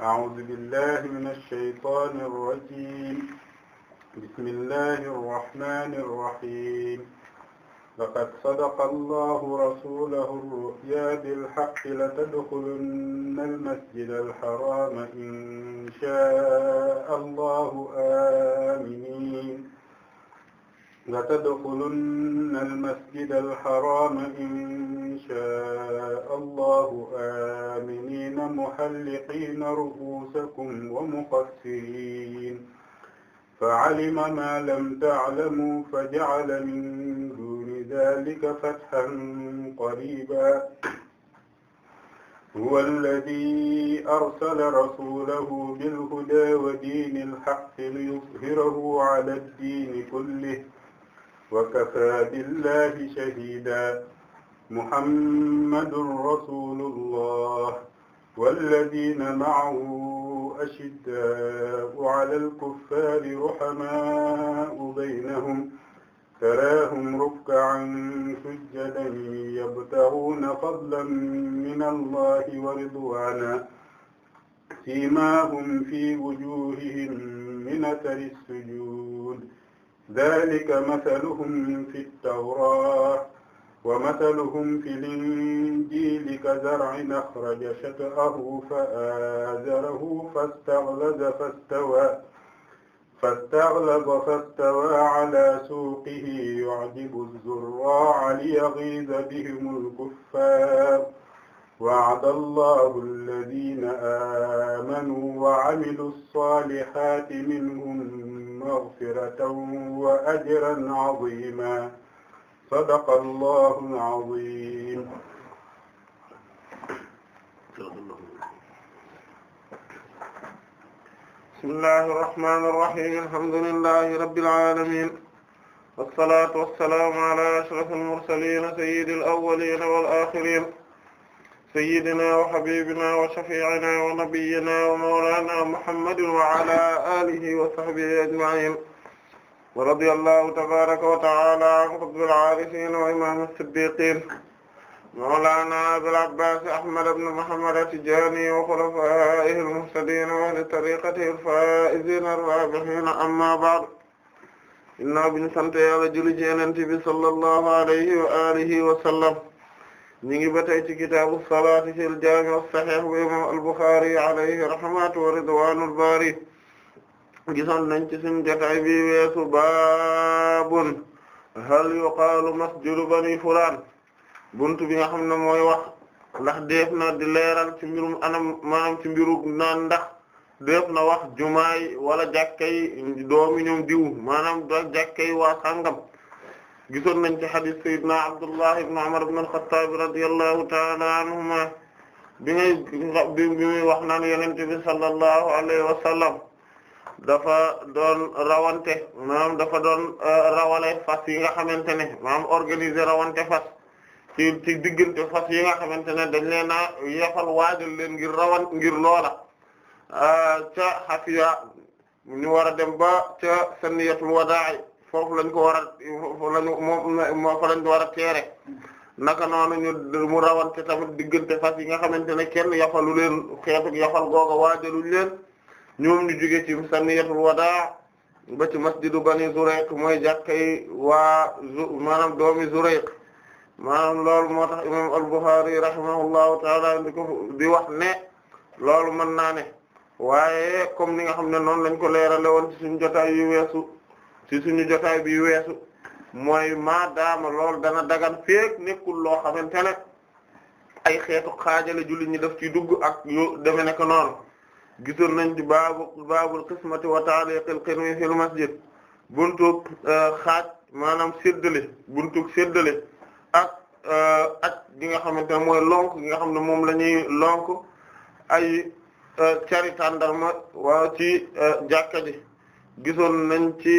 أعوذ بالله من الشيطان الرجيم بسم الله الرحمن الرحيم لقد صدق الله رسوله الرؤيا بالحق لتدخلن المسجد الحرام إن شاء الله آمنين لتدخلن المسجد الحرام إن شاء الله آمنين محلقين رؤوسكم ومقصرين فعلم ما لم تعلموا فجعل من دون ذلك فتحا قريبا هو الذي أرسل رسوله بالهدى ودين الحق ليظهره على الدين كله وكفى بالله شهيدا muhammadun rasulullah walladina maahu ashiddaau ala alkuffaari ruhamaau baynahum taraahum rukkaan sujjadan yabtaguuna fadlan min allahi wa ridwaana siimaahum fi wujuuhihim min athari ssujuud zaalika mathaluhum fi ttawraat ومثلهم في الإنجيل كزرع أخرج شطأه فآزره فاستغلظ فاستوى فاستغلظ فاستوى على سوقه يعجب الزراع ليغيظ بهم الكفار وعد الله الذين آمنوا وعملوا الصالحات منهم مغفرة وأجرا عظيما sadaqallaahu al-aziim bismillahi irrahmani irrahim alhamdulillahi rabbil aalamiin wassalaatu wassalaamu alaa ashrafil mursaliin sayyidil awwaliin wal aaxiriin sayyidinaa wa habiibinaa wa shafii'inaa wa nabiyyinaa wa mawlaanaa muhammadin wa alaa aalihi wa sahbihi ajma'iin wa radiyallahu tabaraka wa ta'ala an qutbil aarifin wa imam as-siddiqin mawlana abil abbas ahmad ibn muhammad at-tijani wa khulafaihi al-muhtadin wa ahli tariqatihi al-faizin ar-rabihin amma ba'd inna biñ sant yàlla julli ci Yonent bi sallallahu alayhi wa alihi wa sallam ñu ngi ba tey ci kitaabu salaat ci al-jami' as-sahih wa imam al-bukhari alayhi rahmatu wa ridwanu al-bari gisoon nañ ci suñu jotaay bi weesu baabun hal yuqaalu masjidu bani fulaan buntu bi nga xam ne mooy wax ndax def na di leeral ci mbirum anam maanaam ci mbiru naan ndax def na wax jumaay wala jàkkay doomi diw maanaam da jàkkay waa sàngam gisoon nañ ci hadith sayyidina abdullah ibn umar ibn al-khattab radiyallahu ta'ala anhuma bi ngay bi muy wax naan yenente bi sallallahu alayhi wa dafa doon rawante maanaam dafa doon uh, rawale fas yi nga xamante ne maanaam organise rawante fas ci ci diggante fas yi nga xamante ne dañ leen a yefal waajal leen ngir rawan ngir loola uh, ca xafiya ñu war a dem ba ca sanniyatul wadaa foofu lañ ko war a foofu lañ moom fa war a teere naka noonu ñu mu rawante tamit diggante fas yi nga xamante ne kenn yafalu leen xeetu yafal googa waajaluñ leen ñoom ñu jóge ci saniyatul wadaa ba ci masjidu bani Zurayq mooy jàkkay waa maanaam doomi Zurayq maanaam loolu moo tax imam al-Bukhari taala di ko di wax ne loolu mën naa ne waaye comme ni nga xam ne noonu lañ ko leerale woon ci suñu jotaay yu weesu ci suñu jotaay bi weesu mooy maadaama lool dana dagan feek nekkul loo xamante ne ay xeetu xaajale jullit ñi daf ciy dugg ak yu deme nekk noonu gisoon nañ ci baabu baabul qismati wa taaliqil qirmi fil masjid buntu euh, xaaj maanaam séddale buntu séddale ak euh, ak gi nga xamante ne mooy lonk gi nga xam ne moom lañuy ñuy lonk ay euh, caritan tàndarma waa ci jàkka ji gisoon nañ ci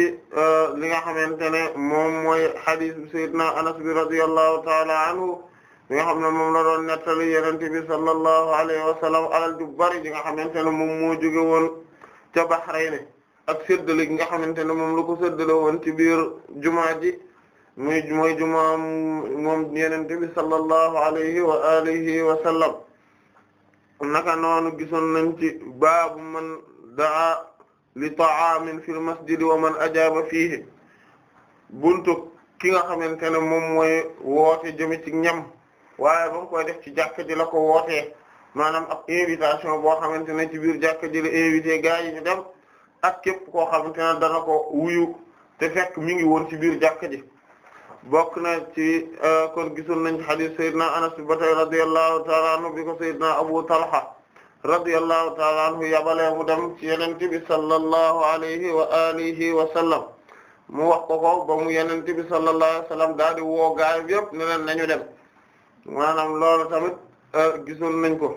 li nga xamante ne moom mooy hadith bi Anas bi radiyallahu ta'ala anhu bi nga xam ne moom la doon nettali yonent bi sallallahu alayhi wa sallam alal ju bari ji nga xam ne moom moo jóge woon ca Bahrayn ak séddale gi nga xamante ne moom la ko séddale woon ci biir jumaa ji muy mooy jumaa moom yonent bi sallallahu alayhi wa alihi wa sallam naka noonu gisoon nañ ci baabu man daa li ta'aamin fil masjid wa man ajaaba fiihi buntu ki nga xamante ne moom mooy woote jëme ci ñam waaye ba mu koy def ci jàkka ji la ko wootee maanaam ak invitation boo xamante ne ci biir jàkka ji la invité gars yi ñu dem ak képp koo xamante ne dana ko wuyu te fekk mi ngi woon ci biir jàkka ji bokk na ci euh, kon gisul nañ hadith Seydina Anas ba tey radiyallahu ta'ala anhu bi ko Seydina Abu Talha radiyallahu ta'ala anhu yabalee mu dem ci Yonent bi sallallahu alayhi wa alihi wa sallam mu wax ko ko ba mu Yonent bi sallallahu alayhi wa sallam daal woo gaay yëpp ne leen nañu dem. maanaam loolu tamit ah, gisoon nañ ko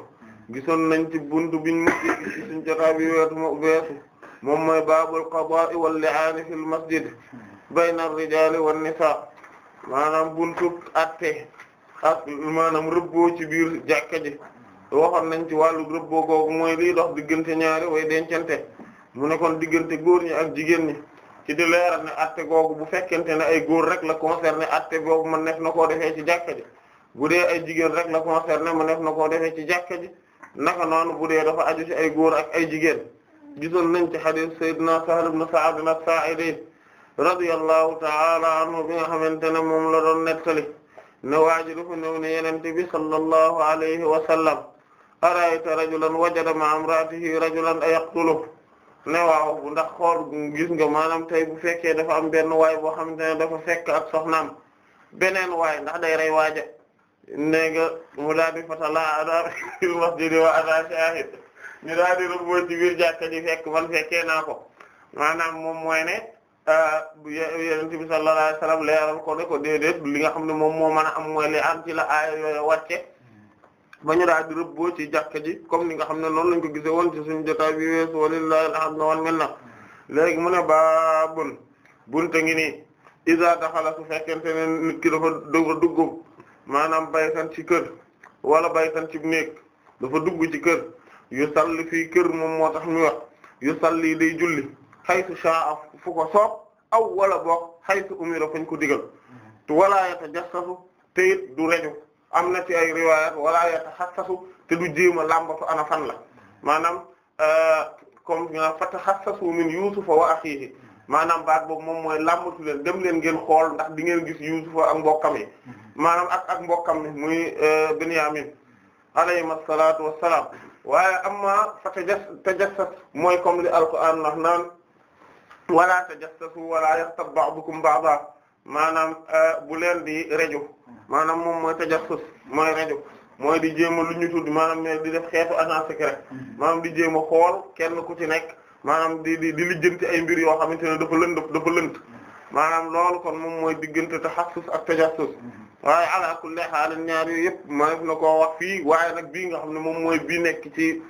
gisoon nañ ci buntu biñ mujj ci suñ jotaa bi weetu mo weetu moom mooy baabul qadaa wal li'aan fil masjid bayna ar-rijaal wan nisaa maanaam buntu atte ak maanaam rëbboo ci biir jàkka ji waxoon nañ ci wàllu rëbboo googu mooy liy dox diggante ñaari way dencante mu nekkoon diggante góor ñi ak jigéen ñi ci di leeral ne atte googu bu fekkente ne ay góor rek la concerné atte boobu man nekk na koo defee ci jàkka ji bu dee ay jigéen rek la concerné mu nekk na koo defee ci jàkka ji naka noonu bu dee dafa aju ci ay góor ak ay jigéen gisoon nañ ci hadith Seydina Sahl ibn Sa'd as-Sa'idi radiyallahu ta'ala anhu bi nga xamante ne moom la doon nettali ne waaji dafa ñëw ne yenente bi sallallahu alayhi wa sallam arayta rajulan wajada ma'a imra'atihi rajulan ayaqtulu ne waaw bu ndax xool gis nga maanaam tey bu fekkee dafa am benn waay boo xam ne dafa fekk ak soxnaam beneen waay ndax day nee nga mu laa di fatalaa ala fil masjid wa ana shahid ñu daal di rëbboo ci biir jàkka ji fekk man fekkee naa ko maanaam moom mooy ne ah, yonent bi sallallahu alayhi wasallam leeral ko ne li nga xam ne moom moo mën a am mooy li am ci la aaya yooyu wàcce ba ñu daal di rëbboo ci jàkka ji comme ni nga xam ne noonu lañ ko gisee woon ci suñu jotaay bi weesu walillahi alhamdu wal na léegi mu ne baabun bunte ngi nii iza daxala su fekkente ne nit ki dafa maanaam baytan ci kër wala baytan ci néeg dafa dugg ci kër yu salli fii kër moom moo tax ñu wax yu salli day julli xaytu sha'a fu ko soob aw wala boog xaytu umira fañ ko digal te mm-hmm. walaa yatajassasu te it du reju am na ci ay riwayat walaa yataxassasu te du jéem a làmbatu ana fan la mm-hmm. maanaam euh, comme nga fatahassasu min yusufa wa akhihi maanaam baat boobu moom mooy làmbatu leen dem leen ngeen xool ndax di ngeen gis Yuusufa ak mbokkam yi mm-hmm. maanaam ak ak mbokkam mi muy euh, Binyamin alayhim assalatu wassalam waaye amma fa tajas tajassas mooy comme li alquran wax naan wala tajassasu wala yaxtab ba'dukum ba'dan maanaam euh, bu leen di rajo maanaam moom mooy tajassus mooy rajo mooy di jéem a lu ñu tudd maanaam di def xeetu agent secret mm-hmm. maanaam di jéem a xool kenn ku ci nekk maanaam di di di lijjanti ay mbir yoo xamante ne dafa lënd dafa lënd maanaam lool kon moom mooy diggante taxassus ak tajassus waaye ala kulli haal ñaar yooyu yëpp mëneef na ko wax fii waaye nag bii nga xam ne moom mooy bii nekk ci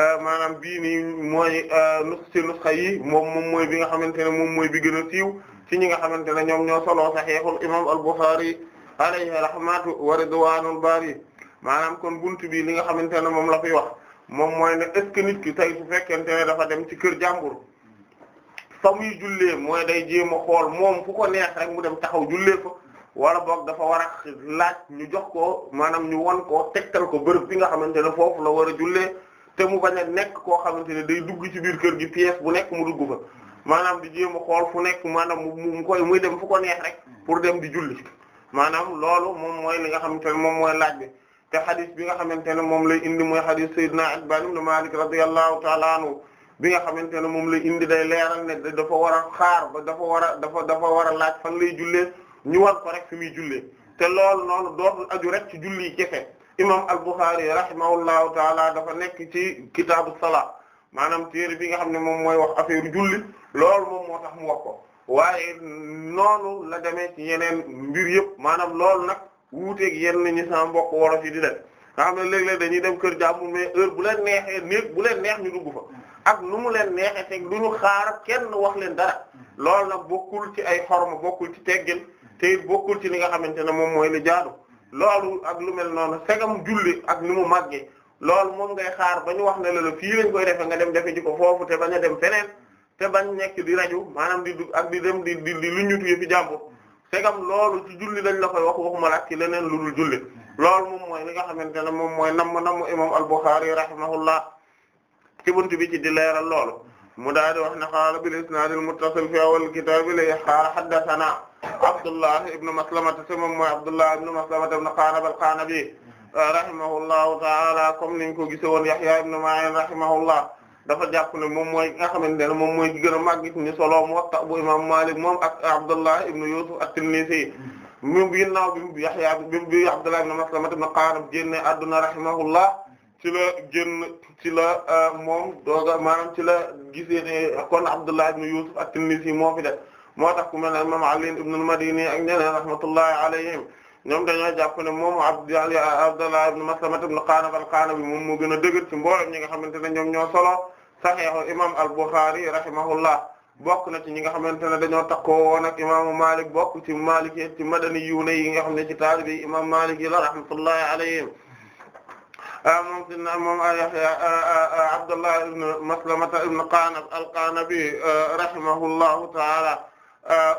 euh, maanaam bii nii mooy euh, ci nusxa yi moom moom mooy bi nga xamante ne moom mooy bi gën a siiw ci ñi nga xamante ne ñoom ñoo solo saxiixul imaam al-Bukhari alayhi rahmatu wa ridwaanul baari maanaam kon buntu bii li nga xamante ne moom la koy wax. moom mooy na est nit ki tey su fekkente ne dafa dem ci kër jàmbur fa muy jullee mooy day jéem a xool moom fu ko neex rek mu dem taxaw jullee fa wala boog dafa war a laaj ñu jox ko maanaam ñu won ko tegtal ko bërëb bi nga xamante ne foofu la war a jullee te mu bañ a nekk koo xamante ne day dugg ci biir kër gi pièce bu nekk mu dugg fa maanaam di jéem a xool fu nekk maanaam mu koy muy dem fu ko neex rek pour dem di julli maanaam loolu moom mooy li nga xamante ne moom mooy laaj bi te xadis bi nga xamante ne moom lay indi mooy xadis Seydina Itbaan ibn Maalik radiyallahu ta'ala anhu bi nga xamante ne moom lay indi day leeral ne dafa war a xaar ba dafa war a dafa dafa laaj fan lay jullee ñu war ko rek fi muy jullee te loolu noonu aju rek ci julli kefe imam al-Bukhari rahimahullahu taala dafa nekk ci kitaabu salaa maanaam téere bi nga xam ne moom mooy wax affaire julli lool moom moo tax mu wax ko waaye noonu la demee yeneen mbir yëpp maanaam lool nag wuuteeg yenn ñi sama mbokk waro fi di def nga xam ne léeg-léeg dañuy dem kër jàmbur mais heure bu leen neexee néeg bu leen neex ñu dugg fa ak nu mu leen neexee teg lu ñu xaar kenn wax leen dara lool nag bokkul ci ay xorma bokkul ci teggin te bokkul ci li nga xamante ne moom mooy la jaadu loolu ak lu mel noonu segam julli ak ni mu màggee loolu moom ngay xaar ba ñu wax ne la la fii lañ koy defee nga dem defe ji ko foofu te bañ a dem feneen te bañ nekk di rajo maanaam di dugg ak di dem di di di luñu tuye fi jàmbur segam loolu ci julli lañ la koy wax waxuma la ci leneen lu dul julli loolu moom mooy li nga xamante ne moom mooy nam mu nam mu imam al-Bukhari rahimahullah ci buntu bi ci di leeral loolu mu daal di wax ne qaala bil isnaad al-muttasil fi awwal kitaab li qaala haddathana Abdullah ibn Maslamata te moom mooy Abdullah ibn Maslamata ibn Qa'nab al-Qa'nabi rahimahullahu ta'ala comme niñ ko gise woon Yahya ibn Ma'in rahimahullah dafa jàpp ne moom mooy nga xamante ne moom mooy gën a màgg ni solo Muwatta bu imam Malik moom ak Abdullah ibn Yusuf at-Tinnisi moom mm-hmm. ginnaaw bi Yahya bi Abdullah ibn Maslama ibn Qa'nab génne adduna rahimahullah ci la génn ci la euh, moom dooga maanaam ci la gisee ne kon Abdullah ibn Yusuf at-Tinnisi moo fi def moo tax ku mel ne imam Ali ibn al-Madini ak ñeneen rahmatullahi noom ñoom dañoo jàpp ne moom Abdullah ibn Maslama ibn Qa'nab al-Qa'nabi moom moo gën a dëgër ci mboolem ñi nga xamante ne ñoom ñoo solo saxiixu imam al-Bukhari rahimahullah bokk na ci ñi nga xamante ne dañoo takkoo woon ak imaamu Malik bokk ci Malik ci madani yu ne yi nga xam ne ci taalibi imam Malik yi la rahmatullahi alayhim ah, moom sidna moom Yahya ah, ah, Abdullah ibn Maslamata ibn Qanab al-Qanabi rahimahullahu taala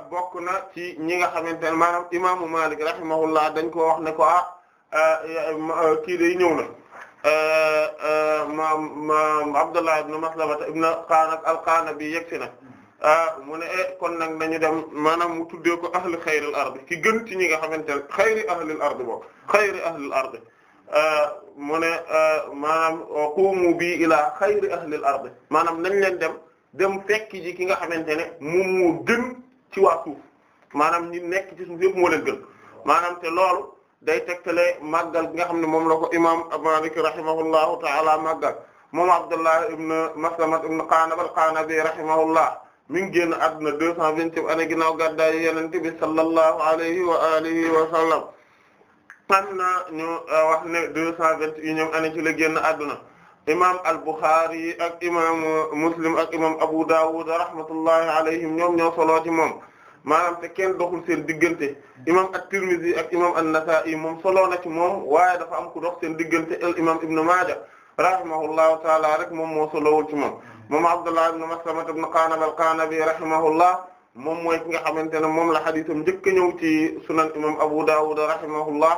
bokk na ci ñi nga xamante ne maanaam imaamu Malik rahimahullah dañ ko wax ne ko ah kii day ñëw na maam Abdullah ibn Maslama ibn Qa'nab al-Qa'nabi yegsi na mu ne eh, kon nag nañu dem maanaam mu tuddee ko ahli xayril ardi ki gën ci ñi nga xamante ne xayri ahlil ardi boobu xayri ahlil ardi mu ne maanaam qumu bi ilaa xayri ahlil ardi maanaam nañ leen dem dem fekki ji ki nga xamante ne moom moo gën ci waa suuf maanaam ñi nekk ci suuf yëpp moo leen gën maanaam te loolu. day tegtale màggal bi nga xam ne moom la ko imam Malik rahimahullahu ta'ala màggal moom Abdullah ibn Maslamat ibn Qanab al-Qanabi rahimahullah mi ngi génn àdduna deux cent vingtième ginnaaw gàddaay Yonent bi sallallahu alayhi wa alihi wa sallam am euh, vingt-unième année ci la génn àdduna imam al-Bukhari ak imam Muslim ak imam Abu Dawud rahmatullahi alayhim ñoom ñoo solo ci moom maanaam te kenn doxul seen diggante imam at-Tirmidhi ak imam an-Nasa'i moom solo na ci moom waaye dafa am ku dox seen diggante al imam Ibn Maaja rahimahullahu taala rek moom moo solowul ci moom moom Abdullah ibn Maslama ibn Qanab al-Qanabi rahimahullah moom mooy ki nga xamante ne moom la xadisam njëkk a ñëw ci sunan imam Abu Dawud rahimahullah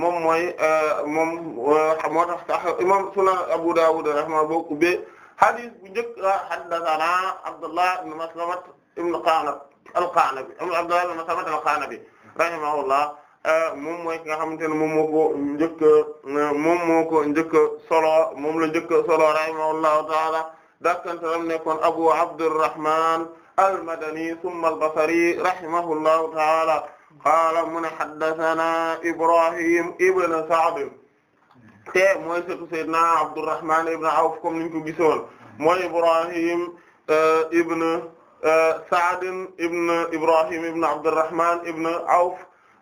moom mooy euh, moom euh, moo tax sax imam sunan Abu Dawud rahimahullah boo ubbee xadis bu njëkk haddathana Abdullah ibn Maslama ibn Qanab al-Qanabi Abdullah ibn Maslama al-Qanabi rahimahullah euh, moom mooy ki nga xamante ne moom moo ko njëkk moom moo ko njëkk solo moom la njëkk solo rahimahullahu ta'ala dakkantaram nekkoon Abu Abdurrahman al-Madani thumma al-Basri rahimahullahu ta'ala qaala mu ne haddathana Ibrahim ibn Sa'd te mooy sëtu Seydina Abdurrahman ibn Awf comme niñ ko gisoon mooy Ibrahim euh, ibn Saad ibn Ibrahim ibn Abdurrahman ibn Awf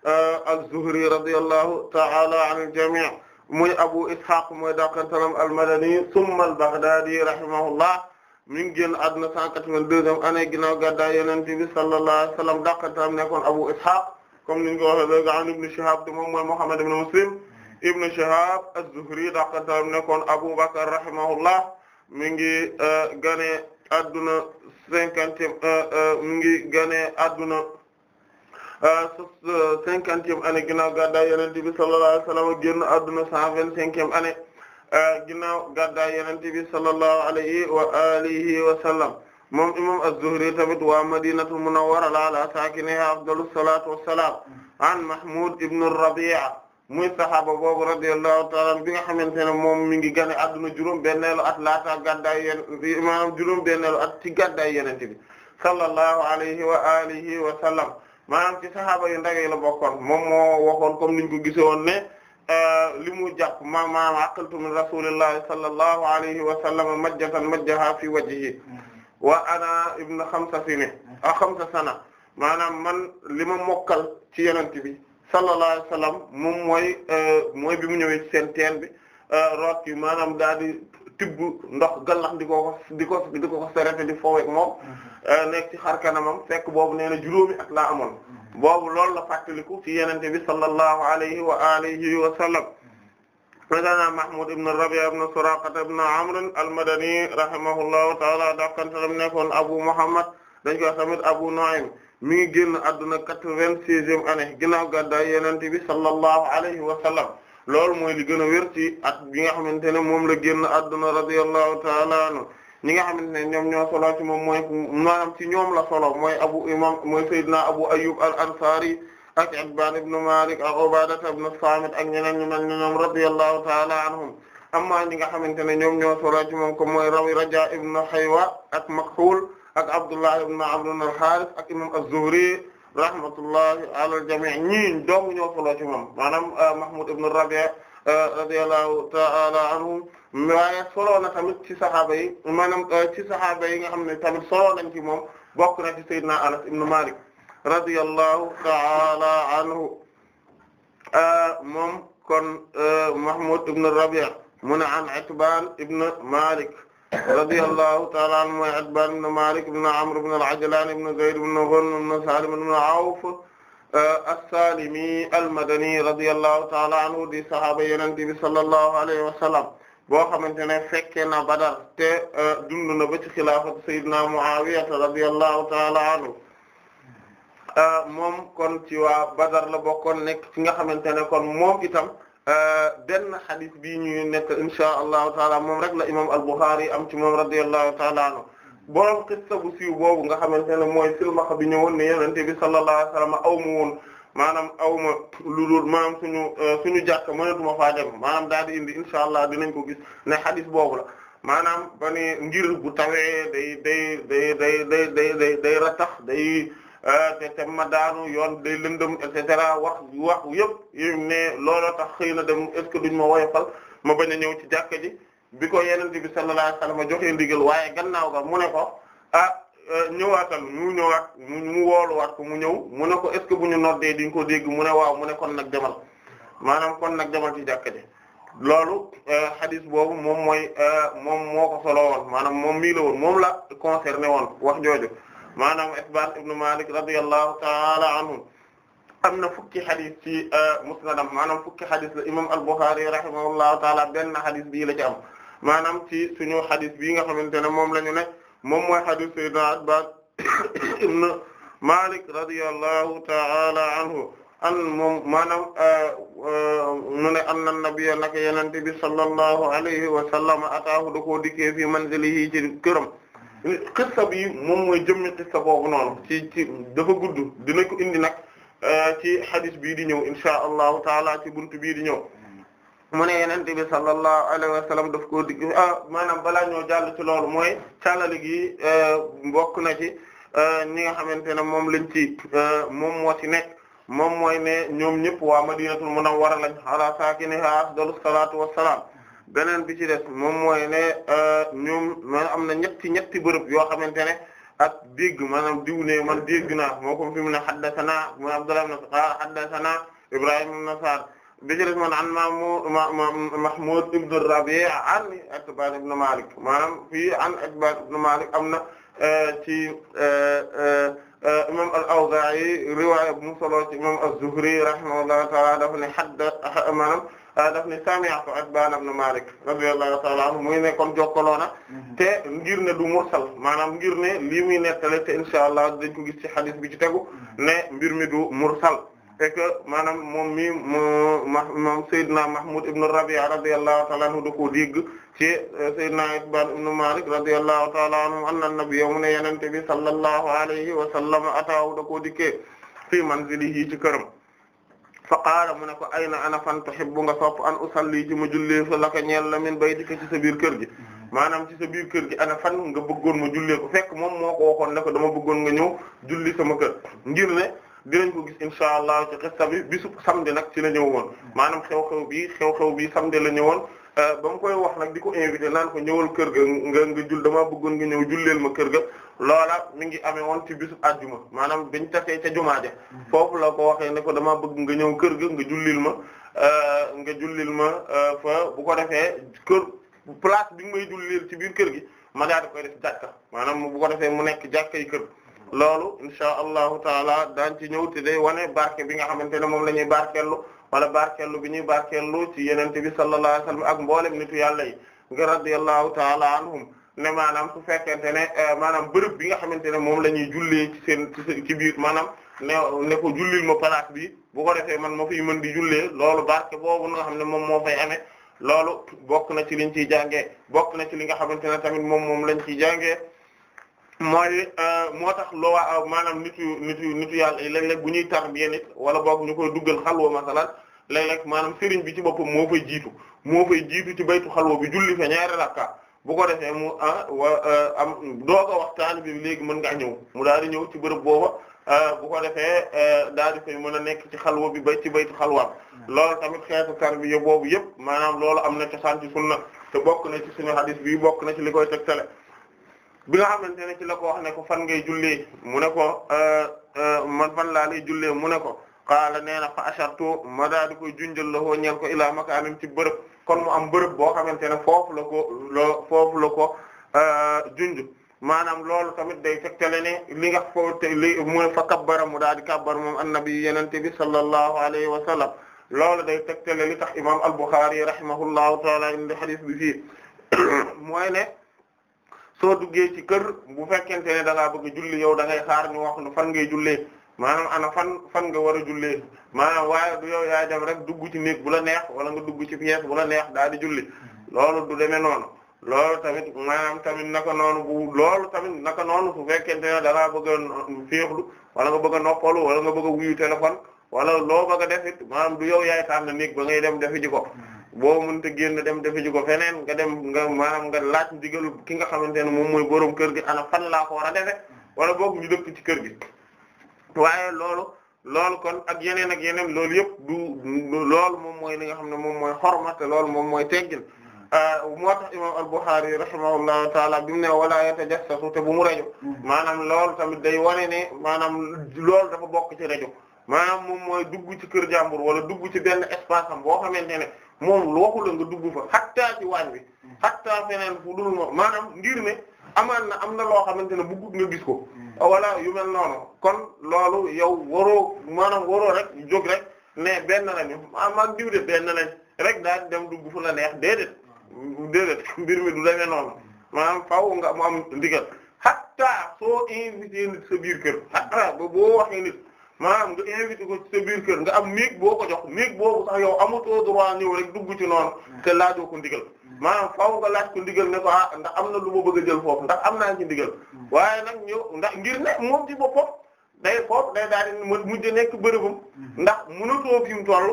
uh, az-Zuhri radiyallahu ta'ala anil jami' muy Abu Ishaq mooy dakantalam al-Madani thumma al-Baghdadi rahimahullah mi ngi génn àdduna 182e année ginnaaw gàddaay Yonent bi sallallahu alayhi wa sallam dakantalam nekkoon Abu Ishaq comme ni ñu ko waxee léegi an Ibn Shihab te moom mooy Muhammad ibn Muslim ibn Shihab az-Zuhri dakantalam nekkoon Abu Bakr rahimahullah mi ngi uh, gane adduna cinquantième euh, euh, mu ngi ganee adduna euh, cinquantième année ginnaaw gàddaay Yonent bi sallallahu alayhi wa sallam génn adduna cent vingt-cinquième ginnaaw gàddaay Yonent bi sallallahu alayhi wa alihi wa sallam imam az-Zuhri tamit waa Madinatu Munawwara ala saakinihaa afdalu salaatu wa salaam an Mahmud ibn Rabi'a muy saxaaba boobu radiyallahu ta'ala bi nga xamante ne moom mi ngi gane adduna juróom benneelu at laata gàddaay yéen maanaam juróom benneelu at ci gàddaay yenente bi sallallahu alayhi wa alihi wa sallam maanaam ci saxaaba yu ndaw yi la bokkoon moom moo waxoon comme niñ ko gisee woon ne euh, li mu jàpp ma maam aqaltu min rasulillahi sallallahu alayhi wa sallam majjatan majjaha fi wajhihi wa ana ibn xamsa sini a xamsa sana maanaam man li ma mokkal ci yenente bi sallallahu alayhi wa sallam moom mooy euh, mooy bi mu ñëwee ci seen teen bi euh, root yi maanaam daal di tibb ndox gallax di ko di ko di ko di fooweeg moom mm-hmm. euh, nekk ci xar kanamam fekk boobu nee na juróomi laa amoon mm-hmm. boobu loolu la fàttaliku ci yenente bi sallallahu alayhi wa alihi wa sallam président mm-hmm. Mahmoud ibn Rabi'a ibn Suraqa ibn Amr al-Madani rahimahullahu ta'ala daf kantalam nekkoon Abu Muhammad dañ koy wax tamit Abu Nu'aym mi génn adduna quatre-vingt-seizième année ginnaaw gàddaay yonent bi sallallahu alayhi wa sallam loolu mooy li gën a wér ci at bi nga xamante ne moom la génn adduna radiyallahu ta'ala anhu ñi nga xamante ne ñoom ñoo solo ci moom mooy maanaam ci ñoom la solo mooy abu imam mooy sayyidina abu ayyub al ansari a Itbaan ibn Maalik ak Ubaada ibn Saamit ak ñeneen ñu mel ne ñoom radiyallahu ta'ala anhum amma ñi nga xamante ne ñoom ñoo solo ci moom ko mooy rawi Rajaa ibn Haywa ak Makhuul ak Abdullah ibn Amr al-Harith ak imam az-Zuhri rahmatullahi ala al-jami' ñii dong ñoo solo ci moom maanaam euh, Mahmoud ibn Rabi' euh, radiyallahu ta'ala anhu waaye solo na tamit ci saxaaba yi maanaam euh, ci saxaaba yi nga xam ne tamit solo nañ ci moom bokk na ci Seydina Anas ibn Malik radiyallahu ta'ala anhu moom kon Mahmoud ibn Rabi' mu ne an Itbaan ibn Malik radiyallahu ta'ala anhu mooy Itbaan ibn Maalik ibn Amr ibn al-Ajlaan ibn Zayd ibn Ghanm ibn Salim ibn Awf uh, as-Saalimi al-Madani radiyallahu ta'ala anhu di sahaaba Yonent bi sallallahu alayhi wa sallam boo xamante ne fekke na Badar te uh, dund na ba ci xilaafatu Sayyidina Muawiya radiyallahu ta'ala anhu uh, moom kon ci waa Badar la bokkoon nekk ci nga xamante ne kon moom itam Euh, benn xadis bi ñu nekk insha allahu taala moom rek la imam al-Bukhari am ci moom radiyallahu taala anhu borom xissa bu siiw boobu nga xamante ne mooy silmaxa bi ñëwoon ne yenente bi sallallahu alayhi wasallam aw ma woon maanaam aw ma lu dul maanaam suñu euh, suñu jàkk mënatuma faa dem maanaam daal di indi insha allah dinañ ko gis ne xadis boobu la maanaam ba ne ngir bu tawee day day day day day day day day rattax day Euh, te ma daanu yoon day lëndëm et cetera wax wax yëpp mais looloo tax xëy na dem est ce que duñ ma woyofal ma bañ a ñëw ci jàkka ji bi ko yonent bi sallallahu alayhi wasallam joxe ndigal waaye gannaaw ga mu ne ko ah euh, ñëwaatal mu ñëwaat mu wooluwaat ko mu ñëw mu ne ko est ce que ñu noddee di ko dégg mu ne waaw mu ne kon nag demal maanaam kon nag demal ci jàkka ji loolu hadith euh, boobu moom mooy moom moo ko solo woon maanaam moom mii la woon moom la concerné woon wax jooju. maanaam Itbaan ibn Malik radiyallahu ta'ala anhu am na fukki xadis ci euh, musnadam maanaam fukki xadis la imam al-Bukhari rahimahullahu ta'ala benn xadis bii la ci am maanaam ci suñu xadis bii nga xamante ne moom la ñu ne moom mooy xadis sayyidina Itbaan ibn Malik radiyallahu ta'ala anhu an moom maanaam mu euh, euh, ne anna nabiyya naka yenente bi sallallahu alayhi wa sallam ataahu da koo dikkee fi manzilihi ci këram xissa bi moom mooy jëmmi xissa boobu noonu ci ci dafa gudd dina indi nag euh, ci hadith bii di ñëw insha allahu taala ci buntu bii di ñëw mu ne yeneen bi sallallahu alayhi wa def ko koo digg ah, maanaam balaa ñoo jàll ci loolu mooy càllali gi euh, bokk na ci euh, ñi nga xamante ne moom lañ ci moom moo ci nekk moom mooy ne ñoom ñëpp waa madinatul munawwara lañ ala saakiniha afdalus salaatu wassalaam beneen bi ci des moom mooy ne euh, ñoom maanaam am na ñetti ñetti bërëb yoo xamante ne ak dégg maanaam diw ne man dégg naa moo ko fi mu ne haddathana mu Abdullah ibn Sa'd ah, haddathana Ibrahim ibn Sa'd bi ci des man an Mahmoud Mahmoud ibn Rabi' an Itbaan ibn Malik maanaam fii an Itbaan ibn Malik am na euh, ci euh, imam al-Awzaa'i riwaaya bu mu solo ci imam az-Zuhri rahimahullahu ta'ala dafa ne hadda maanaam daf ne sami'tu Itbaan ibn Maalik radiyallahu ta'ala anhu muy ne kon jokkaloo na mhm. te ngir ne du mursal maanaam ngir ne lii muy nettale te insha allah dañ ko gis ci xadis bi ci tegu mhm. ne mbir mi du mursal et que maanaam moom mi ma moom Seydina Mahmoud ibn Rabi'a radiyallahu ta'ala anhu da koo dégg ci euh, Seydina Itbaan ibn Maalik radiyallahu ta'ala anhu anna nabiyya mu ne yenente bi sallallahu alayhi wa sallam ataahu da koo dikkee fii manzilihi ci këram fa qaala mu ne ko ayna ana fan tuhibbu nga sopp an usalli ci ma jullee fa laka ñeel la min baytika ci sa biir kër gi maanam ci sa biir kër gi ana fan nga bëggoon ma jullee ko fekk moom moo ko waxoon ne ko dama bëggoon nga ñëw julli ma kër ngir ne dinañ ko gis insha allah ci xista bi bisub samedi nag ci la ñëwoon maanaam xew-xew bi xew-xew bi samedi la ñëwoon ba mu koy wax nag di ko invité naan ko ñëwal kër ga nga nga jul dama bëggoon nga ñëw julleel ma kër ga loola mi ngi amee woon ci bisu àjjuma maanaam biñ tasee ca jumaa ja mm-hmm. foofu la ko waxee ne ko dama bëgg nga ñëw kër gi nga jullil ma euh, nga jullil ma euh, fa bu ko defee kër place bi nga may jullil ci biir kër gi ma daal di koy def jàkka maanaam bu ko defee mu nekk jàkka yi kër loolu insha allahu taala daan ci ñëw te day wane barke bi nga xamante ne moom la ñuy barkeellu wala barkeellu bi ñuy barkeellu ci yeneen bi sallallahu alayhi wasallam ak mboolem nitu yàlla yi nga radiyallahu taala anhum ne maanaam su fekkente ne euh, maanaam bërëb bi nga xamante ne moom la ñuy jullee ci seen ci biir maanaam ne ne ko jullil ma palaat bi bu ko defee man ma fiy mën di jullee loolu barke boobu nga xam ne moom moo fay amee loolu bokk na ci liñ ciy jàngee bokk na ci li nga xamante ne tamit moom moom lañ ciy jàngee mooy euh, moo tax loo waa euh, maanaam nitu nitu nitu yàlla léeg-léeg bu ñuy tarbiya nit wala bokk ñu koy duggal xalwa masalan léeg-léeg maanaam sëriñ bi ci bokk moo fay jiitu moo fay jiitu ci baytu xalwa bi julli fa ñaari bu ko defee mu ah, ah, am doo ko waxtaan bi léegi mën a ñëw mu daal di ñëw ci bërëb boobu ah, bu ko defee eh, daal di koy mën a nekk ci xalwa bi ba ci baytu xalwaat hmm. loolu tamit xeetu tarbiya boobu yëpp maanaam loolu am na cosaan ci sunna te bokk na ci suñu hadis bi bokk na ci li koy tegtale bi nga xamante ne ci la ko wax ne ko fan ngay jullee mu ne ko eh, eh, man fan laa lay jullee mu ne ko qaala nee na fa ashartu ma daal di koy junjal la ñeel ko ilaa makaanim ci bërëb kon mu am bërëb boo xamante ne foofu la ko loo foofu ko euh, junj maanaam loolu tamit day tegtale ne li nga foo li mu fa kabbara mu daal di kabbar moom annabi yenente bi sallallahu alayhi wa sallam loolu day tegtale li tax imam al-Bukhari rahimahullahu taala indi hadith bi fii mooy ne soo duggee ci kër bu fekkente ne da ngaa bëgg julli yow da ngay xaar ñu wax nu fan ngay jullee maanaam ana fan fan nga war a jullee maanaam waaye du yow yaa dem rek dugg ci néeg bu la neex wala nga dugg ci pièce bu la neex daal di julli loolu du demee noonu loolu tamit maanaam tamit naka noonu bu loolu tamit naka noonu bu fekkente ne da ngaa bëgg a féexlu wala nga bëgg a noppalu wala nga bëgg a wuyu téléphone wala loo bëgg a def it maanaam du yow yaay tànn néeg ba ngay dem defi ji ko boo mun mënta génn dem defi ji ko feneen nga dem nga maanaam nga laaj ndigalu ki nga xamante ne moom mooy borom kër gi ana fan laa ko war a defe wala boog ñu dëkk ci kër gi. waaye loolu lool kon ak yeneen ak yeneen loolu yëpp du loolu moom mooy li nga xam ne moom mooy xorma te loolu moom mooy teggin mm-hmm. ah, moo tax imam al-Bukhari rahimahullahu taala bi mu ne wala yatajassasu te bu mu rajo mm-hmm. maanaam tamit day wane ne maanaam loolu dafa bokk ci rajo maanaam moom mooy dugg ci kër jàmbur wala dugg ci benn espace am boo xamante ne moom waxu la nga dugg fa xattaa ci waañ bi xattaa mm-hmm. feneen fu dul moom maanaam ngir ne amaan na am na loo xamante ne bëggut nga gis ko wala yu mel noonu kon loolu yow waroo maanaam waroo rek jóg rek ne benn lañu ah maag jiw de benn lañ rek daal dem dugg fu la neex déedéet mbir mi du demee noonu maanaam faaw nga mu am ndigal hatta soo invité nit sa biir kër hatta ba boo waxee nit maanaam nga invité ko sa biir kër nga am néeg boo ko jox néeg boobu sax yow amatoo droit ñëw rek dugg ci noonu hmm. te laajoo ko ndigal. maanaam faaw nga laaj ko ndigal ne ko ah ndax am na lu ma bëgg a jël foofu ndax am naa ci ndigal hmm. waaye nag ñëw ndax ngir ne moom ci boppam day foofu day daal di mujj nekk bërëbam hmm. ndax mënatoo fi mu toll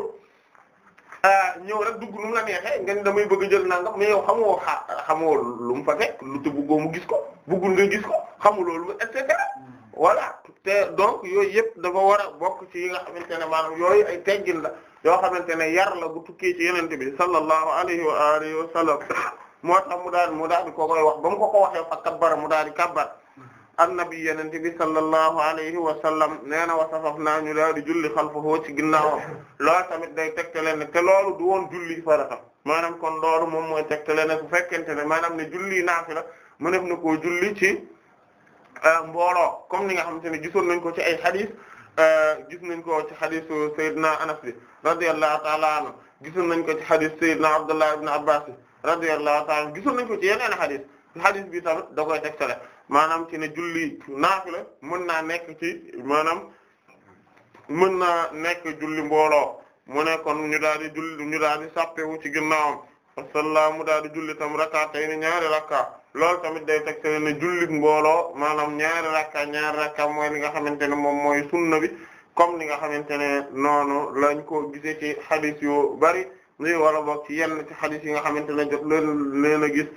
ah, ñëw rek dugg nu mu la neexee nga ni damay bëgg jël nangam mais yow xamoo xa xamoo lu mu fa fekk lu te bëggoo mu gis ko bëggul nga gis ko xamu loolu et cetera hmm. te donc yooyu yëpp dafa war a bokk ci yi nga xamante ne maanaam yooyu ay teggin la. yoo xamante ne yar la bu tukkee ci bi sallallahu alayhi wa alihi wa sallam moo tax mu daal mu daal di ko wax ba mu ko ko waxee fa kabbara mu daal di kabbar annabi yenente bi sallallahu alayhi wa sallam nee na wa safaf naa ñu daal di julli xalfahu ci ginnaawam loolu tamit day tegtale ne te loolu di woon julli farata maanaam kon loolu moom mooy tegtale ne bu fekkente ne maanaam ne julli naafila mu def na koo julli ci euh, mbooloo comme ni nga xamante ne gisoon nañ ko ci ay hadith Euh, gis nañ ko ci xadisu Seydina na bi radiyallahu ta'ala anhu gisoon nañ ko ci xadis Seydina Abdullah ibn Abbas bi radiyallahu ta'ala gisoon nañ ko ci yeneen xadis xadis bi tamit da koy tegtale maanaam ci ne julli naafila mën naa nekk ci maanaam mën na nekk julli mbooloo mu ne kon ñu daal di julli ñu daal di sàppewu ci ginnaawam fa salla mu daal di julli ñaari rakka loolu tamit day tegtale ne jullit mbooloo maanaam ñaari rakka ñaari rakka mooy li nga xamante ne moom mooy sunna bi comme li nga xamante ne noonu lañ ko gisee ci xadis yu bari ni wala boog ci yenn ci xadis yi nga xamante ne jot leen leen a gis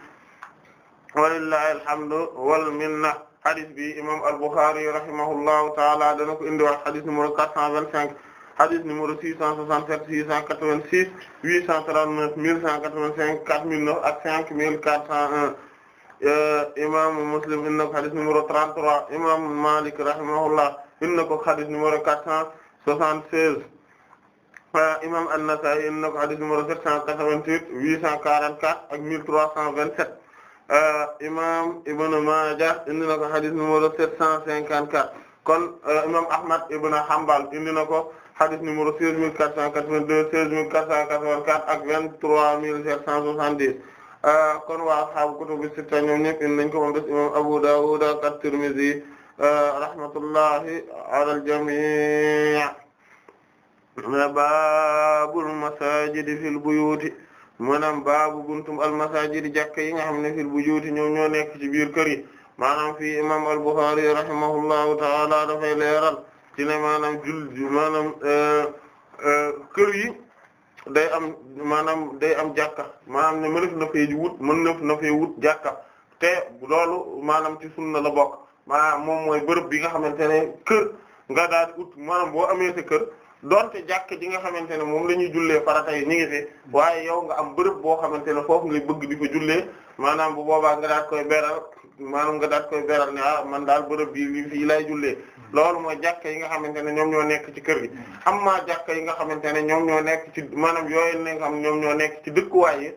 walillahi alhamdu wal minna xadis bi imam al-Bukhari rahimahullahu taala dana ko indiwaat xadis numéro 425 xadis numéro 667 686 839 1185 4009 ak 5401 Eh, imaamu Muslim inna ko xadis numéro 33 imaamu Malik rahimahullah inna ko xadis numéro 476 eh, imam An-Nasa'i inna ko xadis numéro 788 844 ak 1327 eh, imam Ibn Maaja indi ko xadis numéro 754 kon imam Ahmad Ibn Hanbal indi na ko xadis numéro 16482 16484 ak 23770 Euh, kon waa ashaabu kutubu sitta ñoom ñëpp indi nañ ko moom des imam Abu Dawud ak at-Tirmidhi euh, rahmatullahi ala al-jamii' baabul masaajidi fil buyuuti maanaam baabu buntum al-masaajidi jàkka yi nga xam ne fil buyuuti ñoom ñoo nekk ci biir kër yi maanaam fii imam al-Bukhari rahimahullahu ta'ala dafay leeral ci ne maanaam jul day am maanaam day am jàkka maanaam ne mënef na fee wut mën na fee wut jàkka te loolu maanaam ci sunna la bokk maanaam moom mooy bërëb bi nga xamante ne kër nga daal di ut maanaam boo amee sa kër donte jàkka ji nga xamante ne moom la ñuy jullee farata yi ñu ngi fi waaye yow nga am bërëb boo xamante ne foofu ngay bëgg di fa jullee maanaam bu boobaa nga daal koy beral maanaam nga daat koy beral ne ah man daal bërëb bi lii fii lay jullee hmm. loolu mooy jàkka yi nga xamante ne ñoom ñoo nekk ci kër gi hmm. amma jàkka yi nga xamante ne ñoom ñoo nekk ci maanaam yooyu ne nga ñoom ñoo nekk ci dëkkuwaay yi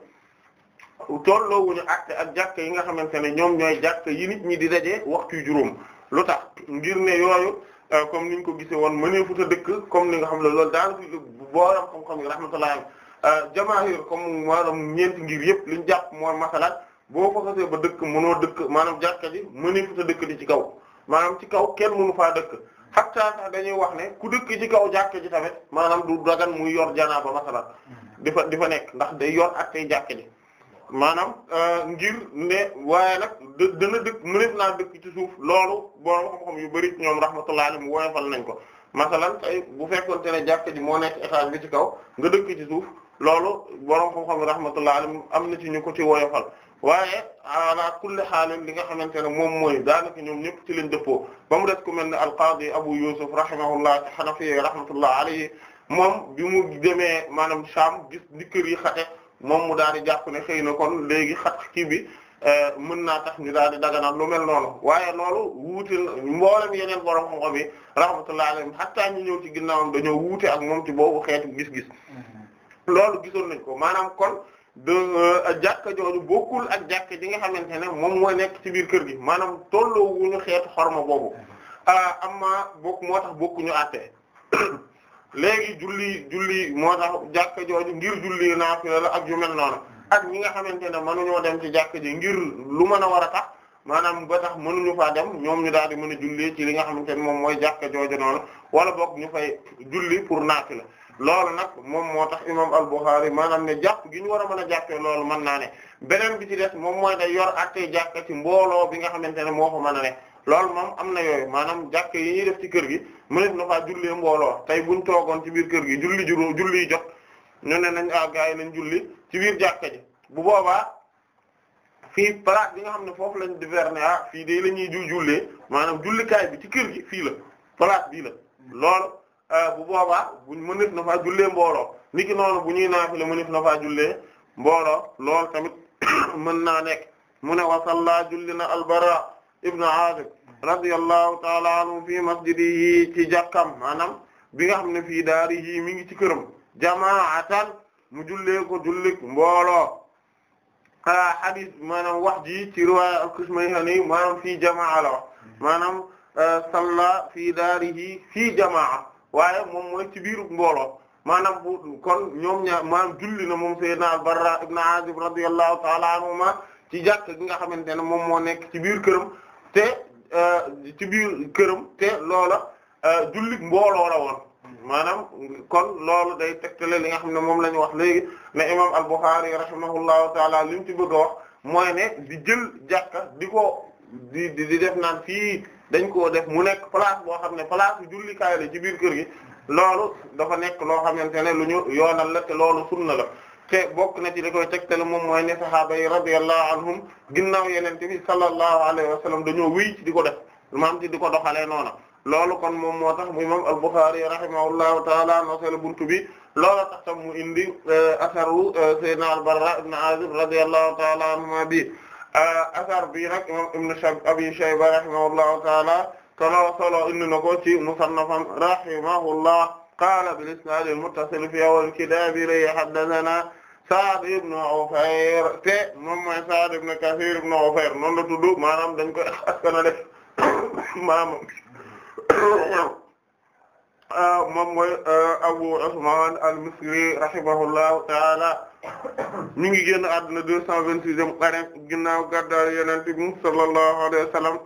tolloowuñu acte ak jàkka yi nga xamante ne ñoom ñooy jàkka yi nit ñi di dajee waxtu yu juróom lu tax ngir ne yooyu euh, comme niñ ko gisee woon mëneefut a dëkk comme ni nga xam ne loolu daal booram xam-xam yi rahmatullah euh, jamaahir comme maanaam ñeenti ngir yëpp liñ jàpp mooy masalat boo fa ba dëkk mënoo dëkk maanaam jàkka ji mënee dëkk di ci kaw maanaam ci kaw kenn mënu faa dëkk xattaa sax dañuy wax ne ku dëkk ci kaw jàkka ji tamit maanaam du dagan muy yor janaaba masalan di fa di fa nekk ndax day yor ak tey jàkka maanaam euh, ngir ne waaye nag d dana dëkk mënef naa dëkk ci suuf loolu borom xam yu bari ñoom rahmatullahi alayhi woyofal nañ ko masalan tey bu fekkoonte ne jàkka ji moo nekk étage bi ci kaw nga dëkk ci suuf loolu borom xam-xam rahmatullahi alayhi am na ci ñu ko ci woyofal waaye ala kulli xaalin li nga xamante ne moom mooy daanaka ñoom ñëpp ci lañ dëppoo ba mu des ku mel ne alqaadi abu yusuf rahimahullah ci xanafi rahmatullah alayhi moom bi mu demee maanaam Sham gis ni kër yi xate moom mu daal di jàpp ne xëy na kon léegi xat kii bi eh, mën naa tax ñu daal di daganal lu mel noonu waaye loolu wuute mboolem yeneen borom xam-xam yi rahmatullah alayhim hatta ñu ñëw ci ginnaawam dañoo wuute ak moom ci boobu xeetu gis-gis mm-hmm. loolu gisoon nañ ko maanaam kon Euh, ak jàkka jooju bokkul ak jàkka ji nga xamante ne moom mooy nekk ci biir kër gi maanaam tolloo wuñu xeetu xorma boobu ah, amma bokk moo tax bokkuñu àttee léegi julli julli moo tax jàkka jooju ngir julli naafila la ak yu mel noonu ak ñi nga xamante ne mënuñoo dem ci jàkka ji ngir lu mën a war a tax maanaam ba mënuñu faa dem ñoom ñu daal di mën a julli ci li nga xamante ne moom mooy jàkka jooju noonu wala bokk ñu fay julli pour naafila loolu nag moom moo tax imam al-Bukhari maanaam ne jàpp gi ñu war a mën a jàppee loolu mën naa ne beneen bi ci des moom mooy day yor attee jàkka ci mbooloo bi nga xamante ne moo fa mën a ne loolu moom am na yooyu maanaam jàkk yi def ci kër gi mënees na faa mbooloo tey buñ toogoon ci biir kër gi julli juróom julli jot ñu ne nañ ah gars yi nañ julli ci biir jàkka ji bu boobaa fii place bi nga xam ne foofu lañ diverner ah fii de la ñuy ju jullee maanaam jullikaay bi ci kër gi fii la place bii la loolu Euh, bu boobaa buñ mëneef na faa jullee mbooloo niki noonu bu ñuy naafile mëneef na faa jullee mbooloo loolu tamit mën naa nekk mu ne wasalla julli na albara ibnu azib radiyallahu taala anhu fi masjidihi ci jàkkam maanaam bi nga xam ne fii daari yii mi ngi ci këram jamaatan mu jullee ko jullik mbooloo hadis maanaam wax ji ci riwaaya al-Kushmayhani maanaam fii jamaa la wax maanaam euh, salla fii daarihi fii jamaa waaye moom mooy ci biiru mbooloo maanaam bu kon ñoom ñaar maanaam julli na moom sayyidina al-Barra ibn Azib radiyallahu ta'ala anhuma ci jàkk gi nga xamante ne moom moo nekk ci biir kërëm te euh, ci biir këram te loola euh, jullit mbooloo la woon maanaam kon loolu day tegtale li nga xam ne moom la ñu wax léegi ne imam al-Bukhari rahimahullahu taala li mu ci a wax mooy ne di jël jàkka di ko di def naan fii dañ koo def mu nekk place boo xam ne place bu jullikaay la ci biir kër gi loolu dafa nekk loo xamante ne lu ñu yoonal la te loolu sunna la te bokk na ci li koy tegtal moom mooy ne sahaaba yi radiyallahu anhum ginnaaw yeneen bi sallallahu alayhi wa sallam dañoo wéy ci di ko def maam ci di ko doxalee noona loolu kon moom moo tax mu imam al-Bukhari rahimahullahu taala nosel buntu bi loolu tax tam mu indi euh, asaru euh, sayyidina al-Barra ibn Azib radiyallahu taala bi Euh, asar bi nag imam ibn abi shayba rahimahullahu taala solo solo indi na ko ci musannafam rahimahullah qaala bil isnaad al muttasil fi awwal kitaab li haddathana Sa'd ibn Ufayr te moom mooy Sa'd ibn Kathir ibn Ufayr noonu la tudd maanaam dañ koy askanale maanaam moom mooy euh, Abu Usman al-Misri rahimahullahu taala ñu ngi génn àdduna deux cent vingt-sixième année ginnaaw gàddaay Yonent bi sallallahu alayhi wa sallam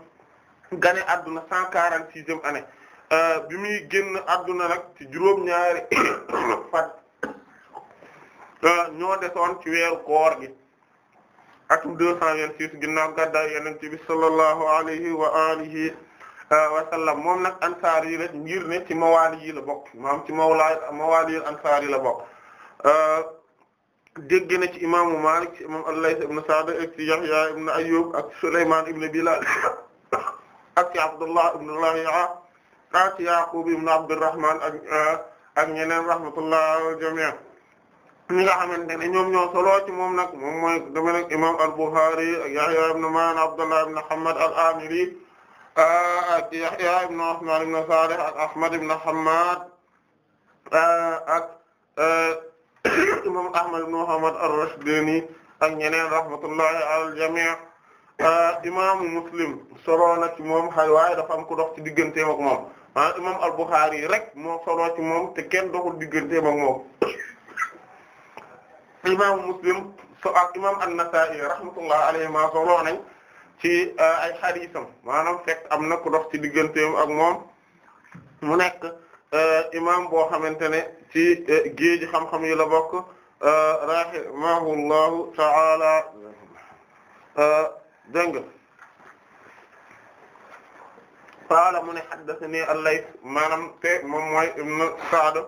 gane àdduna cent quarante-sixième année euh, bi muy génn àdduna nag ci juróom-ñaari fat euh, ñoo desoon ci weeru koor gi atum deux cent vingt-six ginnaaw gàddaay Yonent bi alayhi wa alihi euh, wa sallam moom nag ansaar yi la ngir ne ci mawaali yi la bokk mawaali yi ansaar yi la bokk dégg na ci imaamu Maalik ci imam al-Layth ibn Sa'd ak ci Yahya ibn Ayyub ak Sulaymaan ibn Bilaal ak ci Abdullah ibn Lahi'a ak ci Yaqub ibn Abdurrahman ak eh, ak ñeneen rahmatullah al jami' ñi nga xamante ne ñoom ñoo solo ci moom nag moom mooy dama nag imam al-Bukhari ak Yahya ibn Ma'in Abdullah ibn Muhammad al-Amili eh, ak Yahya ibn Uthman ibn Salih ak Ahmad ibn Hammad eh, ak imam Ahmad ibn Muhammad ar-Rashdani ak ñeneen rahmatullahi alal jamii ah, imaamu Muslim solo na ci moom xay waaye dafa am ku dox ci digganteem ak moom maanaam ah, imam al-Bukhari rek moo solo ci moom te kenn doxul digganteem ak moom imaamu Muslim so ak imam an-Nasa'i rahmatullahi alayhi ma solo nañ ci ah, ay xadiisam maanaam fekk am na ku dox ci digganteem moom mu nekk Euh, imam boo xamante ne ci euh, géeji xam-xam yi la bokk euh, rahimahullahu ta'ala dégg nga qaala mu ne haddathani al-Layth maanaam te moom mooy ibn Sa'd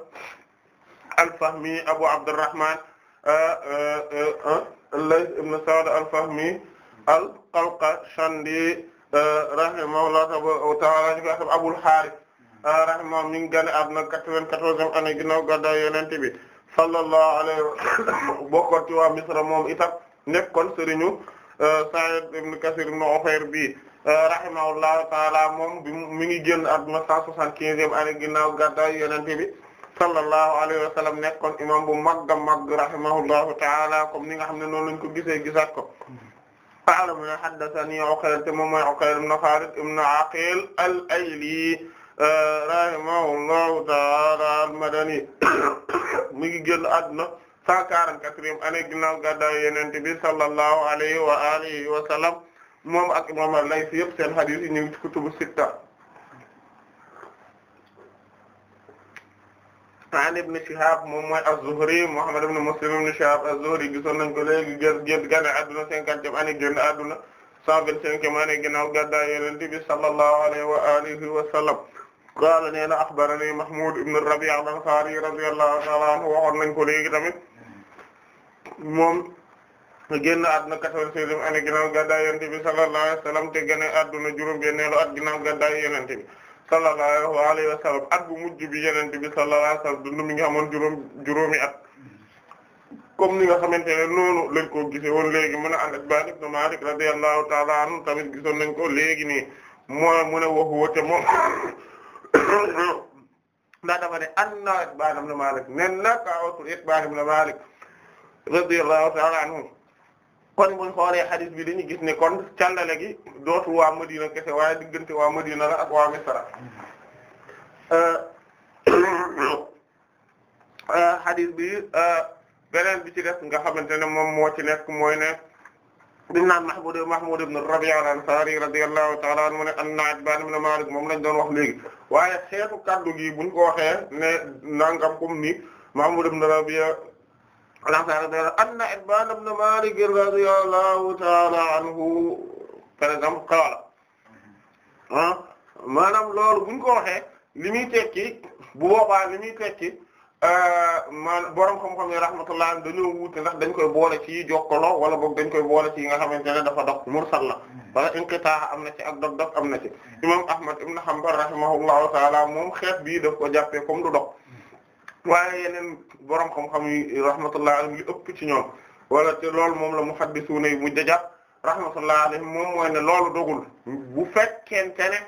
al-Fahmi Abu Abdurrahman al-Layth ibn Sa'd al-Fahmi al-Qalqashandi rahimahullahu ta'ala Abul Harith rahimahullah ñu ngi génn àdduna 94e année ginnaaw gàddaay Yonent bi sallallahu alayhi wa sallam bokkoon ci waa Misra moom itam nekkoon sëriñu euh, Sa'id ibn Kasir ibn Ufayr bi euh, rahimahullahu taala moom bi mi ngi génn àdduna 175e année ginnaaw gàddaay Yonent bi sallallahu alayhi wa sallam nekkoon imam bu magga magg rahimahullahu taala comme ni nga xam ne noonu lañ ko gisee gisaat ko qaala mu ne haddathanii Uqayl te moom mooy ibn Khalid ibn Aqil al-Ayli rahimahullahu ta'ala al-madani mi ngi génn àdduna cent quarante-quatrième année ginnaaw gàddaay Yonent bi sallallahu alayhi wa alihi wa sallam moom ak imam al-Layth seen hadith yi sitta an ibn Shihab moom mooy zuhri Muhammad ibn Muslim ibn Shihab az-Zuhri gisoon nañ ko léegi génn génn àdduna cinquantième année génn àdduna cent vingt-cinquième année ginnaaw gàddaay Yonent bi sallallahu alayhi wa alihi qaala nee na axbarani Mahmoud ibn Rabi' al-Ansari radiyallahu ta'ala anhu waxoon nañ ko léegi tamit moom génn àdduna 96e année ginnaaw gàddaay Yonent bi sallallahu alayhi wa sallam te génn àdduna juróom-benneelu at ginnaaw gàddaay Yonent bi sallallahu alayhi wa sallam at bu mujj bi Yonent bi sallallahu alayhi wa sallam dund juróom juróomi at comme ni nga xamante ne noonu lañ ko gisee woon léegi mu ne an Itbaan ibn Maalik radiyallahu ta'ala tamit gisoon nañ ko léegi nii mooy mu ne waxu wote moom ndaa dafa ne na Itbaan ibn Maalik nen na ka awtu Itbaan ibn Maalik radiyallahu ta'ala anhu kon buñ xoolee hadith bi ñu gis ni kon càllale gi dootul waa Madina kese waaye diggante waa Madina la ak waa Misra hadith bi beneen bi ci def nga xamante ne moom moo ci nekk mooy ne bi naan Mahmud Mahmud ibn Rabi' al-Ansari radiyallahu ta'ala anhu mu ne an na Itbaan ibn Maalik moom lañ doon wax léegi waaye xeetu kaddu gi buñ ko waxee ne nangam comme ni Mahmoud ibn Rabi'a alhamdulilah anna Itbaan ibn Maalik radiyallahu ta'ala anhu par exemple qaala ah maanaam loolu buñ ko waxee li muy tekki bu boobaa li muy tekki. Euh, man borom xam-xam yi rahmatullah dañoo wuute ndax dañ koy boole ci jokkaloo wala boog dañ koy boole ci nga xamante ne dafa dox mursal la wala inqitaa am na ci ak dog dog am na ci imam Ahmad ibn Hanbal rahimahullahu taala moom xeet bii daf ko jàppee kom du dox waaye yeneen borom xam-xam yi rahmatullah alayhim li ëpp ci ñoom wala te loolu moom la muhaddisuuna yi mujj a jàpp rahmatullah alayhim moom mooy ne loolu dogul bu fekkente ne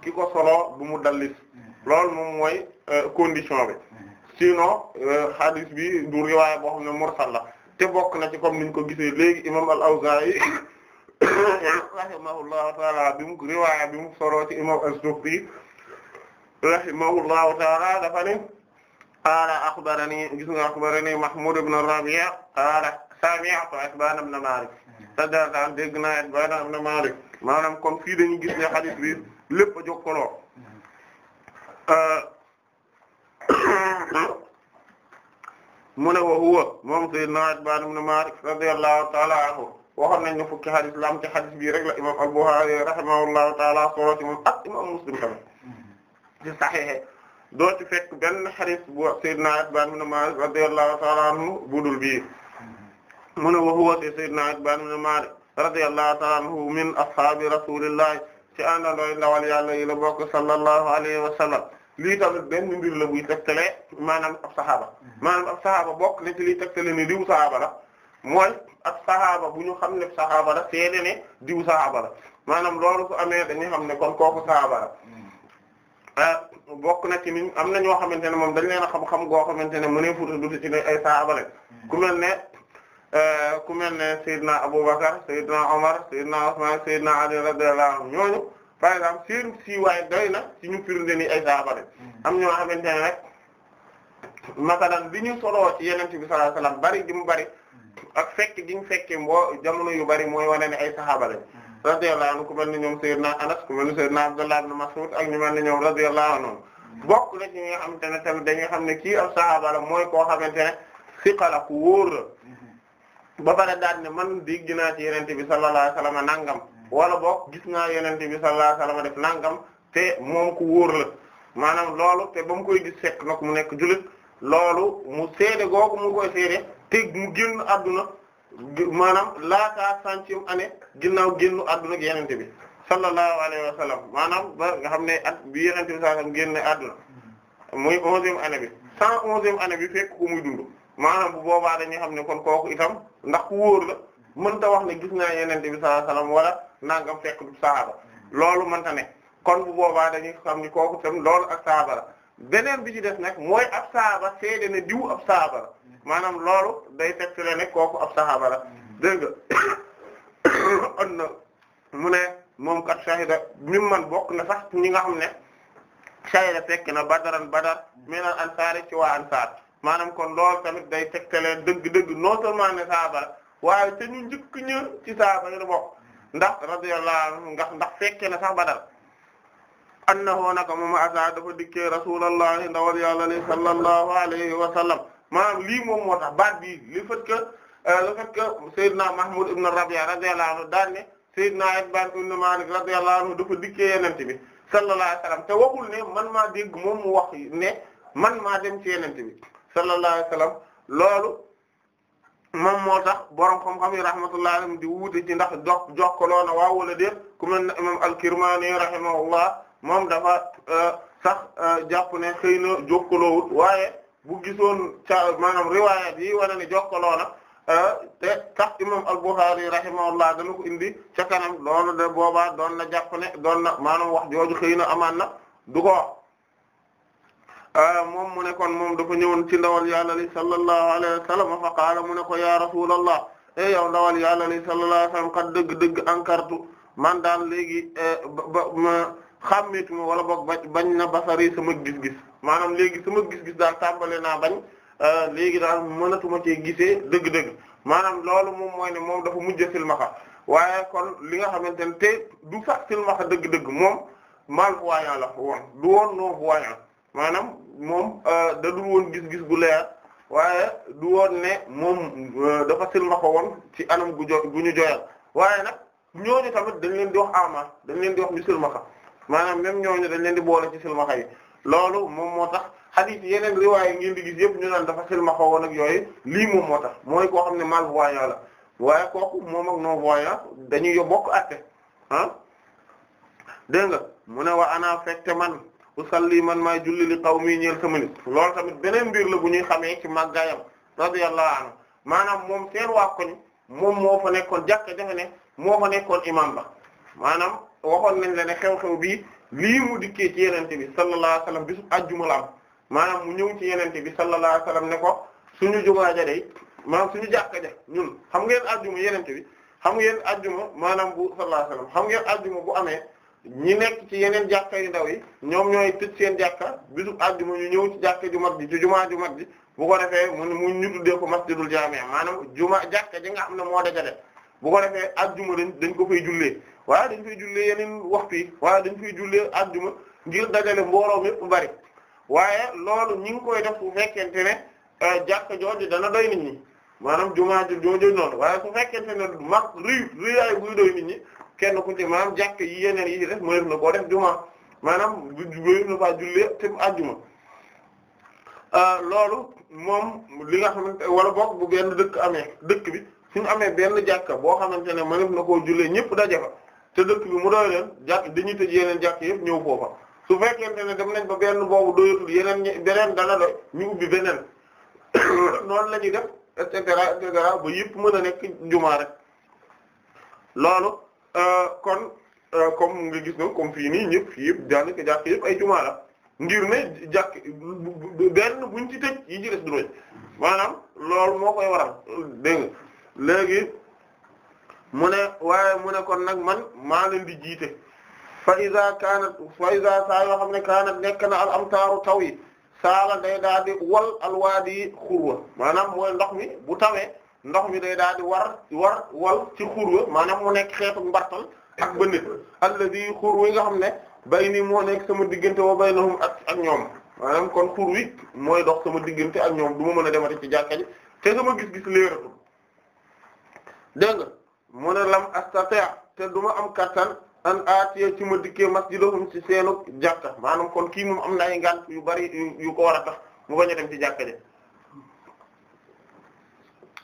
ki ko solo du mu dallis loolu moom mooy euh, condition bi sinon euh, hadith bi du riwaaya boo xam ne te bokk na ci comme niñ ko gisee léegi imam al-Awzaa'i rahimahullahu taala bi mu riwaaya bi mu soroo ci imam az-Zuhri rahimahullahu taala dafa ne qaala axbarani gis nga axbarani Mahmud ibn Rabi'a qaala sami'tu Itbaan ibn Maalik sadartaan dégg naa Itbaan ibn Maalik maanaam comme fii dañu gis ne hadith bi lépp a jokkaloo mu ne wa huwa moom sayyidna Itbaan ibn Maalik radiyallahu ta'ala anhu waxoon nañ ne fukki hadith la am ci hadith bii rek la imam al-Bukhari rahimahullahu ta'ala solo ci moom ak imam Muslim tamit ci saxiix doo ci fekk benn hadith bu sayyidna Itbaan ibn Maalik radiyallahu ta'ala anhu budul bii mu ne wa huwa sayyidna Itbaan ibn Maalik radiyallahu ta'ala anhu min ashaabi rasulillahi ci àndandooy ndawal yàlla yi lii tamit benn mbir la buy tegtale maanam ab saxaaba maanaam ab saxaaba bokk na ci liy tegtale ne diw saxaaba la mooy ab saxaaba bu ñu xam ne saxaaba la seede ne diw saxaaba la maanaam loolu amee dañuy xam ne kon kooku saxaaba la ah bokk na ci ni am na ñoo xamante ne moom dañ leen a xam-xam goo xamante ne mënee fuuta duti ci ne ay saxaaba la ku mel ne eh, ku mel ne Seydina Abubakar Seydina Omar Seydina Usman Seydina Ali radiyallahu anhu ñooñu par exemple seenu siiwaay doy na ci ñu firnde ni ay saaba mm. am ñoo xamante ne rek masalan bi ñu soloo ci yenente bi sallallahu alayhi bari gi mu bari mm. ak fekk gi ñu fekke mboo jamono yu bari mooy wane ni ay sahaaba lañ mm. radiyallahu anhu ku mel ni ñoom Seydina Anas ku mel ni Seydina Abdullah ibn Mas'ud ak ñu mel ni ñoom radiyallahu anhu bokk na ci ñi nga tamit dañuy xam ne kii ab sahaaba mooy koo xamante ne siqa la ku wóor mm-hmm. ba pare daal ne man bi sallallahu alayhi wasallam nangam wala boo gis naa yonent bi sallallahu alayhi wasallam nangam te moom ku wóor la maanaam loolu te ba mu koy gis fekk nag mu nekk jullit loolu mu seede googu mu koy seede te mu génn adduna maanaam laataa centième année ginnaaw génn adduna ak yonent bi sallallahu alayhi wasallam maanaam ba nga xam ne at bi yonent bi sallallahu alayhi wasallam génn adduna muy onzième année bi cent onzième année bi fekk maanaam bu boobaa dañuy xam ne kon kooku itam ndax ku wóor la mënta wax ne gis naa yonent bi sallallahu alayhi wasallam wala. nangam fekk du sahaaba loolu mënta ne kon bu boobaa dañuy xam ni kooku tam loolu ak sahaaba la beneen bi ci des nag mooy ab saaba seede ne diw ab sahaaba la maanaam loolu day fekk le ne kooku ab sahaaba la dégg na mu ne moom kat shahida mimu man bokk na sax ñi nga xam ne shahida fekk na badaran badar minal ansaar ci waa ansaar maanaam kon loolu tamit day tegtalee dëgg-dëgg non seulement ne saaba waaye te ñu njëkk ñë ci saaba yi la bokk ndax radiyallahu anhu ndax ndax fekke na sax badal annahu naka moom asa dafa dikkee rasulullahi ndawal yàlla li sallallahu alayhi wa sallam maanaam lii moom baat bi li fait que euh, le fait que Seydina Rabia anhu daan ne Seydina Itbaan ibn Maalik radiyallahu anhu dafa dikkee yenente bi sallallahu wa sallam te ne man maa dégg dem ci yenente bi sallallahu wa sallam loolu moom moo tax borom xam-xam yi rahmatullahi alayhim di wuute ci ndax jox jokkaloona waaw wala déet ku mel ne imam al-Kirmani rahimahullah moom dafa euh, sax euh, jàpp ne xëy na jokkaloowut waaye bu gisoon ca maanaam riwayat yi wane ne jokkaloona euh, te tax imam al-Bukhari rahimahullah dana ko indi ca kanam loolu de boobaa doon na jàpp ne doon na maanaam wax jooju xëy na amaan na du Ah, moom mu ne kon moom dafa ñëwoon ci ndawal yàlla li sallallahu alayhi wa mu ne ko ya rasulallah e eh, yow ndawal yàlla li sallallahu alayhi wa sallam kat dëgg-dëgg ankartu man daan léegi eh, ba ma xàmmeetuma wala boog bañ na basari sama gis-gis maanaam léegi sama gis-gis daal tàmbale naa bañ eh, léegi daal mënatuma cee gisee dëgg-dëgg maanaam loolu moom mooy ne moom dafa mujj silmaxa waaye kon li nga xamante ne te du sax silmaxa dëgg-dëgg moom malvoyant la woon du woon non voyant maanaam moom euh, da dul woon gis-gis gu leer waaye du woon ne moom euh, dafa silmaxa woon ci anam gu jo gu ñu joyal waaye nag ñooñu tamit dañ leen di wax ama dañ leen di wax ñu silmaxa maanaam même ñooñu dañ leen di boole ci silmaxa yi loolu moom moo tax hadith yeneen riwaay ngeen di gis yëpp ñu naan dafa silmaxa woon ak yooyu lii moom moo tax mooy koo xam ne malvoyant la waaye kooku moom ak non-voyant dañuy yo bokk àtte ah dégg nga mu ne wa ana fekk man. usalli man maay julli li qawmi ñeel sama nit loolu tamit beneen mbir la bu ñuy xamee ci màggaayam radiyallahu anhu maanaam moom seen waa koñ moom moo fa nekkoon jàkka jafe ne moo fa nekkoon imam ba maanaam waxoon nañ la ne xew-xew bii lii mu dikkee ci yenente bi sallallahu alayhi wasallam bisu ajjuma la am maanaam mu ñëw ci yenente bi sallallahu alayhi wasallam ne ko suñu jumaa ja day su ñu jàkka ja ñun xam ngeen ajjuma yenente bi xam ngeen ajjuma maanaam bu sallallahu alayhi wasallam xam ngeen ajjuma bu amee ñi nekk ci yeneen jàkka yu ndaw yi ñoom ñooy tëj seen jàkka bisu àjjuma ñu ñëw ci jàkka ju mag ji ci jumaa ju mag ji bu ko defee mu mu ñu tuddee ko masjidul jaami maanaam juma jàkka ji nga xam ne moo dajale bu ko defee àjjuma dañ dañ ko fay jullee waaye dañ fay jullee yeneen waxtu yi waaye dañ fay jullee juma ngir dajale mbooloo mi yëpp bari waaye loolu ñi ngi koy def su fekkente ne euh, jàkka jooju dana doy nit ñi maanaam jumaa ji jooju noonu waaye su fekkente ne mag rëy rëyaay buy doy nit ñi kenn ku ci maanaam jàkk yi yeneen yi def mëneef na ko def juma maanaam mëneef na faa jullee te àjjuma euh, loolu moom li nga xam wala bokk bu benn dëkk amee dëkk bi suñu amee benn jàkka boo xamante ne mëneef na koo jullee ñëpp daje fa te dëkk bi mu doy leen jàkk dañuy tëj yeneen jàkk yëpp ñëw foofa su fekkente ne dem nañ ba benn boobu doyatul yeneen beneen dala doy ñu ubbi beneen noonu la ñuy def et cetera et cetera ba yëpp mën a nekk jumaa rek loolu Euh, kon euh, comme mu ngi gis nga comme fii nii ñëpp fii yëpp daanaka jàkk yëpp ay jumaa la ngir ne jàkk benn buñ ci tëj yi ci des du maanaam loolu moo koy waral dégg nga léegi mu ne waaye mu ne kon nag man maa leen di jiite fa iza kaanat fa iza saa xam ne kaanat nekk na al amtaaru taw yi saala day daal di wal alwaadi yi xurwa maanaam mooy ndox mi bu tawee ndox mi day daal di war war wal ci xurwa maanaam mu nekk xeetu mbartal ak ba nit alladi xur wi nga xam ne bay nii moo nekk sama diggante wa baynahum ak ak ñoom maanaam kon xur wi mooy dox sama diggante ak ñoom du ma mën a demati ci jàkka ji te sama gis-gis léeratu dégg nga mu ne lam te du ma am kattan an aatiya ci ma dikkee masjidahum ci seenu jàkka maanaam kon kii moom am naa ay ngànt yu bari yu ko war a tax mu bañ a dem ci jàkka ji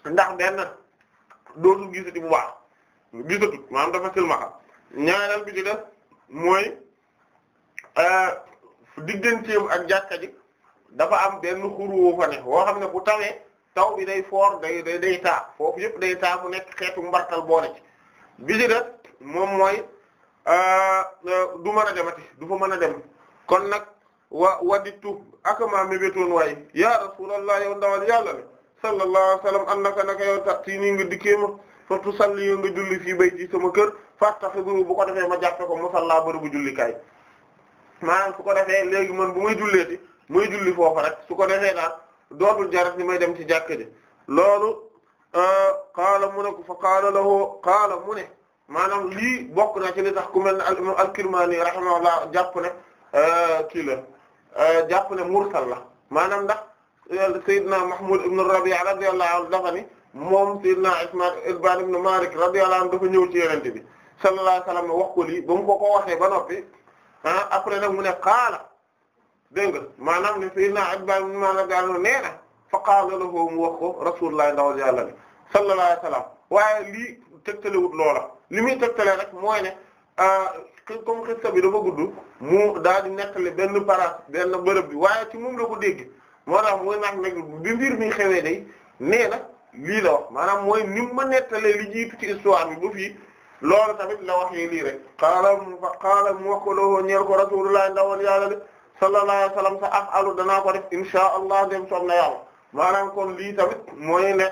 ndax benn dootul gisati bu baax gisatut maanaam dafa silmaxa ñaareel bi di def mooy euh, digganteem ak jàkka ji dafa am benn xuru fa woo xam ne bu tawee taw bi day foor day day taa foofu yëpp day taa mu nekk xeetu mbartal boole ci bi di def moom mooy euh, euh, du mën a demati du fa mën a dem kon nag wa waditu akama mébétoon waaye ya rasulullah yow ndawal yàlla ne sallallahu alayhi wa sallam annaka naka yow tàtti nii nga dikkee ma fa tusalli yoo nga julli fii bay ci sama kër fattaxidu bu ko defee ma jàpp ko musalla bërëbu jullikaay maanaam su ko defee léegi man bu may julleeti muy julli foofu rek su ko defee daal dootul jarat ni may dem ci jàkk ji loolu euh, qaala mu ne fa qaala lahu qaala mu ne maanaam lii bokk na ci li tax ku mel ne al imam al-Kirmani rahimahullah jàpp ne euh, kii la euh, jàpp ne mursal la maanaam ndax Seydina Mahmoud ibn Rabi'a radiyallahu anhu dafa ni moom Seydina Ismaïl Ibn ibn Malik radiyallahu anhu dafa ñëw ci yenente bi sallallahu alayhi wasallam wax ko lii ba mu ko ko waxee ba noppi ah après nag mu ne qaala dégg nga maanaam ne Seydina Ismaïl ibn Malik radiyallahu anhu nee na fa qaala lahu mu wax ko Rasulullah ndawal Yàlla ni waaye lii tegtalewut loola li muy tegtale rek mooy ne ah, comme xista bi dafa gudd mu daal di nettali benn para benn bërëb bi waaye ci moom la ko dégg moo tax mooy nag nag bi mbir mi xewee day nee na lii la wax maanaam mooy ni mu ma nettalee li jiitu ci histoire bi ba fii loolu tamit la waxee lii rek qaala mu wax ko lowoo ñeel ko rasulullah ndawal yàlla de sallallahu alayhi wasallam sa af'alu danaa ko def inshaa allah dem soob na yàlla maanaam kon lii tamit mooy ne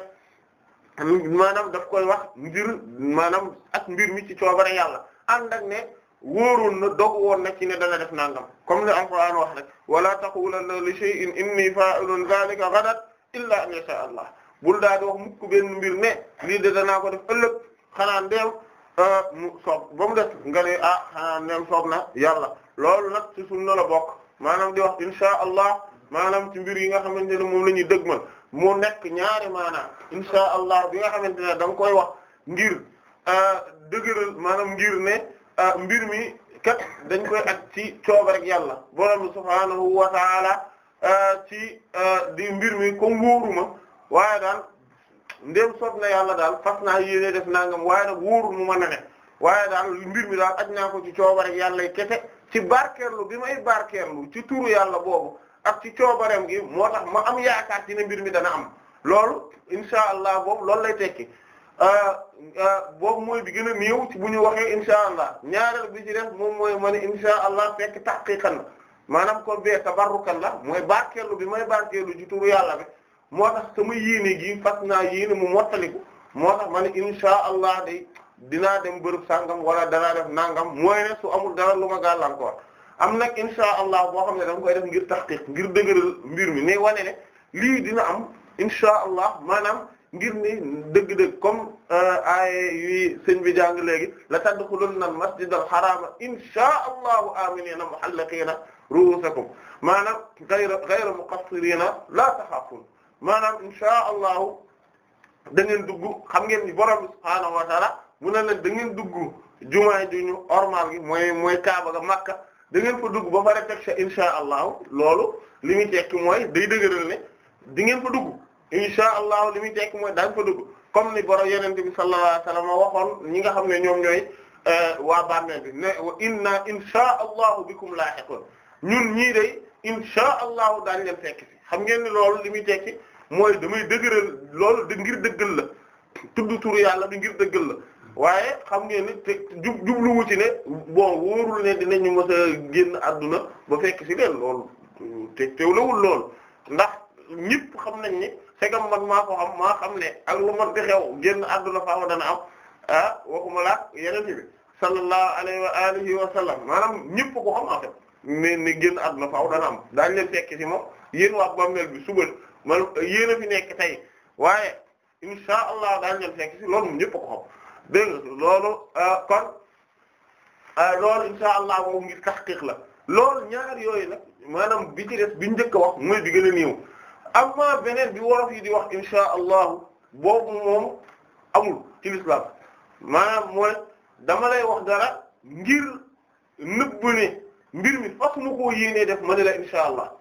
maanaam daf koy wax ngir maanaam ak mbir mi ci coobare yàlla ànd ne wóorul na doog woon na ci ne dana def nangam comme le alquran wax rek wala taqulanna li shay'in inni fa'ilun dhalika ghadan illa an yasha allah bul daa di wax mukk benn mbir ne lii de danaa ko def ëllëg xanaa ndeem ah, mu soob def nga ne ah xanaa ndeem soob na yàlla loolu nag ci sunna la bokk maanaam di wax insha allah maanaam ci mbir yi nga xamante ne moom la ñuy dëgmal mu nekk ñaari maanaam insha allah bi nga xamante ne da nga koy wax ngir ah, dëgëral maanaam ngir ne mbir mi kat dañ koy ak ci coobarek yàlla borom subhaanahu wa taala ci di mbir mi ko wóoruma waaye daal ndéem soob na yàlla daal fas naa yéene def nangam waaye nag wóorul mu mën waaye daal mbir mi daal aj naa ko ci coobarek yàlla kese ci barkeerlu bi may barkeerlu ci turu yàlla boobu ak ci coobareem gi moo tax ma am yaakaar ci mbir mi dana am loolu insha allah boobu loolu lay tekki Euh, euh, boobu mooy bi gën a néew ci bu ñu waxee inshaa allah ñaareel bi ci def moom mooy ma ne inshaa allah fekk taqiqan la maanaam ko bee tabarrukan la mooy barkeelu bi may barkeelu ci turu yàlla bi moo tax sama yéene gi fas naa yéene mu mottaliku moo tax ma ne inshaa allah day dinaa dem bërëb sangam wala danaa def nangam mooy ne su amul dara lu ma am nag inshaa allah boo xam ne dama koy def ngir taxqiq ngir dëgëral mbir mi ni wane ne lii dina am inshaa ngir ni dëgg-dëgg comme aaye euh, yi sëñ bi jàng léegi la tadxulunna al masjid al xaraama inshaa allahu aminina muhalliqiina ru'uusakum maanaam ghayra ghayra muqassiriina laa taxaafuun la inshaa allahu da ngeen dugg xam ngeen ni borom bi subhaanahu mu ne leen da dugg jumaa ju ñu ormal gi mooy mooy Kaaba ga Makka da ngeen fa dugg ba pare teg sa inshaa loolu li ñu tekki mooy day dëgëral ne di ngeen fa dugg insha allah li muy tekk mooy daañ fa dugg comme ni borom yeneen bi sallallahu alayhi wa sallam waxoon ñi nga xam ne ñoom ñooy euh, waa bàmmeel bi ne inna insha allahu bikum laahiqun ñun ñii day insha allahu daañ leen fekk ci xam ngeen ni loolu li muy tekki mooy damay dëgëral loolu da ngir dëggal la tudd turu yàlla di ngir dëggal la waaye xam ngeen ni te jub jubluwu ci ne bon wóorul ne dinañu ñu a génn àdduna ba fekk ci leen loolu te teewlewul loolu ndax ñëpp xam nañ ni segam man maa ko am maa xam ne ak lu man di xew génn adduna faawa dana am ah waxuma laak yenente bi sallallahu alayhi wa alihi wa sallam maanaam ñëpp ko xam en fait ne ne génn adduna faaw dana am daañu leen fekk ci moom yéen waa bàmmeel bi suba man a fi nekk tey waaye insha allah daañu leen fekk ci loolu moom ñëpp ko xam dégg nga loolu ah, kon ah, loolu insha allah moom ngi tahqiq la loolu ñaar yooyu nag maanaam bi ci des bi njëkk a wax mooy bi gën a amma beneen bi wolof yi di wax insha allahu boobu moom amul ci l'islam maanaam mooy dama lay wax dara ngir nëbbu ne mbir mi fas mu koo yéenee def ma ne la insha allah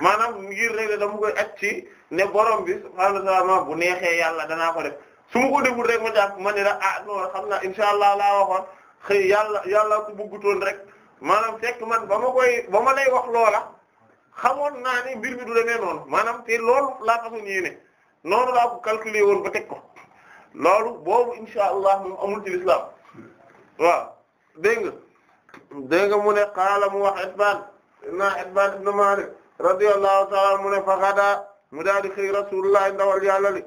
maanaam ngir rek ne dama koy at ci ne borom bi subhaanahu wa ta'aala bu neexee yàlla danaa ko def su ma ko deful rek ma jàpp ma ne la ah non xam naa insha allah laa waxoon xëy yàlla yàlla ko bëggutoon rek maanaam fekk man ba ma koy ba ma lay wax loola xamoon naa ne mbir mi du demee noonu maanaam te loolu laa façon yéene noonu laa ko calculer woon ba teg ko loolu boobu insha allah moom amul ci lislaam waaw dégg nga dégg nga mu ne qaala mu wax Itbaan naa Itbaan ibn Maalik radiyallahu ta'ala mu ne fa xadaa mu daal di xëy rasulullah ndawal yàlla li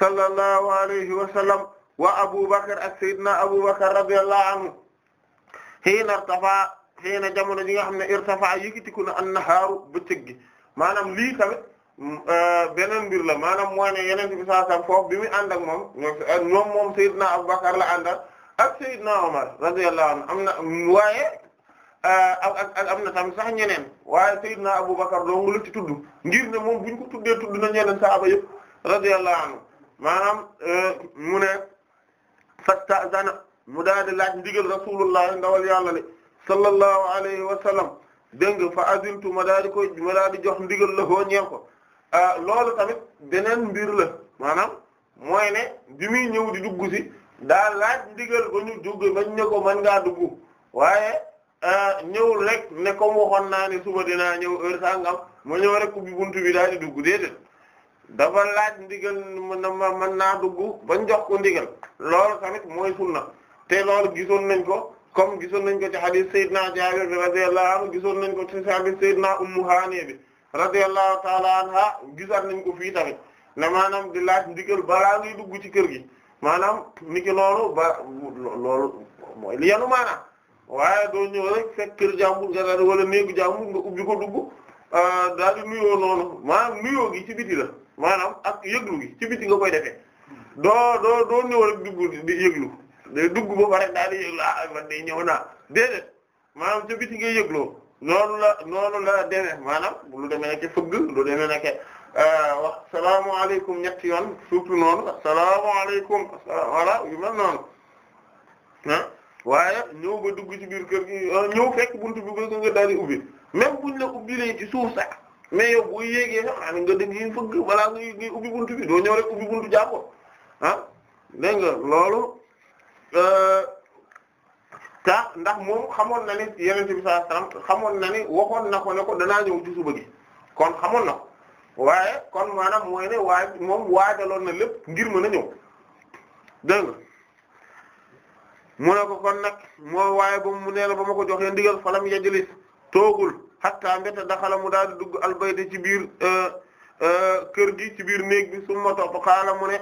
sallallahu alayhi wa sallam wa Abu Bakr ak Seydina Abu Bakr radiyallahu anhu hiina irtafaa xëy na jamono ji nga xam ne irtafa yëkkatiku na an-nahaaru bëccëg gi maanaam lii tamit mm, euh, beneen mbir la maanaam mooy ne yeneen bi saa saa bi muy ànd ak moom ñoom euh, moom Seydina Aboubacar la àndal ak Seydina Omar radiyallahu anhu am na waaye euh, ak ak am na tamit sax ñeneen waaye Seydina Aboubacar dong la ci tudd ngir ne moom buñ ko tuddee tudd na ñeneen saaba yëpp radiyallahu anhu maanaam mu ne fasta'zana mu daal di laaj ndigal Rasulullah ndawal yàlla li sallallahu alayhi wa sallam dégg nga fa aziltu ma daal di koy ma daal di jox ndigal la foo ñeel ko ah, loolu tamit beneen mbir la maanaam mooy ne bi muy ñëw di dugg si daa laaj ndigal ba ñu dugg bañ ne ko ngaa dugg waaye ah, ñëwul rek ne ko waxoon naa ne suba dinaa ñëw heure sangam ma ñëw rek ubbi buntu bi daal di dugg déedéet dafa laaj ndigal mën na ma mën naa dugg bañ jox ko ndigal loolu tamit mooy sunna te loolu gisoon nañ ko. comme gisoon nañ ko ci hadith Seydina Jaabir bi radiyallahu anhu gisoon nañ ko ci hadith Seydina Ummu Haani bi radiyallahu ta'ala anha gisaat nañu ko fii tamit ne maanaam di laaj ndigal balaa ngay dugg ci kër gi maanaam niki loolu ba loolu mooy li yanu maanaam waaye doo ñëw rek fekk kër jàmbur nga daal wala néegu jàmbur nga ubbi ko dugg euh, daal di nuyoo noonu maanaam nuyoo gi ci biti la maanaam ak yëglu gi ci biti nga koy defe doo doo doo rek dugg di day dugg ba pare daal di yëglu ah man day ñëw naa déedéet maanaam ca biti ngay yëgloo noonu la noonu la demee maanaam lu demee nekk fëgg lu demee nekk euh, wax salaamaaleykum ñetti yoon surtout noonu salaamaaleykum voilà yu mel noonu ah waaye ñëw ba dugg ci biir kër gi euh, ñëw fekk buntu bi ba nga daal di ubbi même buñ la ubbi lee ci suuf sax mais yow bu yéegee sax xam nga dañuy fëgg balaa ngay ubbi buntu bi doo ñëw rek ubbi buntu jàppoo nga loolu. Euh, ta ndax moom xamoon na ne yenente bi sallallahu alayhi xamoon na ne waxoon na ko ne ko danaa ñëw ci gi kon xamoon na ko waaye kon maanaam mooy ne waay moom waajaloon na lépp ngir mën a ñëw dégg nga mu ne ko kon nag moo waaye ba mu nee la ba ma ko joxee ndigal falam yajlis toogul hatta mbéta daxala mu daal di dugg albayda ci biir euh, euh, kër gi ci biir néeg bi summa topp xaala mu ne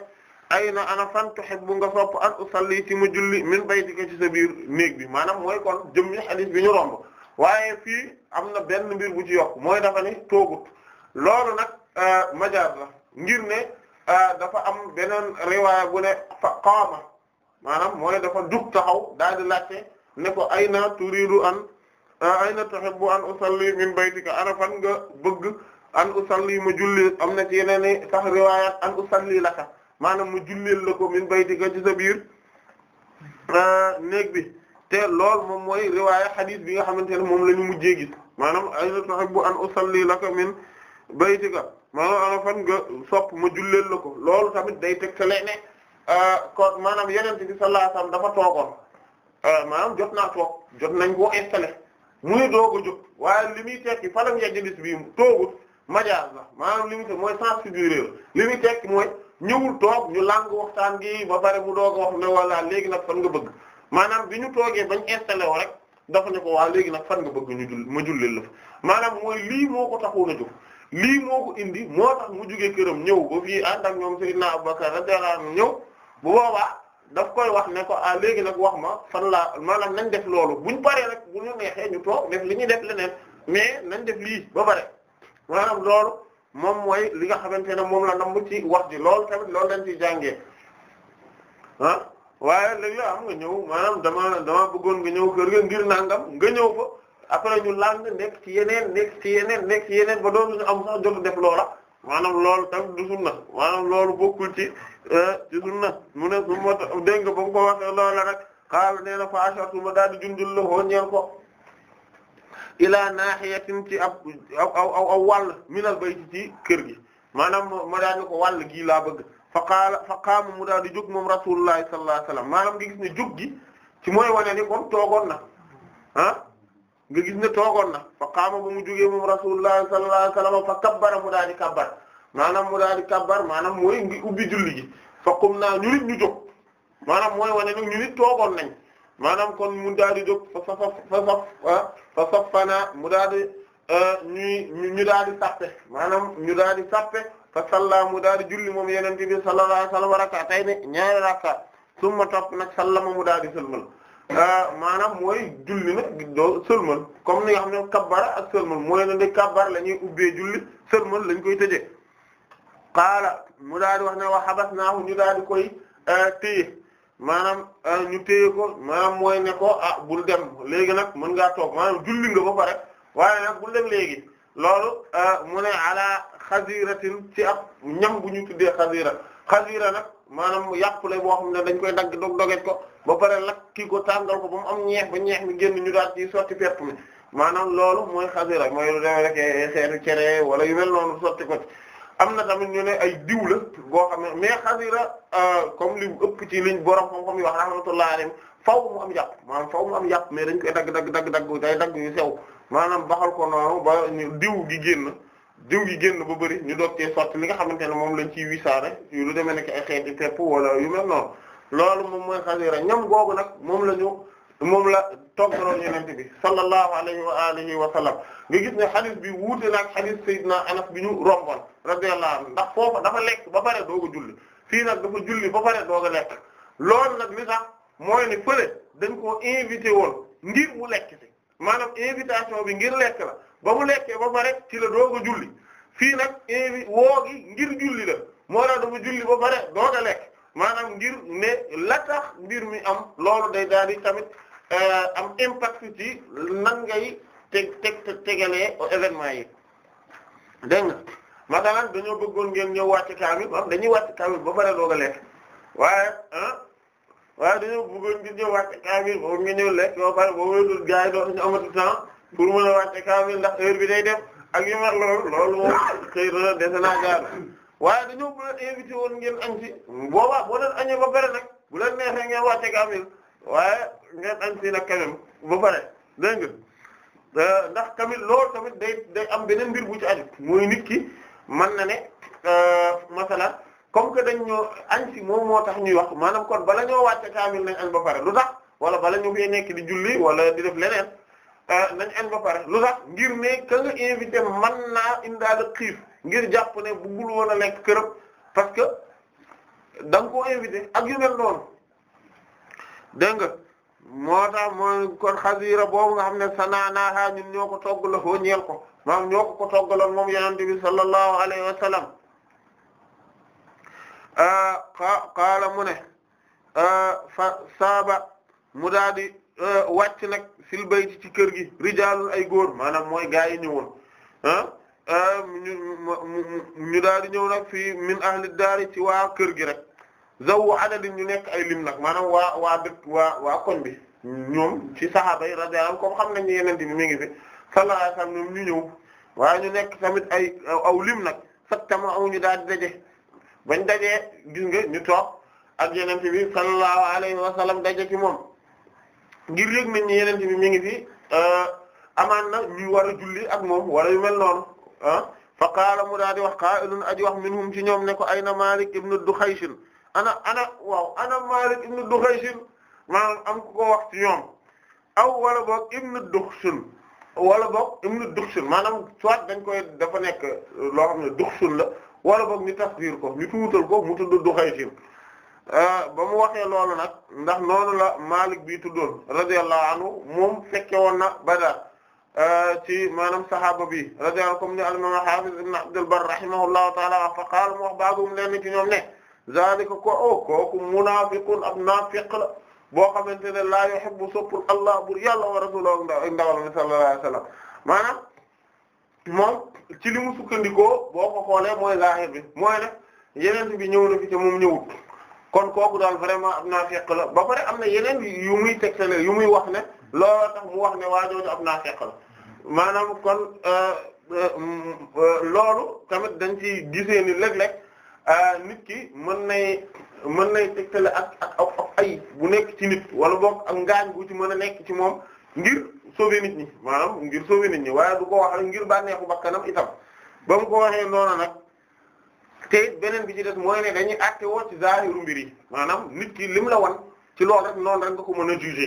ayna ana fan tuhibbu nga sopp an usalli ci mu julli min baytika ci sa biir néeg bi maanaam mooy kon jëmmi hadith bi ñu romb waaye fii am na benn mbir bu ci yokk mooy dafa ne toogut loolu nag euh, majaaz ngir ne euh, dafa am beneen riwaaya bu ne fa qaama maanaam mooy dafa dug taxaw daal di laajte ne ko ayna turidu an euh, ayna tuhibbu an u min baytika ana nga bëgg an usalli ma julli am na ci yeneen sax riwaaya an usalli laka maanaam mu julleel la ko min baytika ci sa biir ah, néeg bi te lool moom mooy riwaaya hadith bi nga xamante ne moom lañu ñu mujjee gis maanaam ayna tuhibbu an usalli laka min baytika maanaam ana fan nga sopp ma julleel la ko lool tamit day tegtale ne ah, ko maanaam yonent bi sallallahu alayhi wasallam dafa toogoon ah, maanaam jot naa toog jot nañ koo installé muy doog a jóg waaye li muy tekki falam yajlis bi toogut majaas la maanaam li muy tekki mooy sens figuré li muy tekki mooy. ñëwul toog ñu làng waxtaan gi ba pare mu doog a wax ne walla léegi nag fan nga bëgg maanaam bi ñu toogee bañ installé wu rek dafa ne ko léegi nag fan nga bëgg ñu jull ma jullil la maanaam mooy lii moo ko taxoon a jóg lii moo ko indi moo tax mu jugee këram ñëw ba fii ànd ak ñoom Seydina Abubakar radiyallahu anhu ñëw bu boobaa daf koy wax ne ko ah léegi nag wax fan laa maanaam nañ def loolu buñ paree rek bu ñu neexee ñu toog def li ñuy def leneen mais nañ def lii ba pare maanaam loolu. moom mooy li nga xamante ne moom la namm ci wax ji loolu tamit loolu lañ ciy jàngee ah waaye léegi am nga ñëw maanaam dama dama bëggoon nga ñëw kër ga ngir nangam nga ñëw fa après ñu lang nekk ci yeneen nekk ci yeneen nekk ci yeneen ba doon ñu am sax jot def loola maanaam lool tamit du sunna maanaam loolu bokkul ci euh, ci sunna mu ne su ma dégg nga ba mu ko waxee loola rek xaaral nee na fa ashartu ma daal di junjul la ko ñeel ko. ilaa naahiyatin ci ab aw minal bayti ci kër gi maanaam ma daal ni ko wàll gii laa bëgg fa qaama mu daal di jóg moom rasulullahi sallallahu alayhi wasallam maanaam nga gis ne jóg gi ci mooy wane kom kon toogoon na ah nga toogoon na fa qaama mu jógee moom rasulullahi sallallahu alayhi wasallam fa kabbara mu daal di kabbar maanaam mu daal kabbar maanaam mooy ubbi julli gi fa qumnaa ñu nit ñu jóg maanaam mooy wane ni ñu toogoon nañ maanaam kon mu daal di jóg fa fa fa fa saffana mu daal di euh, ñuy ñu daal di sappe maanaam ñu daal di sappe fa salla mu daal di julli moom yonent bi sallallahu alayhi wasallam rak'atayni ñaari rakka summa topp nag sallama mu daal di sëlmal euh, maanaam mooy julli nag doo sëlmal comme ni nga xam ne kabbara ak sëlmal mooy ne de kabbara la ñuy ubbee julli sëlmal lañ koy tëjee qaala mu daal di wax ne wa habasnaahu ñu daal di koy euh, téye. maanaam euh, ñu téye ko maanaam mooy ne ko ah bul dem léegi nag mën ngaa toog maanaam julli nga boo pare waaye nag bul dem léegi loolu euh, mu ne ala xaziratin ci ab ñam bu ñu tuddee xazira xazira nag maanaam yàpp la boo xam ne dañ koy dagg dog doget ko ba pare lakki ko tàngal ko ba mu am ñeex ba ñeex mi génn ñu daal ci sotti perte mi maanaam loolu mooy xazira mooy lu demee rek eh, xeetu cere wala yu mel noonu sotti ko am na tamit ñu ne ay diw la boo xam ne mais xasira euh, comme li ëpp ci liñ borom xam-xam yi wax rahmatullahi alayhim faaw mu am yàpp maanaam faaw mu am yàpp mais dañ koy dagg dagg dagg dagg day dagg yu sew maanaam baxal ko noonu ba ñu diw gi génn diw gi génn ba bëri ñu doog cee sotti li nga xamante ne moom lañ ciy wisaare yu lu demee nekk ay xeeti pepp wala yu mel noonu loolu moom mooy xasira ñam googu nag moom la ñu. moom la toggaloon yenente bi sallallahu alayhi wa alihi wa sallam nga gis ne xadis bi wuute na ak xadis Seydina Anas bi ñu romboon radiyallahu anhu ndax foofa dafa lekk ba pare doog a julli fii nag dafa julli ba pare doog a lekk loolu nag li tax mooy dañ koo invité woon ngir mu lekk maanaam invitation bi ngir lekk la ba mu lekkee ba pare ci la doog a julli fii nag invi woo gi ngir julli da moo tax dafa julli ba pare doog a lekk maanaam ngir ne la mbir mi am loolu day daal tamit am impact ci nan ngay teg teg tegalee événement yi dégg nga masalan dañoo bëggoon ngeen ñëw wàcc kaamil am dañuy wàcc kaamil ba pare doog a lekk waaye ah waaye dañoo bëggoon ngeen ñëw wàcc kaamil boobu nga ñëw lekk ba pare boobu yi ndax heure bi day def ak yu mag loolu moom xëy na naa gaar waaye dañoo bëgg invité woon ngeen añ ci boobaa boo leen añee ba pare nag bu leen neexee ngeen wàcc kaamil waaye ngeen am si nag quand même ba pare dégg nga ndax tamit loolu tamit day day am beneen mbir bu ci aju mooy nit ki mën na ne euh, masalan comme que dañ ñoo añ si moom moo tax ñuy wax maanaam kon bala ñoo wàcce kaamil nañ añ ba pare lu tax wala bala ñu fee nekk di julli wala di def leneen euh, nañ añ ba pare lu tax ngir ne ka nga invité man naa indaale xiif ngir jàpp ne bu woon a lekk këram parce que da nga koo invité ak yu mel noonu dégg nga moo tax mooy kon xasira boobu nga xam ne sanaanaaha ñun ñoo ko toggaloo ñeel ko maam ñoo ko ko toggaloon moom yonent bi sallallahu alayhi wa sallam ah, qaala mu ne ah, fa saaba mu daal di ah, wàcc nag fil bayti ci kër gi rijaalun ay góor maanaam mooy gaa yi ñëwoon ah ñu daal di ñëw nag fii min ahli daari ci waa kër gi rek zawu adadin ñu nekk ay lim nag maanaam waa waa waa waa koñ bi ñoom ci sahaaba yi radiyallahu anhum xam nañ ne yenente mi ngi fi sallallahu alayhi wasallam ñoom ñu nekk tamit ay aw lim nag fattama aw ñu daal di daje bañ dajee gis ñu toog ak yenente bi sallallahu alayhi wasallam daje ci moom ngir yëg nañ ne yenente bi mi ngi fi euh, amaan na ñu war a julli ak moom wala yu mel noonu ah fa qaala mu daal di wax qaa'ilun aji wax minhum ci ñoom ne ko ayna Malik ibn Dukhaysh ana ana waaw ana Malik ibnu Duxaysin maanaam am ku ko wax ci ñoom aw wala boog ibnu Duxsun wala boog ibnu maanaam soit dañ koy dafa nekk loo xam ne Duxsun la wala boog ñu tasdiir ko ñu tuutal ko mu tudd Duxaysin euh, ba mu waxe loolu nag ndax noonu la Malik bi tuddoon radiyallahu anhu moom fekke woon na Badar euh, ci maanaam sahaaba bi radiyallahu comme ni al-imam Hafiz ibn Abd al-Barr ta'ala fa qaala mu wax baabuum leen ci ñoom ne zalika ko o oh, kooku munaafiqun ab naafiq la boo xamante ne laa yuhibbu soppul allah bur yàlla wa rasulahu ak ndawal mi sallallahu alayhi wasallam maanaam moom ci li mu sukkandikoo boo ko xoolee mooy zaahir bi mooy ne yeneen bi ñëw na fi te moom ñëwut kon kooku daal vraiment ab naafiq la ba pare am na yeneen yu muy tegtale yu muy wax ne looloo tax mu wax ne waajooju ab naafiq la maanaam kon euh, euh, euh, loolu tamit dañ ci gisee ni léeg-léeg Euh, nit ki mën nay mën na tegtale ak ak ak ay bu nekk ci nit wala boog ak ngaañ gu ci mën a nekk ci moom ngir sauver nit ñi maanaam ngir sauver nit ñi waaye du ko wax ngir bànneexu bakkanam itam ba mu ko waxee noona nag te beneen bi ci des mooy ne dañuy acté woo ci zahiru mbir yi maanaam nit ki lim la wan ci lool rek noonu rek nga ko mën a jugé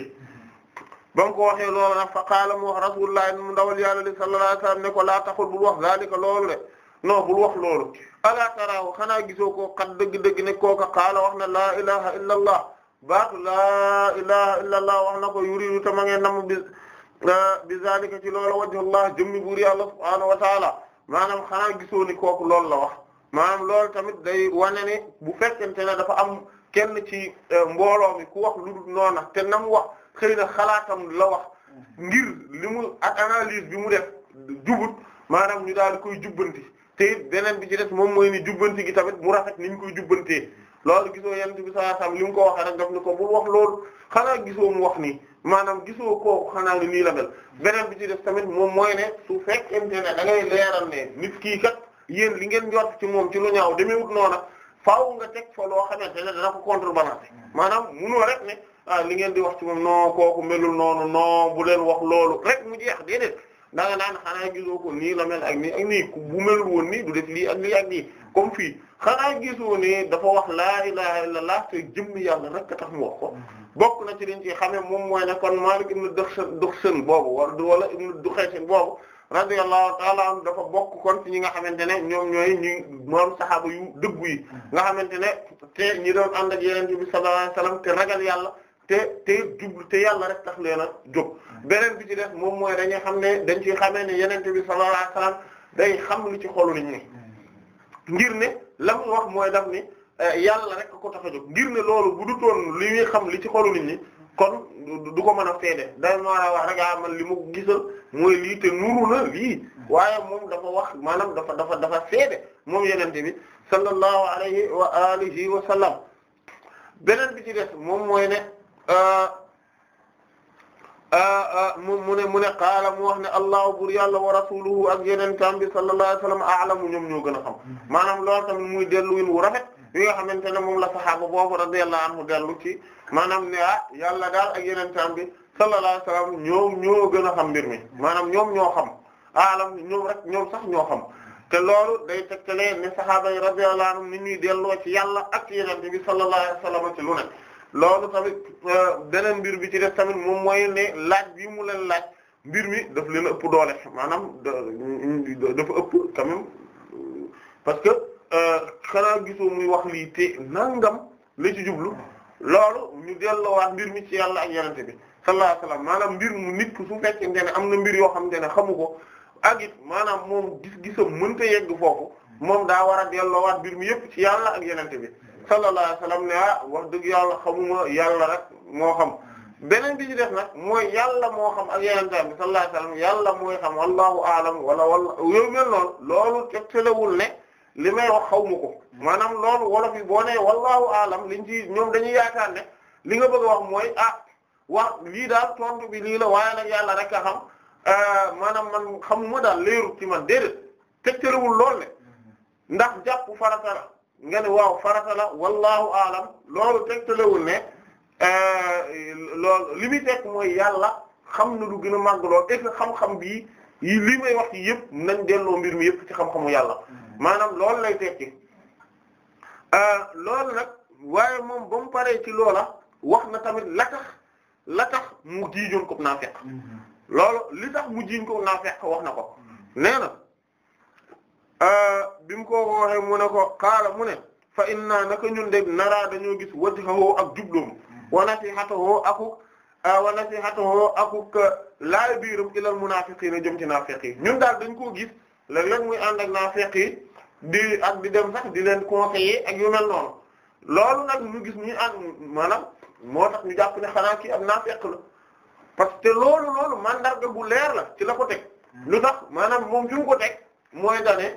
ba mu ko waxee loolu nag fa qaala mu wax rasulullah mu ndawal yàlla li sallallahu alayhi wasallam ne ko laa taxul bul wax zalika loolu de non bul wax loolu alaa taraahu xanaa gisoo ko xat dëgg-dëgg ne kooka qaala wax na laa ilaha illa allah baatu laa ilaha illa allah wax na ko yuridu tama ngeen nam bi ah, bi zalika ci loola wajhullah jëmmi buur yàlla subhaanahu wa taala maanaam xanaa gisoo ni loolu la wax maanaam loolu tamit day wane ne bu fekkente ne dafa am kenn ci eh, mbooloo mi ku wax lu dul noona te nam wax xëy na xalaatam la wax ngir li mu ak analyse bi mu def jubut maanaam ni daal di koy jubbanti te beneen bi ci des moom mooy ni jubbanti gi tamit mu rafet ni ñu koy jubbantee loolu gisoo yent bi sallallahu alayhi wasallam li mu ko waxee rek daf ni ko bu wax loolu xanaa gisoo mu wax nii maanaam gisoo kooku xanaa ni nii la mel beneen bi ci des tamit moom mooy ne su fekkente ne da ngay leeral ne nit kii kat yéen li ngeen jot ci moom ci lu ñaaw demeewut noona faaw nga teg fa loo xamante ne dana ko contrebalancer maanaam munoo rek ne ah li ngeen di wax ci moom non kooku melul noonu non bu leen wax loolu rek mu jeex déedéet da nga naan xanaa gisoo ko la mel ak nii ak nii bu melul du def lii ak fii xanaa gisoo dafa wax laa ilaha illallah te jëmm yàlla rek tax mu mm-hmm. bokk na ci liñ ci xamee moom mooy ne kon Maalik ibn Duxsaan Duxsaan boobu wala wala ibn Duxsaan boobu radiyallahu ta'ala anhu dafa bokk kon ci ñi nga xamante ne ñoom ñooy ñi moom saxaaba yu dëggu yi mm-hmm. nga xamante ne te ñi doon ànd ak Yonent bi sallallahu alayhi ragal yàlla te te jublu te yàlla rek tax leen a jóg beneen bi ci def moom mooy dañuy xam ne dañ ci xamee ne yenente bi sallallahu alayhi wasallam day xam li ci xolu liñ ne ngir ne la mooy daf ni eh, yàlla rek ko tax ngir ne loolu bu li xam li ci xolu nit ñi kon du ko mën a seede day maanaam wax ah, man li ma ko gisal mooy lii te nuru moom dafa wax maanaam dafa dafa dafa seede moom yenente bi sallallahu alayhi wa alihi wa sallam beneen bi ci des moom mooy ne Ah, ah, ah, mu mu ne mu ne qaala mu wax ne allahu bur yàlla wa rasuluhu ak yeneen tam bi sallallahu alayhi wasallam a'lamu ñoom ñoo gën a xam maanaam loolu tamit muy dellu win wu rafet yi nga xamante ne moom la sahaaba boobu radiyallahu anhu dellu ci maanaam ne ah yàlla daal ak yeneen tam bi sallallahu alayhi wasallam ñoom ñoo gën a xam mbir mi maanaam ñoom ñoo xam aalam ñoom rek ñoom sax ñoo xam te loolu day tegtalee ne sahaaba yi radiyallahu anhum ni ñuy delloo ci yàlla ak ci yeneen bi sallallahu alayhi wasallam ci lu loolu tamit euh, beneen mbir bi ci def tamit moom mooy ne laaj bi mu leen laaj mbir mi daf leen ëpp doole maanaam dafa ëpp quand parce que euh, xanaa gisoo muy wax lii te nangam la ci jublu loolu ñu delloowaat mbir mi ci yàlla ak yenente bi sallallahu alayhi maanaam mbir mu nit ku su fekkente ne am na mbir yoo xamante ne xamu ko ak maanaam moom gis-gisam mënta yegg foofu moom daa war a delloowaat mbir mi yëpp ci yàlla ak yenente bi sallallahu alayhi wasallam ne ah wax dëgg yàlla xamuma yàlla rek moo xam beneen bi ñu def nag mooy yàlla moo xam ak yenentaan bi sallallahu alayhi wasallam yàlla mooy xam wallahu aalam wala wala yow mel noonu loolu ne li may xaw ma ko maanaam loolu wolof yi boo nee wallahu aalam liñ ñoom dañuy yaakaar ne li nga bëgg a wax mooy ah wax lii daal tontu bi lii la waaye nag yàlla rek a xam euh, maanaam man xamuma daal leeru ci man déedéet tegtalewul lool ne ndax jàpp farata la nga ne waaw farata la wallahu alam loolu tegtalewul ne euh, loolu li muy tekk mooy yàlla xam na lu gën a màgg lool et que xam-xam bii yi may wax yi yëpp nañ delloo mbir mi yëpp ci xam-xamu yàlla maanaam loolu lay tekki euh, loolu nag waaye moom ba paree ci loola wax na tamit la tax la tax mu jiiñoon ko naafeq mm-hmm. loolu li tax mu jiiñ ko naafeq wax na ko mm-hmm. nee Ah, bi mu ko waxee mu ne ko xaala mu ne fa inna naka ñun de naraa dañoo gis wajhahu ak jubloom wa nasihatahu akuk ah, wa nasihatahu akuk laay biiram ilal munaafiqiina jëm ci naafiq yi ñun daal dañ koo gis léeg-léeg muy ànd ak naafiq yi di ak di dem sax di leen conseiller ak yu noonu loolu nag ñu gis ñu ànd maanaam moo tax ñu jàpp ne xanaa kii am naafiq la parce que loolu loolu mandarga bu leer la ci la ko teg hmm. lu tax maanaam moom fi mu ko teg mooy dane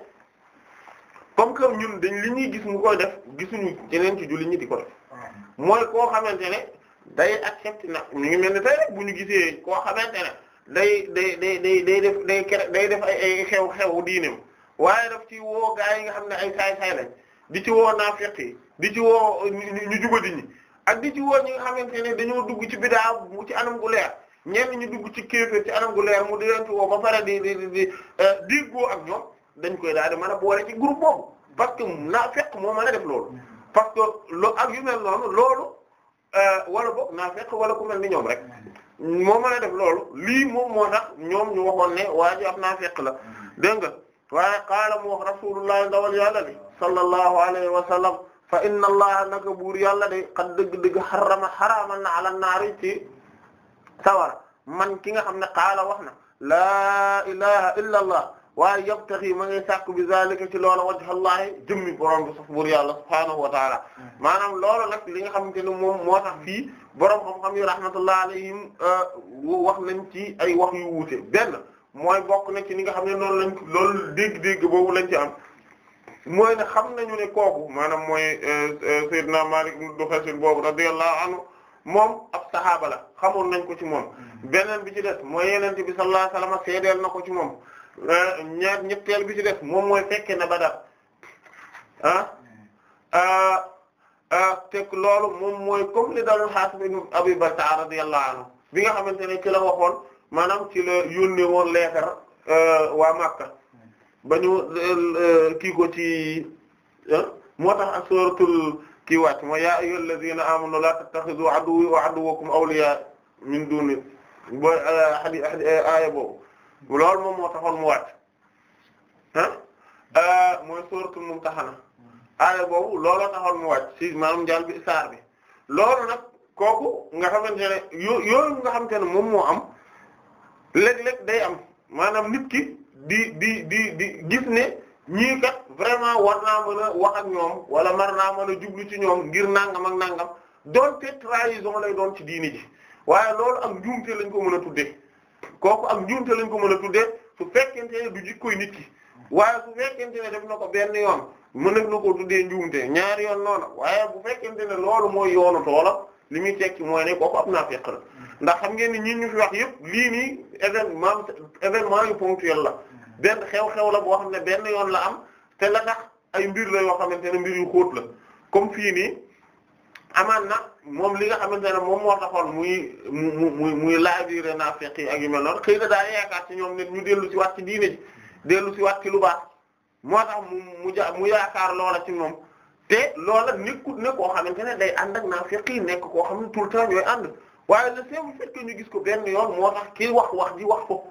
comme que ñun dañ li ñuy gis mu koy def gisuñu yeneen ci jullit ñi di ko def ah. mooy koo xamante ne day accepté na ñu ngi mel ne tey rek bu ñu gisee koo xamante ne day day day day day def day day def ay xew-xew diineem waaye daf ci woo gaa yi nga xam ne ay saay-saay lañ di ci woo naafeq yi di ci woo ñu jubadi ñi ak di ci woo ñi nga xamante ne dañoo dugg ci bidaa bu ci anam gu leer ñenn ñu dugg ci kéefër ci anam gu leer mu di leen ci woo ba pare di di di eh, diggoo ak ñoom. dañ koy daal di mën a boole ci groupe boobu parce que naa fekk moo mën a def loolu parce que lo ak yu mel noonu loolu euh, wala boog naa fekk wala ku mel ni ñoom rek moo mën a def loolu lii moom moo tax ñoom ñu waxoon ne waa ji ab naa fekk la dégg nga waaye qaala mu wax rasulullah ndawal yàlla bi sallallahu alayhi wa sallam fa inna buur yàlla de dëgg-dëgg xarama xaraamal na man ki nga xam ne qaala wax na laa ilaha illa waaye yabtaxi ma ngay sàkk bi zalika ci loola wajhallahi jëmmi borom bi sax buur yàlla subhaanahu wa taala maanaam loolu nag li nga xamante ne moom moo tax fii borom xam-xam yi rahmatullah alayhim euh, wax nañ ci ay wax yu wuute benn mooy bokk na ci li nga xam ne noonu lañ loolu dégg-dégg boobu lañ ci am mooy ne xam nañu ne kooku maanaam mooy euh, euh, Seydina Malik ibn Dukhaysil boobu radiyallahu anhu moom ab sahaaba xam xamoon nañ ko ci moom mm-hmm. beneen bi ci des mooy yenente bi sallallahu alayhi na ko ci moom ñaar ñetteel bi ci def moom mooy fekke na Badar ah, hmm. ah. ah. te loolu moom mooy comme li daloon Haatib ibn Abi anhu bi nga xamante ne ci la waxoon maanaam ci la yónnee woon leetar euh, waa Makka hmm. ba ñu euh, ci ah, moo tax ak kii wàcc mooy yaa ayyuhal lazina amanu la tattakhidhu aduwwi wa aduwwakum min duni euh, ba loolu moom moo taxoon mu wàcc ah mooy sóoratu Mumtahana aaya boobu looloo taxoon mu wàcc ci maanaam njaal bi saar bi loolu nag kooku nga xamante ne yo yooyu nga xamante ne moom moo am léeg-léeg day am maanaam nit ki di di di di gis ne ñii kat vraiment war naa mën a wax ak ñoom wala mar naa mën a jublu ci ñoom ngir nangam ak nangam doonte trahison lay doon ci diini ji waaye loolu ak njuumte lañ ko mën a tuddee kooku ak njuumte lañ ko mën a tuddee su fekkente ne du jikkoy nit ki waaye su fekkente ne def na ko benn yoon mën na ko tuddee njuumte ñaar yoon noonu waaye bu fekkente ne loolu mooy yoonu toola li muy tekki mooy ne kooku am naa fekk la ndax xam ngeen ni ñi ñu fi wax yëpp lii nii événement événement yu ponctuel la benn xew-xew la boo xam ne benn yoon la am te la tax ay mbir la yoo xamante ne mbir yu xóot la comme fii nii amaan na moom li nga xamante ne moom moo taxoon muy mu muy muy laajure naa fekk ak yu mel noonu xëy na daal yaakaar ci ñoom nit ñu dellu ci waat ci diine ji dellu ci waat ci lu baax tax mu mu ja mu yaakaar loola ci moom te loola nekkut ne koo xamante ne day ànd ak naa fekk nekk koo xam ne tout le temps ñooy ànd waaye le simple fait que ñu gis ko benn yoon moo tax kii wax wax ji wax ko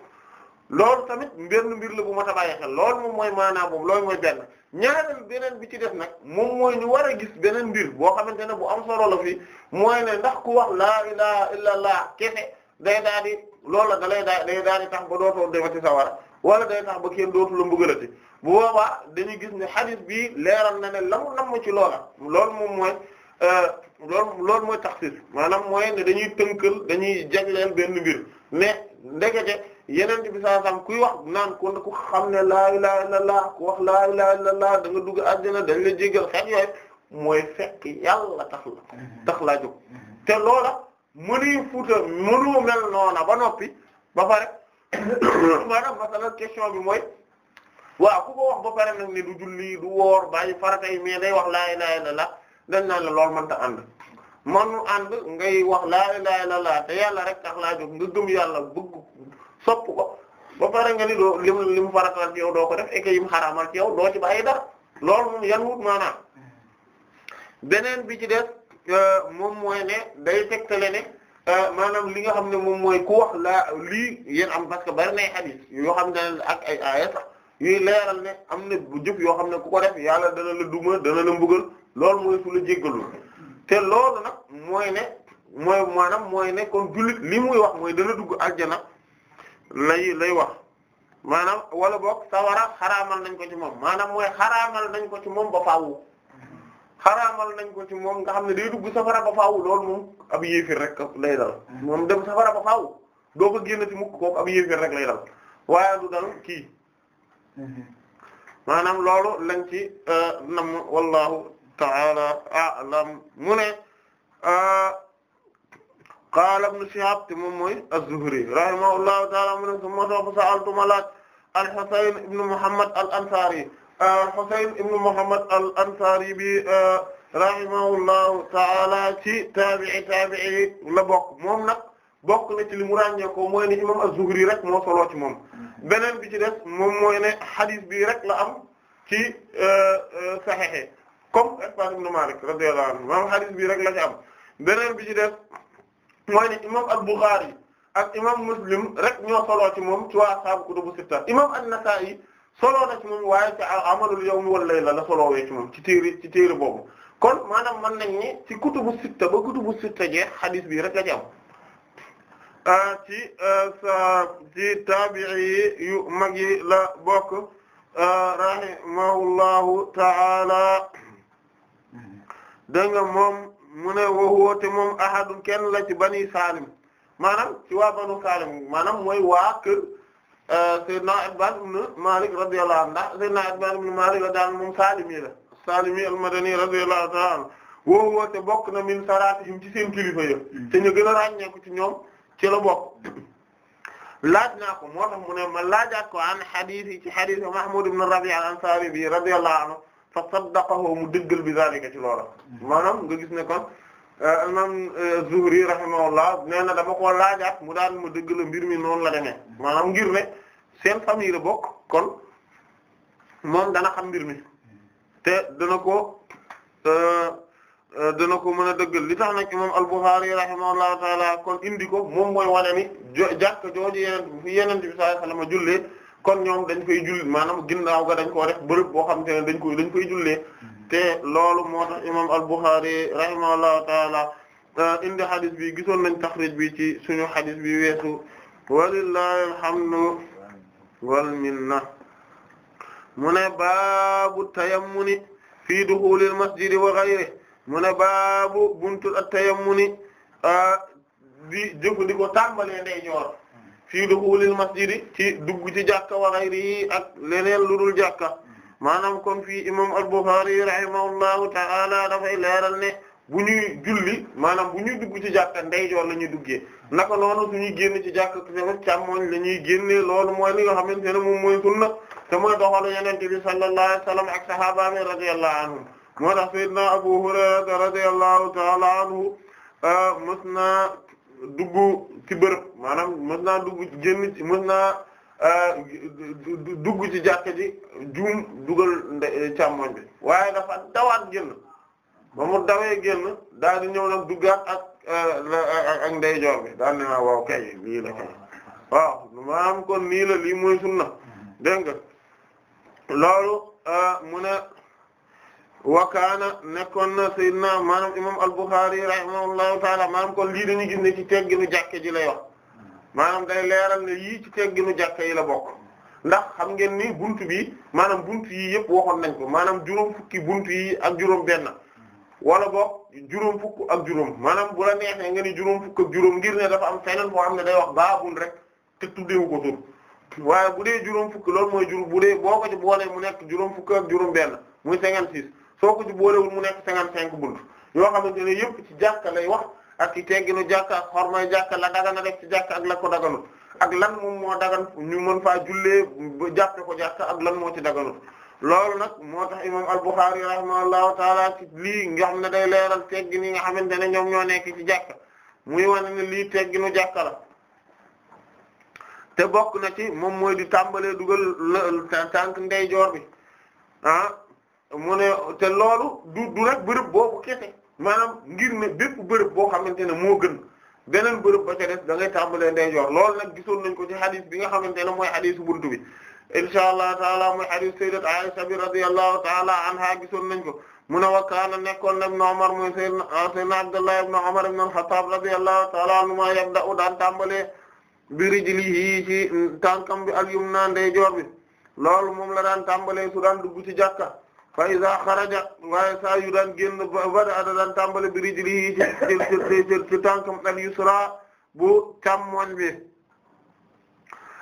lool tamit mbir mbir la bu ma ta bàyyi xel lool moom mooy maanaa moom loolu mooy benn. ñaareel beneen bi ci def nag moom mooy ñu war a gis beneen mbir boo xamante ne bu am solo la fii mooy ne ndax ku wax laa ilaha laa kese day daal di loola da lay daa day daal di tax ba dootoo demati sawara wala day tax ba kenn dootu la mbugalati bu boobaa dañuy gis ne xadis bii leeral na ne lamu namm ci loola loolu moom mooy euh, loolu loolu mooy taxsis maanaam mooy ne dañuy tënkal dañuy jagleel benn mbir ne ndekete yeneen bi saa sam kuy wax naan ku xam ne laa ilaha illallah ku wax laa ilaha illallah da dugg àddina dañ la jéggal xeet yooyu mooy fekk yàlla tax la mhm. tax laa jóg mhm. te loola mënuy fuuta mënu mel noona ba noppi ba pare maanaam masalan question bi mooy waaw ku ko wax ba pare nag ne du julli du woor bàyyi farata yi mais day wax laa ilaha illallah dañ naan la loolu mënta ànd manu ànd ngay wax laa ilaha illallah te yàlla rek tax laa jóg nga gëm yàlla bëgg sopp ko ba pare nga ni doo lim li mu farataal ci yow doo ko def et que yi mu xaraamal ci yow doo ci bàyyi dara loolu moom yan wut maanaam beneen bi ci des euh, moom mooy ne day tegtale ne euh, maanaam li nga xam ne moom mooy ku wax laa lii yéen am parce que bari nay hadith yoo xam ne ak ay aaya yuy leeral ne am na jëf yoo xam ne ku ko def yàlla dana la duma dana la mbugal loolu mooy su la jéggalul te loolu nag mooy ne mooy maanaam mooy ne kon jullit li muy wax mooy dana dugg aljana lay lay wax maanaam wala boog sawara xaraamal nañ ko ci moom maanaam mooy xaraamal nañ ko ci moom ba faawu xaraamal nañ ko ci moom nga xam ne day dugg safara ba faawu loolu moom ab yéefir rek lay dal moom dem safara ba faawu doo ko génn ci mukk kooku ab yéefir rek lay dal waaye du dal kii maanaam loolu lañ ci euh, nam wallahu ta'ala a'lam mu ne euh, qaala ibn Shihab te moom mooy az-Zuhri rahimahullahu ta'ala mu ne su ma toog sa'altu ma laaj al-Husayn ibn Muhammad al-Ansari al-Husayn ibn Muhammad al-Ansari bi rahimahullahu ta'ala ci taabi'i taabi'i la bokk moom nag bokk na ci li mu ràññee ko mooy ne imam az-Zuhri rek moo solo ci moom beneen bi ci des moom mooy ne hadith bi rek la am ci euh, euh, Sahih comme Anas ibn Malik radiyallahu anhu moom hadith bi rek la ci am beneen bi ci des. mooy ne imam al-Bukhari ak imam Muslim rek ñoo soloo ci moom ci waa ashaabu kutubu sitta imam an-Nasa'i soloo na ci moom waaye ci amalul yawmi wal layla la soloowee ci moom ci téere ci téere boobu kon maanaam man nañ ni ci kutubu sitta ba kutubu sitta jeex hadith bi rek la ah, ci am ah, ci sa ci taabi'i yu mag yi la bokk ah, rahimahullahu ta'ala danga moom mu ne wowoo te moom ahadun kenn la ci bani Salim maanaam ci waa banu Salim maanaam mooy waa kër euh, Seydina Itbaan ibn Maalik radiyallahu anhu ndax Seydina Itbaan ibn Maalik radiyallahu anhu moom Salimi la Salimi al-Madani radiyallahu ta'ala anhu wowoo te bokk na min saraatihim ci seen kilifa ya te ñu gën a ràññeeku ci ñoom ci la bokk laaj naa ko moo tax mu ne ma laajaat ko an hadith yi ci hadith Mahmoud ibn Rabi' al-Ansari bi radiyallahu anhu fa saddaqahu mu dëggal bi a ci loola mm. maanaam nga gis ne kon euh, imam euh, Zuhri rahimahullah nee na dama koo laajaat mu daan ma dëgg la mbir mi noonu la demee maanaam ngir ne seen famille la bokk kon moom dana xam mbir mi mm. te euh, dana ko mën a dëggal li tax nag imam al-Bukhari rahimahullahu taala kon indi ko moom mooy wane ni jo jàkk jooju yeneen fi yeneen bi sallallahu kon ñoom dañ koy julli maanaam ginnaaw ga dañ koo def boo xam te ne dañ koy dañ koy jullee mm-hmm. te loolu moo tax imam al-Bukhari rahimahullahu taala uh, indi xadis bi gisoon nañ taxrij bi ci suñu xadis bi weesu walillahi alhamdu wal mu ne baabu tayammuni fii duxulil masjidi wa ghayrihi mu ne baabu buntu at-tayammuni uh, di jëfandikoo tàmbalee ndeyjoor fii duxulil masjidi ci dugg ci jàkka wa ghayrihi ak leneen lu dul jàkka maanaam kon fii imam al-Bukhari rahimahullahu ta'ala dafay leeral ne bu ñuy julli maanaam bu ñuy dugg ci jàkka ndeyjoor la ñuy duggee naka noonu suñuy génn ci jàkka tamit càmmoñ la ñuy génnee loolu mooy li nga xamante ne moom mooy sunna te mooy doxalu Yonent bi sallallahu alayhi wa sallam ak sahabaami radiyallahu anhum moo tax sayyidina Abu Hurayra radiyallahu ta'ala anhu uh, mës na dugg ci bërëb maanaam mës naa dugg ci génn ci mës naa euh, dugg ci jàkka ji juum dugal càmmoñ bi waaye dafa dawaat génn ba mu dawee génn daal di ñëw nag duggaat ak euh, ak ndeyjoor bi daal ne naa waaw kay lii la kay waaw sunna dégg loolu euh, mu wakaana nekkoon na sayyidina maanaam imam al-Bukhari rahimahullahu taala maanaam kon lii dañuy ci ne ci tegginu jàkke ji la wax maanaam day leeral ne yii ci tegginu jàkke yi la bokk ndax xam ngeen ni bunt bi maanaam buntu yii yëpp waxoon nañ ko maanaam juróom fukki bunt yi ak juróom benn wala boog juróom fukk ak juróom maanaam bu la neexee nga ni juróom fukk juróom ngir ne dafa am feneen foo xam ne day wax baabul rek te tuddeewu ko tur waaye bu dee juróom fukk loolu mooy jur bu dee boo ko ci boolee mu nekk juróom fukk ak juróom benn muy cinquante-six soo ko ci boolewul mu nekk cinquante cinq bunt yoo xamante ne yëpp ci jàkka lay wax ak ci tegginu jàkka ak xormay jàkka la dagana def ci jàkka ak la ko daganut ak lan moom moo dagan ñu mën faa jullee ba ko jàkka ak lan moo ci daganut loolu nag moo tax imam al-Bukhari rahimahullahu taala ci lii nga xam ne day leeral teggin yi nga xamante ne ñoom ñoo nekk ci jàkka muy wane ne lii tegginu jàkka la te bokk na ci moom mooy di tàmbalee dugal tànk ndeyjoor bi ah mu ne te loolu du du nag bërëb boobu kese maanaam ngir ne bépp bërëb boo xamante ne moo gën beneen bërëb ba ca des da ngay tàmbalee ndeyjoor loolu nag gisoon nañ ko ci hadith bi nga te ne mooy hadith buntu bi insha allah taala mooy hadith sayyidat Aisha bi radiyallahu taala anha gisoon nañ ko mu ne wa kaana nekkoon na ibn Umar mooy sayyidna ah, Abdullah ibn Umar ibn al-Khattab radiyallahu taala anhuma yabda'u daan tàmbalee bi rijlihi ci tànkam bi al-yumna ndeyjoor bi loolu moom la daan tàmbalee su daan dugg ci fa iza xaraja waaye saa yu daan génn bada da daan tàmbale bi rijlihi ci ci ci ci tànkam al yusra bu càmmoñ bi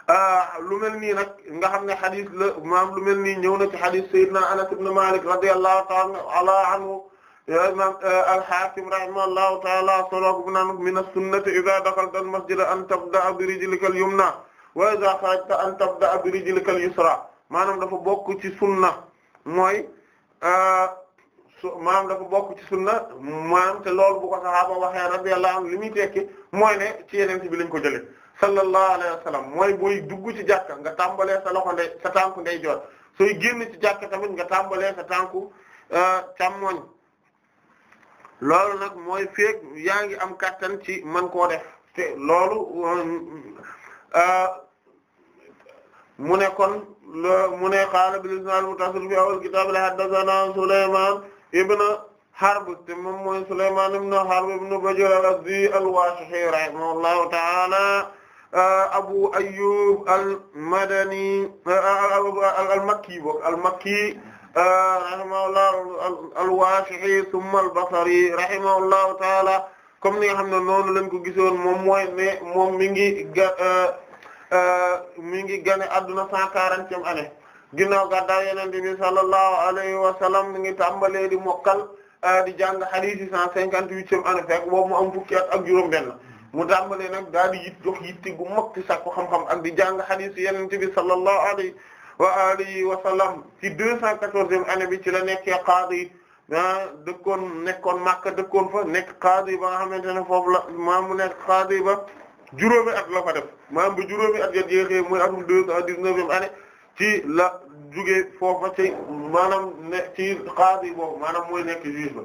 ah, lu mel nii nag nga xam ne xadis la maam lu mel nii ñëw na ci xadis sayyidina Anas ibn Malik radiyallahu ta'ala anhu imam eh, al-Hakim rahimahullahu ta'ala solooku bu naan min as-sunnati iza daxalta al-masjida an tabda'a bi rijlika al-yumna wa iza xarajta an tabda'a bi rijlika al-yusra maanaam dafa bokk ci sunna mooy Ah, su maam dafa bokk ci sunna maam te loolu bu ko sahaaba waxee radiyallahu anhu li muy tekki mooy ne ci yeneen bi lañ ko jëlee sallallahu alayhi wa sallam mooy booy dugg ci jàkka nga tàmbalee sa loxo ndey sa tànku ndey joor sooy génn ci jàkka tamit nga tàmbalee sa tànku ah, càmmoñ loolu nag mooy feek yaa ngi am kàttan ci man koo def te loolu ah, mu ne kon mu ne qaala bil isnaad muttasil fi awwal kitaab la haddathana Sulaymaan ibn Harb te moom mooy Sulaymaan ibn Harb ibn Bajir al-Azdi al-Washihi rahimahullahu ta'ala Abu Ayyub al-Madani al-Makki bokk al-Makki rahimahullahu al-Washihi thumma al-Basri rahimahullahu ta'ala comme ni nga xam ne noonu lañ ko gisoon moom mooy ne moom mi ngi ga Euh, mi ngi gane adduna cent quarantième année ginnaaw gàddaay yonent bi sallallahu alayhi wa sallam mi ngi tàmbalee di mokkal euh, di jàng hadith yi cent cinquante-huitième année fekk boobu mu am fukki at ak juróom-benn mu tàmbalee nag daal di yit jox yitte gu mag ci xam-xam ak di jàng hadith yi yonent bi sallallahu alayhi wa alihi wa sallam ci deux cent quatorzième année bi ci la nekkee qaadi ah, dëkkoon nekkoon Makka dëkkoon fa nekk qaadi ba nga xamante ne foofu la maa mu nekk qaadi ba juróomi at la fa maanaam bu juróomi at ya jeexee mooy atum deux cent dix-neuvième année ci la jugee foofa ci maanaam ci qaadi boobu maanaam mooy nekk juge ba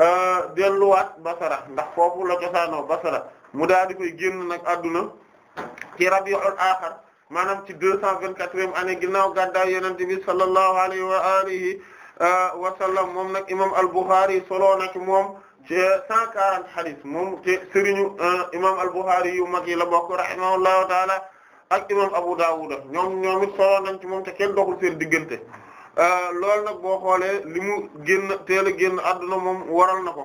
euh, delluwaat Basara ndax foofu la cosaanoo Basara mu daal di koy génn nag adduna ci Rabiul Aaxir maanaam ci deux cent vingt-quatrième année ginnaaw gàddaay Yonent bi sallallahu alayhi wa alihi euh, wa sallam moom nag imam al-Bukhari solo na ci moom ci cent quarante hadith moom ci sëriñu euh, imam al-Bukhari yu mag yi la bokk rahimahullahu taala ak imam Abu Dawud ñoom ñoom it solo nañ ci moom te kenn doxul seen diggante euh, loolu nag boo xoolee li mu génn teel a génn adduna moom waral na ko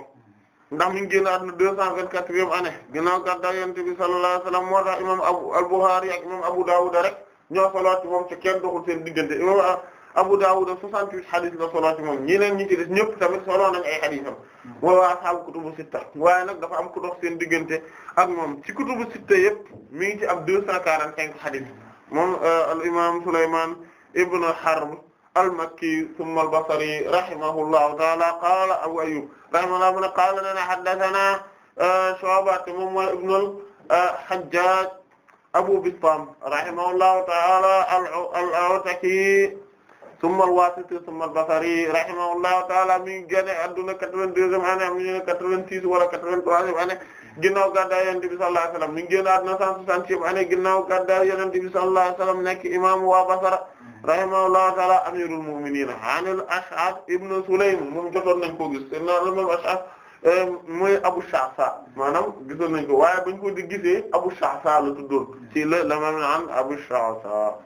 ndax mi ngi génn adduna deux cent vingt-quatrième année ginnaaw gàddaay Yonent bi sallallahu alayhi wasallam moo tax imam Abu al-Bukhari ak imam Abu Dawud rek ñoo solo ci moom te kenn doxul seen diggante Abu Dawud 68 xadis la solo ci moom ñeneen ñi ci des ñëpp tamit solo nañ ay xadisam mooy hmm. waa ashaabu kutubu sitta waaye nag dafa am ku dox seen diggante ak moom ci kutubu sitta yëpp mi ngi ci am 245 xadis moom euh, al imaam Sulaymaan ibn Harb al-Makki thumma al-Basri rahimahullahu ta'ala qaala Abu Ayyub rahimahullah mu ne qaala lana haddathanaa euh, Shu'ba moom mooy ibn al-Hajjaj euh, Abu Bistam rahimahullahu ta'ala al-Awtaki summa al-Wasiti summa al-Basri rahimahullahu ta'ala mi ngi génn adduna 82e année am ñu ne 86 wala 83e année ginnaaw gàddaay Yonent bi sallallahu alayhi wasallam mi ngi génn adduna 160e année ginnaaw gàddaay Yonent bi sallallahu alayhi wasallam nekk imaamu waa Basra rahimahullahu ta'ala amirul mu'minin an al-Ash'ath ibn Sulaym moom jotoon nañ ko gis moom Ash'ath euh, mooy Abu Sha'sa maanaam gisoon nañ ko waaye bañ ko di gisee Abu Sha'sa la tuddoon ci la la maanaam Abu Sha'sa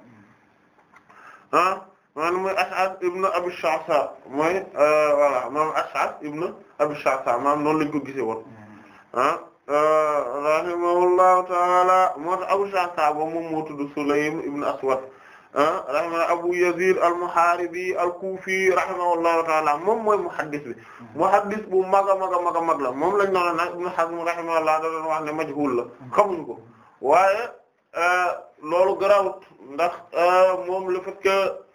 ah maanaam mooy Ash'as ibn Abi Sha'tha mooy euh, voilà maam Ash'as ibn Abi Sha'tha maam noonu lañ ko gisee woon mm-hmm. ah euh, rahimahullahu ta'ala moo tax Abu Sha'tha ba moom moo tudd Sulaym ibn Aswad ah rahimahullah Abu Yazid al-Muharibi al-Kufi rahimahullahu ta'ala moom mooy muhaddis bi mm-hmm. muhaddis bu mag a mag a mag a mag la moom lañ noonu nag Ibn Hazm rahimahullah da doon wax ne majhul la mm-hmm. xamuñ ko waaye. Euh, loolu garawut ndax euh, moom le fait que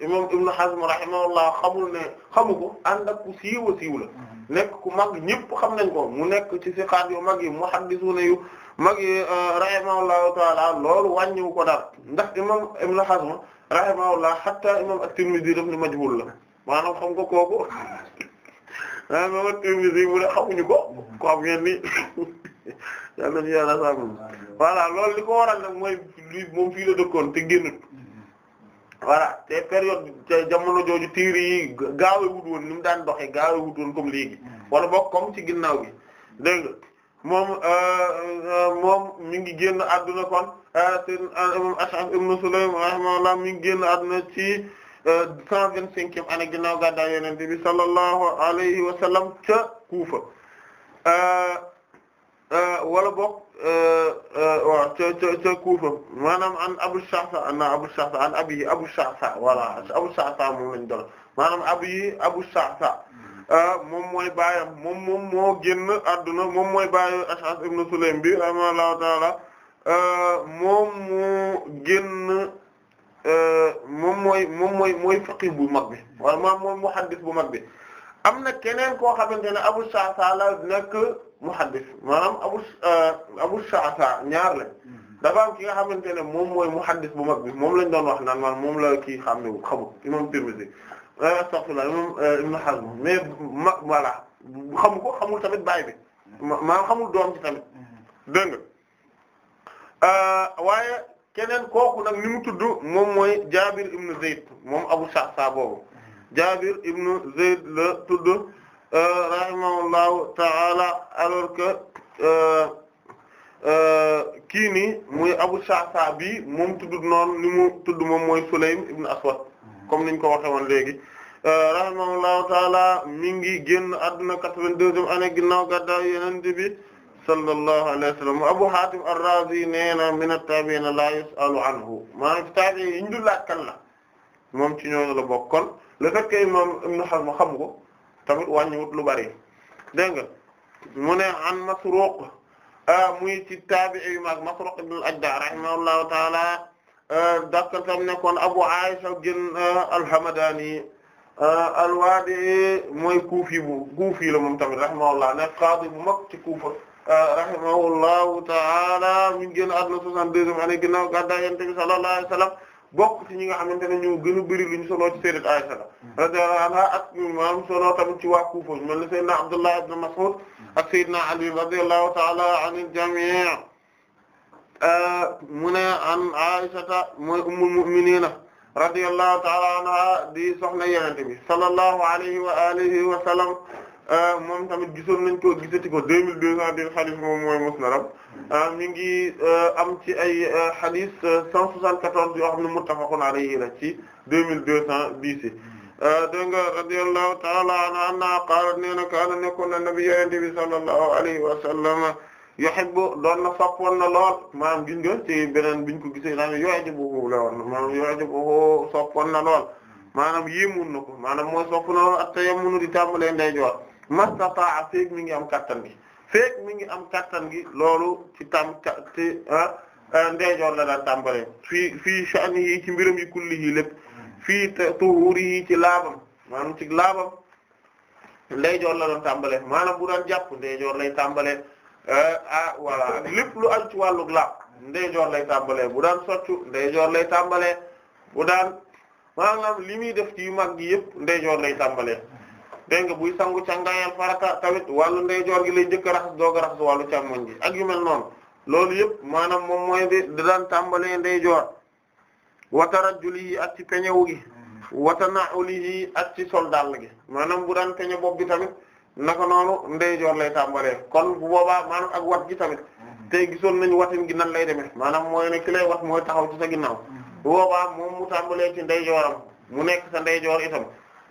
imam Ibn Hazm rahimahullah xamul ne xamu ko ànd ak ku siiwa siiw la mm-hmm. nekk ku mag ñëpp xam nañ ko mu nekk ci siqaat yu mag yi muhaddisuna yu mag yi euh, rahimahullahu taala loolu wàññiwu ko dara ndax imam Ibn Hazm rahimahullah hatta imam at-Tirmidhi daf ni majhul la maanaam xam nga kooku ah imam at mu ne xamuñu ko ko xam ngeen ni yàlla def loolu li ko waral nag mooy lii moom fii la dëkkoon te génnut voilà te période jamono jooju tiir yi gaawe wut woon ni mu daan doxee gaawe wut woon comme léegi wala bokk comme ci ginnaaw gi dégg nga moom euh, euh, euh, moom mi ngi génn àdduna kon seen imam Ash'ath ibn Sulaym rahimahullah mi ngi génn àdduna ci cent vingt-cinquième année ginnaaw gàddaay Yonent bi sallallahu alayhi wa ca Kufa Euh, wala boog euh, euh, waaw ca ca ca Kufa maanaam an Abu Sha'tha an Abu Sha'tha an abi Abu Sha'tha voilà Abu Sha'tha moom lañ doon maanaam abi Abu Sha'tha hmm. moom mooy baayam moom moom moo génn adduna moom mooy baayu Ash'ath ibn Sulaym bi rahimahullahu ta'ala moom moo génn moom mooy moom mooy mooy faqih bu mag bi wala moom mooy muhaddis bu mag bi am na keneen koo xamante ne Abu Sha'tha la nekk. muhaddis maanaam abu euh, abu sha'sa ñaar la mm-hmm. dafa am ki nga xamante ne moom mooy muhaddis bu mag bi moom lañ doon wax naan maanaam moom la kii xam ne xamul imam Tirmidhi euh, astaghfirullah imam euh, Ibn Hazm mais ma voilà ko xamul tamit baay bi maa xamul doom ci tamit mm-hmm. dégg nga keneen kooku nag ni mu tudd moom mooy Jaabir ibn Zayd moom abu sha'sa boobu mm-hmm. Jaabir tudd rahimahullahu ta'ala alors que kii nii muy Abu Sha'thabi moom tudd noonu ni mu tudd moom mooy Sulaym ibn Aswad comme niñ ko waxe woon léegi rahimahullahu ta'ala mi ngi génn àdduna 82e année ginnaaw gàddaay Yonent bi sallallahu alayhi sallam Abu Hatim ar-Razi nee na min at-tabi'in la yus'alu anhu maanaam ci yi ñu dul moom ci ñooñu la bokkoon le fait que moom Ibn Hazm xam tamit wàññiwut lu bari dégg nga mu ne an Masruq muy ci taabi'i yu mag Masruq ibn al-Ajda rahimahullahu taala dàqal tam nekkoon Abu Aisha gën al-Hamadani al-Wadi mooy kuufi bu kuufi la moom tamit rahimahullah nekk qaadi bu mag ci Kuufa rahimahullahu taala mi ngi génn àdduna 62e année ginnaaw gàddaay Yonent bi sallallahu alayhi wa sallam bokk ci ñi nga xamante ne ñoo ñu solo ci sayyidat Aisha la radiyallahu anha ak maanaam solo tamit ci waa Kufa mel ni sayyidna Abdullah ibn Mas'ud ak sayyidna Ali radiyallahu ta'ala anil jami' mu an Aisha mooy ummul mu'minin radiyallahu ta'ala anha di soxna Yonent bi sallallahu alayhi wa alihi wa sallam Euh, moom tamit gisoon nañ ko gisati ko deux mille deux cent dix xadis moom mooy musnadam euh, mi ngi euh, am ci ay xadis cent soixante-quatorze yoo xam ne muttafaqun alayhi la ci deux mille deux cent dix yi dégg nga radiyallahu ta'ala anha anna qaalat nee na kaana nekkoon na nabi yonent bi sallallahu alayhi wa sallam yuhibbu doon na soppoon na lool maanaam gis nga ci beneen biñ ko gisee daanaka yuhibbuhu la woon maanaam yuhibbuhu soppoon na lool maanaam yéemoon na ko maanaam mooy soppoon na lool at tayammunu di tàmbalee ndeyjoor mastataa feek mi ngi am kattan gi feek mi ngi am kattan gi loolu ci tam ci ah, ah, ndeejoor la daan tàmbalee fii fi sha'ni yi ci mbiram yi kulli yi lépp fii tuhuri yi ci laabam maanaam ci laabam ndeejoor la doon tàmbalee maanaam bu daan jàpp ndeejoor lay tàmbalee ah, ah voilà lépp lu am ci wàllug laab ndeejoor lay tàmbalee bu daan soccu ndeejoor lay tàmbalee bu daan maanaam li muy def ci yu mag gi yëpp lay tàmbalee dégg nga buy sangu càngaayal farata tamit wàllu ndeyjoor gi lay njëkk a raxas doog a raxas wàllu càmmoñ gi ak yu mel noonu loolu yëpp maanaam moom mooy di daan tàmbalee ndeyjoor watarajuli yi ak ci peñewu gi watanauli yi ak ci sol dàll gi maanaam bu daan peñe bopp bi tamit naka noonu ndeyjoor lay tàmbalee kon bu boobaa maanaam ak wat gi tamit tey gisoon nañ watin gi nan lay deme maanaam mooy ne ki lay wat mooy taxaw ci sa ginnaaw mm-hmm. bu boobaa moom mu tàmbalee ci ndeyjooram mu nekk sa ndeyjoor itam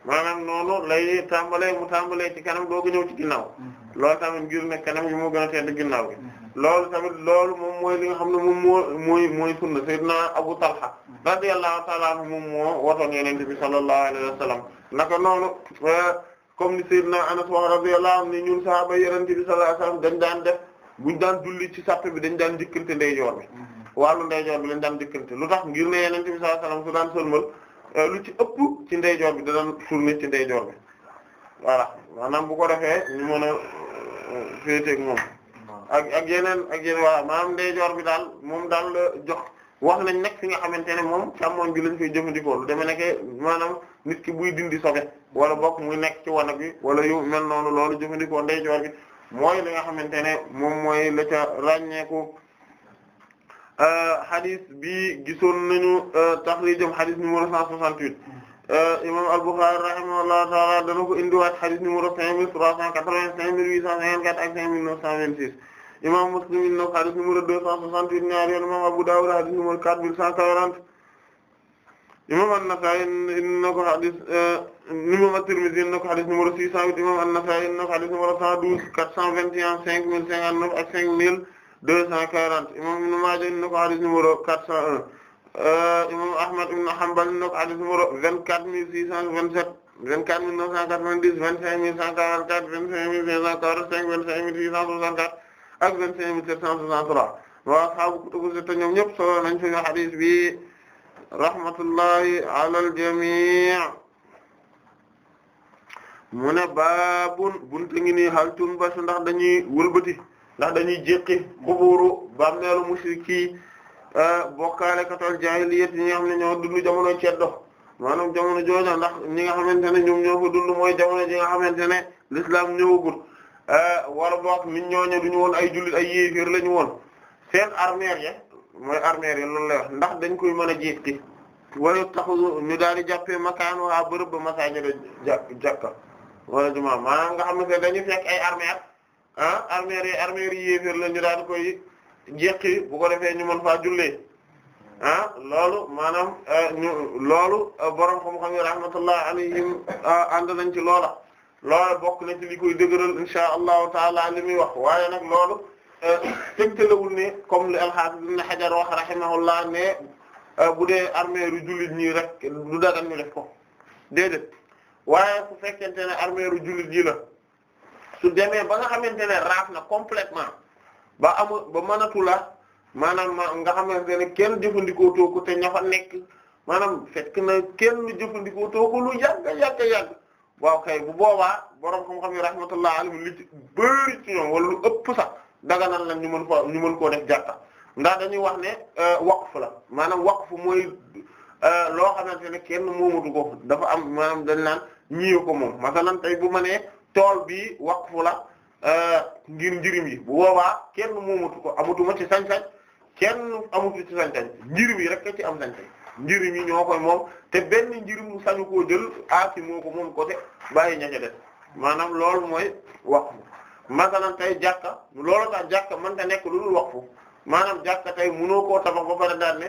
maanaam noonu lay tàmbalee mu tàmbalee ci kanam dooga ñëw ci ginnaaw mm-hmm. loolu tamit ngir ne kanam yi moo gën a tedd ginnaaw gi mm-hmm. loolu tamit lool moom mooy li nga xam ne moom moo mooy mooy sunna sayyidina Abu Talha mm-hmm. radiyallahu ta'ala anhu moom moo watoon yenente bi sallallahu alayhi wa sallam naka noonu euh, comme ni na Anas wax radiyallahu anhu ni ñun sahaaba yenente bi sallallahu alayhi wa daan def buñ daan julli ci sàpp bi dañ daan njëkkante ndeyjoor bi wàllu ndeyjoor bi lañ daan njëkkante lu tax ngir ne yenente bi sallallahu alayhi wa Euh, lu ci ëpp ci ndeyjoor bi dana tourner ci ndeyjoor bi voilà maanaam bu ko defee ñu a euh, féeteeg moom ak ak yeneen ak yeneen voilà maanaam ndeyjoor bi daal moom daal la jox wax nañ nag fi nga xamante ne moom càmmoñ bi lañ koy jëfandikoo lu demee nekkee maanaam nit ki buy dindi sobe walla bokk muy nekk ci wanag bi wala yu mel noonu loolu jëfandikoo ndeyjoor bi mooy la nga xamante ne moom mooy la ca ràññeeku. hadith bi gisoon nañu euh, taxrijam hadith numéro 168 euh, imam al-Bukhari rahimahullahu ta'ala dana ko indiwaat hadith numéro 5380 5854 ak 5926 imam Muslim indi na ko hadith numéro 268 ñaari yoon imam Abu Dawud hadith numéro 4140 imam An-Nasa'i indi na ko hadith euh, imam At-Tirmidhi indi na ko hadith numéro 608 imam An-Nasa'i indi na ko hadith numéro 112 421 5059 ak 5000 deux cent quarante imam Ibn Maaja indi na ko hadith numéro quatre cent un euh, imam Ahmad ibn Hanbal indi na ko vingt quatre mille six cent vingt sept vingt quatre mille neuf cent quatre vingt dix vingt cinq mille cent quatre vingt cinq mille cinq cent quarante cinq vingt cinq mille six cent soixante quatre ak vingt cinq mille sept cent soixante trois wa ashaabu kutubu sitta ñoom ñëpp solo nañ suñu hadith bi rahmatullahi ala jamii mu ne baabun buntu ngi nii hal tun ndax dañuy wëlbati ndax dañuy jéqi xuburu bàmmeelu mushriki ah, bokkaale katal jaahiliyyat ñi nga xam ne ñoo dund jamono ceddo maanaam jamono jooja ndax ñi nga xamante ne ñoom ñoo fa dund mooy jamono ji nga xamante ne l'islam ñëwagul ah, wala boog nit ñooñu duñu woon ay jullit ay yéeféer lañu woon seen armeer ya mooy armeer ya loolu lay ndax dañ koy mën a jéqi wala taxu ñu daal di jàppee makaanu bërëb ba masaajida jàkka wala jumaa maanaam nga xam ne dañu fekk ay armeer ah armeer yi armeer yi la ñu daan koy jeqi bu ko defee ñu mën fa jullee ah loolu maanaam euh, ñu loolu euh, borom xam-xam yi euh, ci loola loola bokk na ci li koy dëgëral inshaa allahu taala li muy wax waaye nag loolu tëgtalawul ne comme li al-Hafiz Ibn Hajar wax rahimahullah ne bu dee armeeru jullit ñi rek du dagan ñu def ko déedéet waaye su fekkente ne armeeru jullit ñi la su demee ba nga xamante ne raaf na complètement ba amul ba mënatu la maanaam ma nga xamante ne kenn jëfandikoo tooku te ña fa nekk maanaam fekk na kenn jëfandikoo tooku lu yàgg yàgg yàgg waaw kay bu boobaa borom xam-xam yi rahmatullah alayhi li ci bëri ci ñoom wala lu ëpp sax daganal na ñu mën ko ñu mën koo def jàkka ndaa dañuy wax ne euh, waqf la maanaam fu mooy euh, loo xamante ne kenn moomatu ko dafa am maanaam dañ ko moom masalan tey bu ma tool bi waqfu la euh, ngir njirim yi bu boobaa kenn moomutu ko amutuma ci sañ-sañ kenn amutu ci sañ njirim yi rek ka ci am sañ-sañ njirim yi ñoo koy moom te benn njirim mu sañu koo jël a moo ko moom côté bàyyi ña ca def maanaam loolu mooy waqfu masalan tey jàkka loolu tax jàkka mën ta nekk lu dul waqfu maanaam jàkka tey mënoo koo tabax ba pare daal ne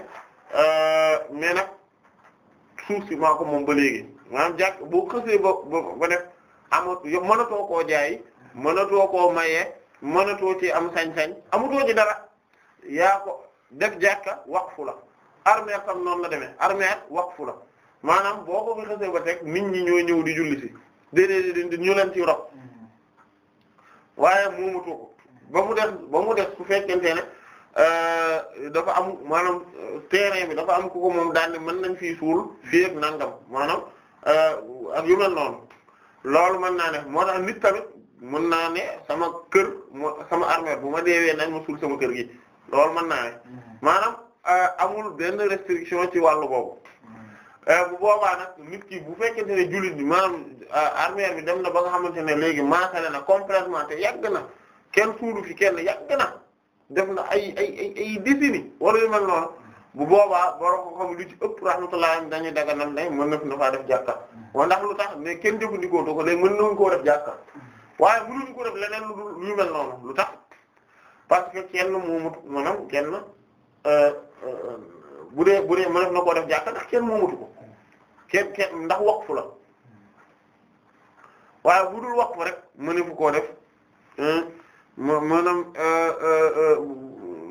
euh, mais nag suuf si maa ko moom ba léegi maanaam jàkk boo xësee ba ba def amat mënatoo koo jaay mënatoo koo maye mënatoo ci am sañ-sañ amutoo ci dara yaa ko def jàkka waqfu la armeer tam noonu la demee armeer waqfu la maanaam boo ko xasee ba tek nit ñi ñoo ñëw di julli si déedéet ñu leen ci rob waaye moomutu ko ba mu def ba mu def su fekkente ne euh, dafa am maanaam euh, terrain bi dafa am ku ko moom daan ne mën nañ fi suul fii ak nangam maanaam euh, ak yu mel noonu. loolu mën naa ne moo tax nit tamit mën naa ne sama kër sama armère bu ma deewee nañ ma suul sama kër gi loolu mën naa ne mm-hmm. maanaam euh, amul benn restriction ci wàllu boobu mm-hmm. euh, bu boobaa nag nit ki bu fekkente ne julit bi maanaam euh, armère bi dem na ba nga xamante ne léegi maasale na complètement te yàgg na kenn suulu fi kenn yàgg na def na ay ay ay wala yu mel noonu bu boobaa borom ko xam lu ci ëpp rahmatullah am dañuy daganal ne mën na fi na def jàkka wa lu tax kenn jëfandikoo to ko léegi mën nañu koo def jàkka waaye mënuñu ko def leneen lu dul mel noonu lu tax parce que kenn moomut maanaam kenn euh, euh, bu dee bu dee na koo def jàkka ndax kenn moomutu ko kenn kenn ndax waqfu la waaye bu dul waqfu rek mënefu ko def hmm? maanaam euh,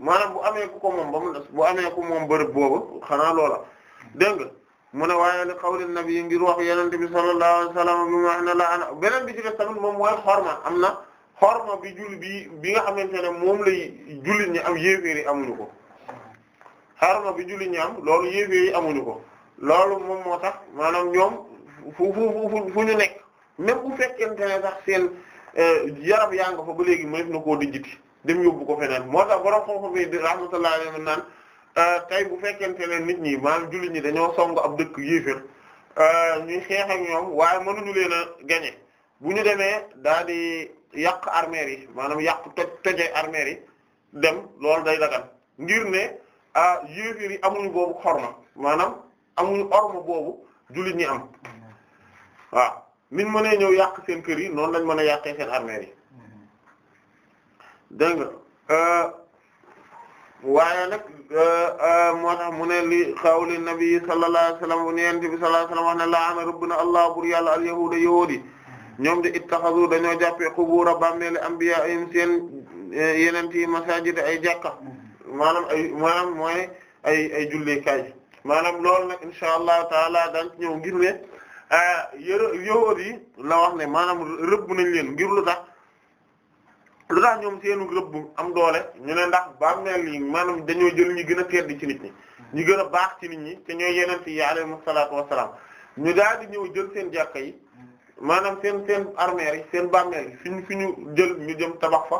maanaam bu amee ku ko moom ba mu des bu amee ko moom bërëb boobu xanaa loola dégg nga mu ne waaye li xawli nabi ngir wax yenente bi sallallahu alayhi wasallam bi ma ne beneen bi ci des tamit moom mooy xorma am na xorma bi julli bi bi nga xamante ne moom lay jullit ñi am yéeféer amuñu ko bi jullit ñi am loolu yéeféer amuñu ko loolu moom moo tax maanaam ñoom fu fu fu fu ñu nekk même bu fekkente ne sax seen euh, yaram yaa nga fa ba léegi mëneef na ko dijjiti dem yóbbu ko feneen moo tax borom xam-xam yi rahmatullahi alayhi naan euh, tey bu fekkente ne nit ñi maanaam jullit ñi dañoo song ab dëkk yéefér euh, ñuy xeex ak ñoom waaye mënuñu leen a gañe bu ñu demee daal di yàq armères yi maanaam yàq toj toje armères yi dem loolu day dagan ngir ne ah yéefér yi amuñu boobu xorma maanaam amuñu orma boobu jullit ñi am waaw niñ mënee ñëw yàq seen kër yi noonu lañ mën a yàqee seen armères yi dégg nga euh, waaye nag euh, moo tax mu ne li xawli nabi sallallahu bi sallallahu alayhi wasallam wax ne laana rabbuna allah bur yàlla al yahuda ñoom di ittaxazu dañoo jàppee xubura bàmmeeli anbiya im seen eh, yeneen masajid ay jàkka maanaam ay maanaam mooy ay ay julleekaay maanaam lool nag insha allahu taala daan ci ñëw ngir euh, la wax ne maanaam rëbb nañ leen tax lu tax ñoom seenu rëbb am doole ñu ne ndax bàmmeel yi maanaam dañoo jël ñu gën a tedd ci nit ñi ñu gën a baax ci nit ñi te ñooy yeneen yi alayhimu salaatu wassalaam ñu daal di ñëw jël seen jàkka yi maanaam seen seen armères yi seen bàmmeel yi fi ñu fi ñu jël ñu jëm tabax fa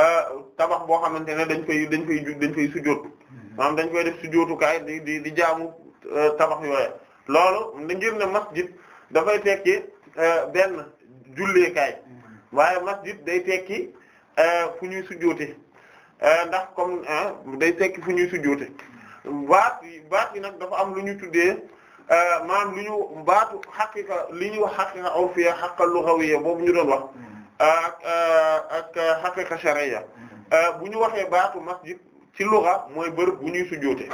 euh, tabax boo xamante ne dañ koy dañ koy dañ koy sujjóot maanaam dañ koy def sujjóotukaay di di di jaamu euh, tabax yooye loolu ngir ne masjid dafay tekki euh, benn julleekaay waaye masjid day tekki Euh, fu ñuy sujjóote euh, ndax comme day tekki fu ñuy sujjóote baat yi baat yi nag dafa am lu ñuy tuddee euh, maanaam lu ñu baatu xaqiqa li ñuy wax xaqiqa awfiya xaqa lughawiyya boobu ñu doon wax ak ak bu ñu waxee baatu masjid ci lugha mooy bërëb bu ñuy sujjóote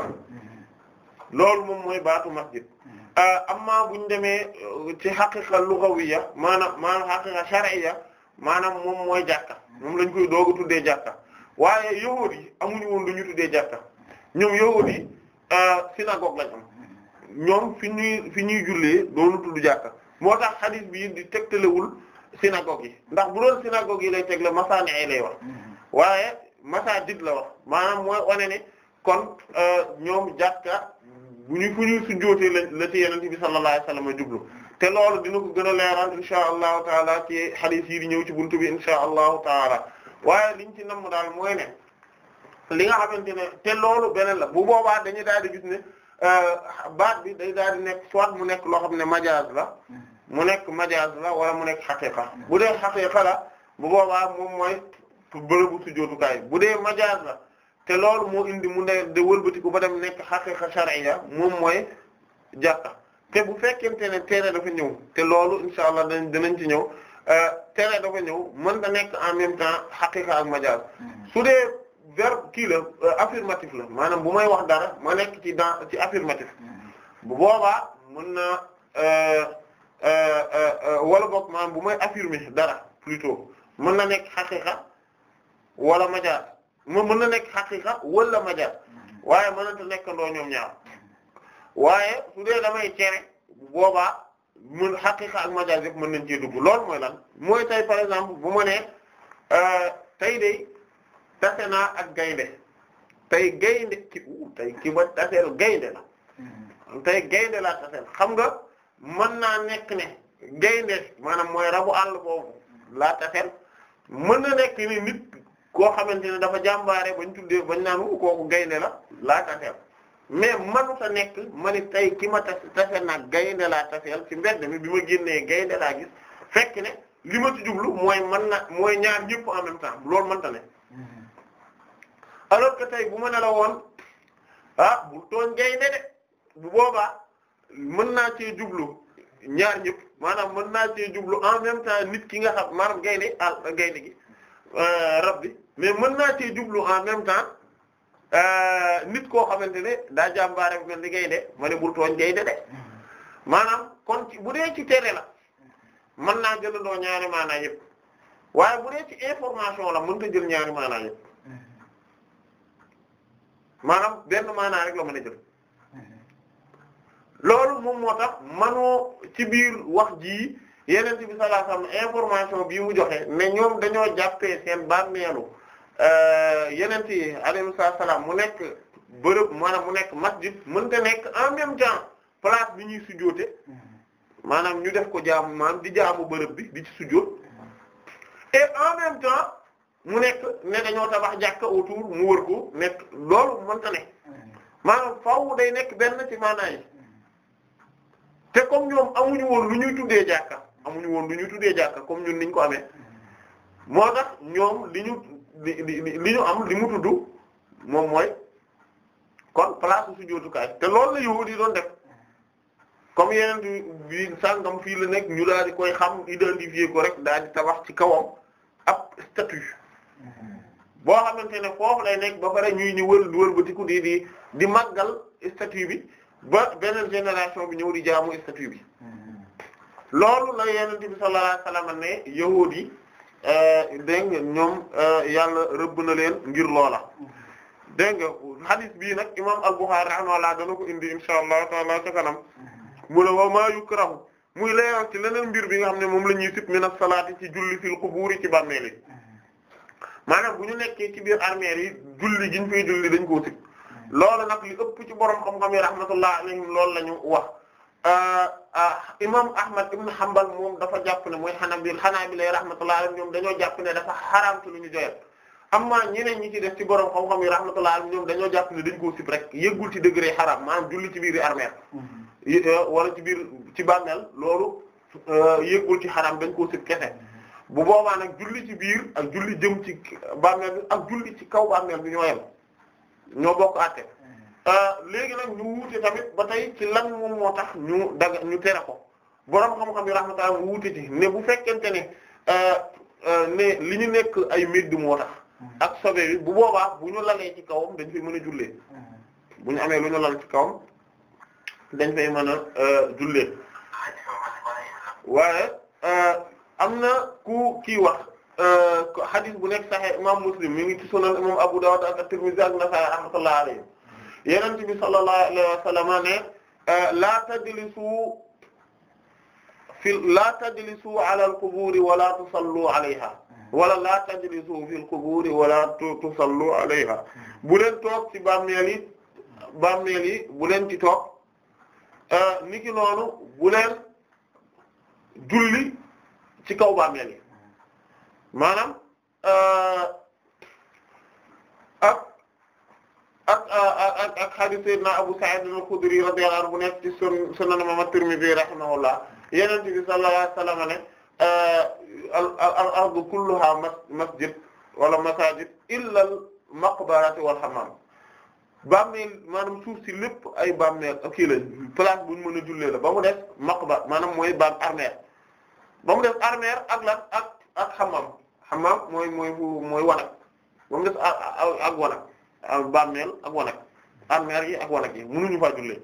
loolu moom mooy baatu masjid amma bu ñu demee ci xaqiqa lughawiyya maanaam maanaam xaqiqa shar'iyya maanaam moom mooy jàkka moom lañ koy doog a tuddee jàkka waaye yahuud yi amuñu woon lu ñu tuddee jàkka ñoom yahuud yi euh, synagogue lañ am ñoom fi ñuy fi ñuy jullee doonu tudd jàkka moo tax hadith bi di tegtalewul synagogue yi ndax bu doon synagogue yi lay tegle masaani ay lay wax mm-hmm. waaye masaa masaajid la wax maanaam mooy one ne kon euh, ñoom jàkka bu ñu fu ñuy sujjóotee la la ci yenente bi sallallahu jublu te loolu dina ko gën a leeral inshaa allahu taala ci hadith yi ñëw ci buntu bi inshaa allahu taala waaye liñ ci namm daal mooy ne li nga xamante ne te loolu beneen la bu boobaa dañuy daal di gis ne euh, baat bi day daal di nekk soit mu nekk loo xam ne majaaz la mu nekk majaaz la wala mu nekk xaqiqa bu dee xaqiqa la bu boobaa moom mooy bërëbu sujjóotukaay bu dee majaaz la te loolu moo indi mu ne de wëlbatiku ba dem nekk xaqiqa shar'iyya moom mooy jàkka te bu fekkente ne tere dafa ñëw te loolu insha allah danañ danañ ci ñëw euh, tere dafa ñëw mën na nekk en même temps xaqiqa ak majaaz mm-hmm. su dee verbe kii la euh, affirmatif la maanaam bu may wax dara ma nekk ci dans ci affirmatif mm-hmm. bu boobaa mën na euh, wala boog maanaam bu may affirmer dara plutôt mën na nekk xaqiqa wala majaaz ma mën na nekk xaqiqa wala majaaz mm-hmm. waaye mënata nekkandoo ñoom ñaar waaye su dee damay cere boobaa mën xaqiqa ak majaaz yëpp mën nañ cee dugg loolu mooy lan mooy tey par exemple bu ma nee euh, tey de tase naa ak gaynde tey gaynde ci tey ki ba taseel gaynde la hmm. gaynde laa taseel xam nga mën naa nekk ne gaynde maanaam mooy rabu àll boobu laa taseel mën na nekk ni nit koo xamante ne dafa jàmbaare bañ tuddee bañ naanu kooku gaynde la laa taseel mais manuta nekk ma ni tey ki ma tase tase naag gaynde laa taseel ci mbedd mi bi ma génnee gaynde laa gis fekk ne li ma ci jublu mooy man na mooy ñaar ñëpp en même temps loolu mënta ne mhm. alors que tey bu ma ne la woon ah bu tooñ gaynde de bu boobaa mën naa cee jublu ñaar ñëpp maanaam mën naa cee jublu en même temps nit ki nga xam maanaam gaynde al ah, gaynde gi euh, mais mën naa cee jublu en même temps Euh, nit ko xamante ne daa jàmbaare bu mel ni gaynde ma ne bul tooñ gaynde de maanaam kon bu dee ci tere la mën naa jëlandoo ñaari maanaa yëpp waaye bu dee ci information la mënut a jël ñaari maana yëpp maanaam benn maanaa rek la mën jël loolu moom moo tax manoo ci biir wax ji yeneen bi sallallahu alayhi information bii mu joxe ne ñoom dañoo jàppee seen bànneelu Euh, yeneen yi alayhimu salaam mu nekk bërëb maanaam mu nekk mat masjid mënta nekk en même temps place bi ñuy sujoote mm-hmm. maanaam ñu def ko jaamu maanaam di jaamu bërëb bi di ci sujoot mm-hmm. et en même temps mu nekk ne dañoo tabax jàkka autour mu wër ko nekk loolu mënta ne mm-hmm. maanaam faaw day nekk benn ci maanaam yi te comme ñoom amuñu woon lu ñuy tuddee jàkka amuñu woon lu ñuy tuddee jàkka comme ñu niñ ko amee moo tax ñoom li ñu li li li ñu am li mu tudd moom mooy kon place su sujjóotukaay te loolu la yahuud yi doon def comme yeneen bi sàngam fii la nekk ñu daal di koy xam identifier ko rek daal di tabax ci kawam ab statue boo xamante ne foofu lay nekk ba pare ñuy ñu wër wër ba tiku di di di màggal statue bi ba beneen génération bi ñëw di jaamu statue bi mm-hmm. loolu la yeneen bi sallallahu alayhi wasallam ne yahuud yi Eh, dégg nga ñoom eh, yàlla rëbb na leen ngir loola dégg nga hadith bii nag imam al a rahimahullah dana ko indi insha allahu taala ca kanam mu ne wa maa yukrahu muy leeral ci leneen mbir bi nga xam ne moom la ñuy sib min as-salaati ci julli fil qubuuri ci bàmmeel yi maanaam bu ñu nekkee ci biir armeel yi julli gi ñu fay julli dañ koo sib loolu nag li ëpp ci borom xam-xam yi rahmatullah alayhim loolu la wax Euh, ah, imam Ahmad ibn Hanbal moom dafa jàpp ne mooy Hanabil Hanabila rahmatullah alayhim ñoom dañoo jàpp ne dafa xaraam ci lu ñu doyal amma ñeneen ñi ci def ci borom xam-xam yi rahmatullah alayhim ñoom dañoo jàpp ne dañ koo sib rek yëggul ci degré xaraam maanaam julli ci biir armeel mhm. euh, wala ci biir ci bàmmeel loolu euh, yëggul ci xaraam dañ koo sib kese mhm. bu boobaa nag julli ci biir ak julli jëm ci bàmmeel bi ak julli ci kaw bàmmeel bi ñoo yem ñoo bokk àtte Euh, léegi nag ñu wuute tamit ba tey ci lan moom moo tax ñu daga ñu tere ko borom xam-xam yi rahmatullah wuute ci ne bu fekkente ne euh, euh, li ñu nekk ay médd moo tax mm-hmm. ak sobe bu boobaa bu ñu lalee ci kawam dañ fay mën a jullee mm-hmm. bu amee lu ñu ci kawam dañ fay mën a jullee waaye am na ku kii wax hadith bu nekk Sahih imam Muslim mi ngi ci Sunan imam Abu Dawud ak At-Tirmidhi ak Nasa'i rahmatullah alayhi yenent bi sallallahu alayhi wa sallam ne eh, la tajlisu fi la tajlisu ala al-qubur wala tusallu alayha wala la tajlisu fi al-qubur wala tusallu alayha bu leen toog ci bàmmeel yi bàmmeel yi bu leen ci toog eh, niki noonu bu leen julli ci kaw bàmmeel yi maanaam eh, ak ak ak ak hadith sayyidina Abu Sa'id al-Khudri radiyallahu anhu bu nekk ci sun sunan imam at-Tirmidhi rahimahullah Yonent bi sallallahu ne al-ardu kulluha masjid wala masajid illa al-maqbarati wal hammam bàmmeel maanaam suuf si lépp ay bàmmeel kii la place bu ñu mën a jullee la ba mu def maqbar maanaam mooy bam armeer ba mu def armeer ak lan mooy mooy ba mu def ak wanag bàmmeel ak wanag armeer yi ak wanag yi mënuñu faa jullee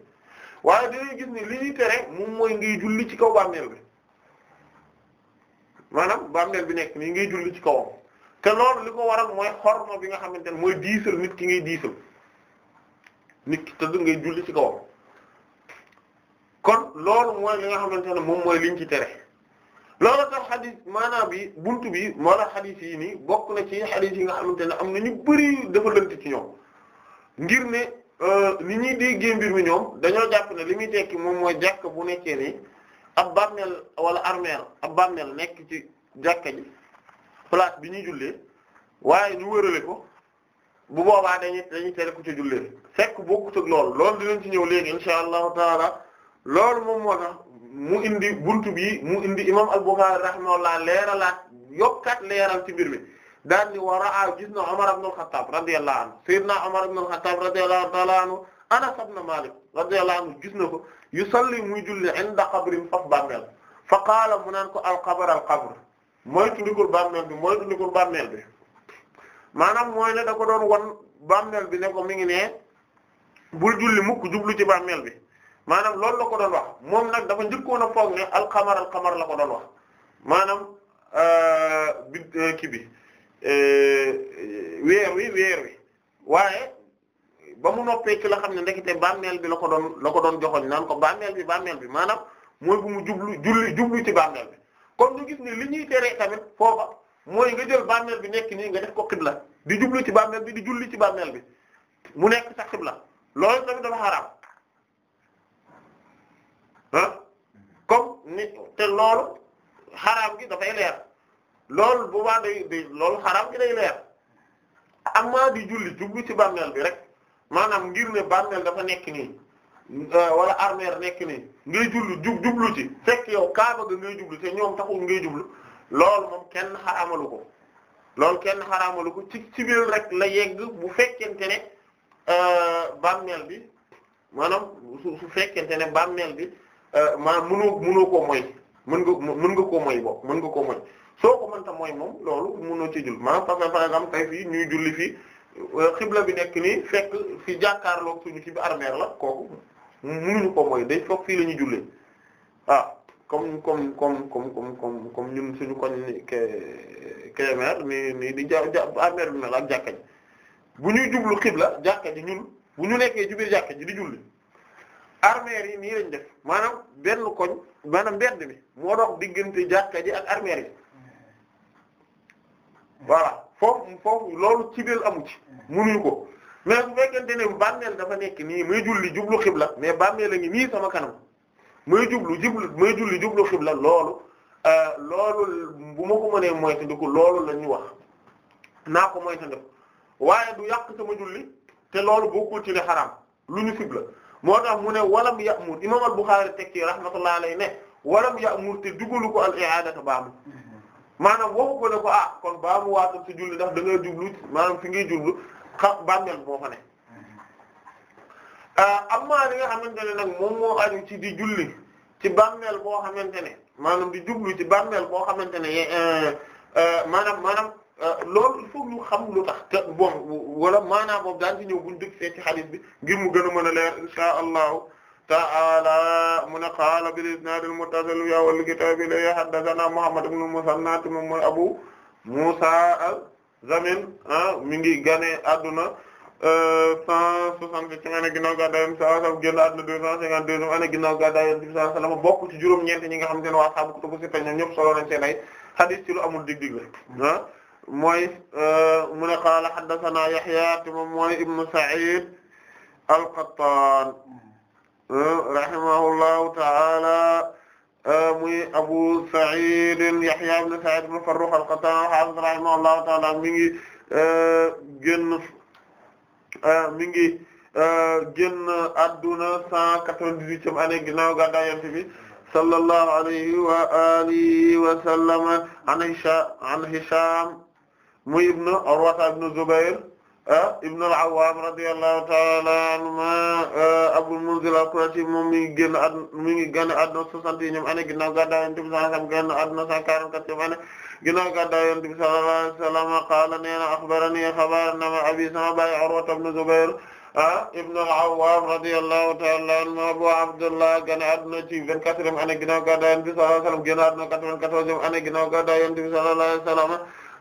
waaye dañuy gis ni li ñuy tere moom mooy ngay julli ci kaw bàmmeel bi maanaam bàmmeel bi nekk nii ngay julli ci kawam te loolu li ko waral mooy xorma bi nga xamante ne mooy diisal nit ki ngay diisal nit ki tëdd ngay ci kawam kon loolu li nga xamante ne moom mooy liñ ci tere loolu tax xadis maanaam bi bunt bi moo tax xadis yi nii bokk na ci xadis yi nga xamante ne am na ñu bari dafa lënt ci ñoom ngir ne euh, ni ñuy déggee mbir mi ñoom dañoo jàpp ne li muy tekki moom mooy jàkk bu nekkee ni ab bàmmeel wala armeel ab bàmmeel nekk ci jàkka ji place bi ñuy jullee waaye ñu wërale ko bu boobaa dañuy dañuy tere ku ci jullee fekk bokkut ak loolu loolu dinañ ci ñëw léegi insha allahu taala loolu moom moo mu indi buntu bi mu indi imam al-Bukhari rahimahullah leeralaat yokkaat leeral ci mi daal ni war a gis na Umar ibn al-Khattab radiyallahu anhu sayyidna Umar ibn al-Khattab radiyallahu ta'ala Anas ibn Malik radiyallahu anhu gis na ko yu yusalli muy julli inda qabrin mu naan ko al ko doon won bi ne mi ngi ne bul jublu ci bàmmeel bi maanaam loolu la ko doon wax moom nag dafa njëkkoon a foog ne alxamar alxamar la ko doon wax maanaam euh, bi euh, kii bi euh, weer wi weer wi waaye ba mu noppee ki la xam ne ndekete bàmmeel bi la ko doon la ko doon joxoñ naan ko bàmmeel bi bàmmeel bi maanaam mooy bu mu jublu julli jublu ci bàmmeel bi kon ñu gis ni li ñuy teree tamit foofa mooy nga jël bàmmeel bi nekk nii nga def ko xibla di jublu ci bàmmeel bi di julli ci bàmmeel bi mu nekk sa xibla loolu tamit dafa xaraam ah comme ni te loolu xaraam gi dafay leer lool bu baax day day loolu xaraam gi day leer amaa di julli jublu ci bàmmeel bi rek maanaam ngir ne bàmmeel dafa nekk nii euh, wala armeel nekk nii ngay julli jub jublu ci fekk yow kaaba ga ngay jublu te ñoom taxul ngay jublu lool moom kenn xaraamalu ko loolu kenn xaraamalu ko ci ci biir rek la yegg bu fekkente ne euh, bàmmeel bi maanaam su su fekkente ne bàmmeel bi. Euh, maanaam mënoo mënoo koo mooy mën nga mën nga koo mooy boobu mën nga koo mooy soo ko mënta mooy moom loolu mënoo ci jul maanaam parce que par exemple tey fii ñuy julli fii euh, xibla bi nekk nii fekk fi jàkkaarloog suñu ci bi armeer la kooku mënuñu ko mooy day foog fii la ñuy jullee ah comme comme comme comme comme comme comme ñun suñu koñ KMR ni ni di ja ja armeer bi mel ak jàkka ji bu ñuy jublu xibla jàkka ji ñun bu ñu nekkee ci biir jàkka ji di julli. armeer yi nii lañ def maanaam benn koñ maanaam mbedd mi moo dox diggante jàkka ji ak armeer yi voilà foofu foofu loolu ci biir amu ci munuñu ko mais bu fekkente ne bàmmeel dafa nekk nii muy julli jublu xibla mais bàmmeel a ngi nii sama kanam muy jublu jublu muy julli jublu xibla loolu euh, loolu bu ma ko mënee moytandiku loolu la ñu wax naa ko moytandiku waaye du yàq sama julli te loolu bokkul ci li xaraam lu ñu xibla moo tax mu ne walam ya'mur imam al-Bukhari teg ci rahmatullah alayhi ne walam ya'mur te dugalu ko al-i'adata baamu maanaam waxu ko ne ko ah kon baamu waatal si julli ndax da ngay jublu maanaam fi ngay jublu xa bàmmeel boo fa ne ah, amma li nga xamante ne nag moom moo aju ci di julli ci bàmmeel boo xamante ne maanaam di jublu ci bàmmeel boo xamante ne eh, eh, eh, maanaam maanaam Euh, loolu il faut xam lu tax te bon wala maanaam boobu daan ci ñëw buñ dëgg see ci xadis bi ngir mu gën a mën a leer allahu ta'ala mu ne qaala bil isnaad al muttasil yaa wal kitaab la haddathana Muhammad ibn al-Musanna moom Abu Musa al-Zamin ah, mi ngi gane adduna euh, cent soixante ci année ginnaaw gàddaay Yonent bi sallallahu alayhi wasallam génn àdduna bokk ci juróom-ñeent ñi nga xam te ne waa xaabu kutubu sitta ñoom ñëpp solo nañ seen ay ci lu amul dig-dig la mooy euh, mu ne qaala haddathana Yahya te moom mooy ibnu Sa'id al-Qattan euh, rahimahullahu ta'ala euh, muy Abu Sa'id Yahya ibn Sa'id ibn Farrukh al-Qattan hafiz rahimahullahu ta'ala mi ngi génn mi ngi génn adduna cent quatre-vingt-dix-huitième année ginnaaw gàddaay Yonent bi sallallahu alayhi wa alihi wa sallam an Hisham muy ibnu Urwata ibnu Zubayr ah, ibnu al-Awwam radiyallahu ta'ala anhuma ah, Abul Munzir al-Qurashi moom mi ngi génn ad mi ngi génn àdduna soixante yi ñoom année ginnaaw gàddaay Yonent bi sallallahu alayhi wasallam génn àdduna cent quarante-quatre ñoom année ginnaaw gàddaay Yonent bi sallallahu alayhi wasallam qaala nee na akhbarani xabaar na ma abi sama baay Urwata ibnu Zubayr ah Ibn al-Awwam radiyallahu ta'ala anhu Abu Abdullah gane àdduna ci vingt-quatrième année ginnaaw gàddaay Yonent bi sallallahu alayhi wasallam génn àdduna quatre-vingt-quatorzième année ginnaaw gàddaay Yonent bi sallallahu alayhi wasallam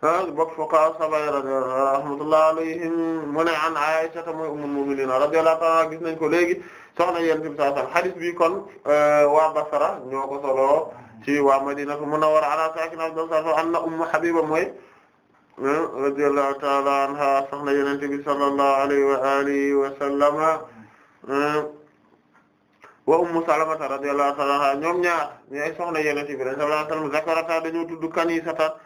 bokk fuqahaa sabay rahmatullahi alayhim mu ne an Aisha mooy ummul mu'minin radiyallahu ta'ala gis nañ ko léegi soxna yéen fi saa bi kon euh, waa Basra ñoo ko solo ci waa Madinatu Munawwara ala sakin afdal salaatu anna Ummu Habiba mooy euh, radiyallahu ta'ala anha soxna Yonent bi sallallahu alayhi wa alihi wa sallama euh, wa ummu salamata radiyallahu ta'ala anha ñoom ñaar ñi soxna yenente bi sallallahu alayhi wa sallam zakarata dañoo tudd kanisata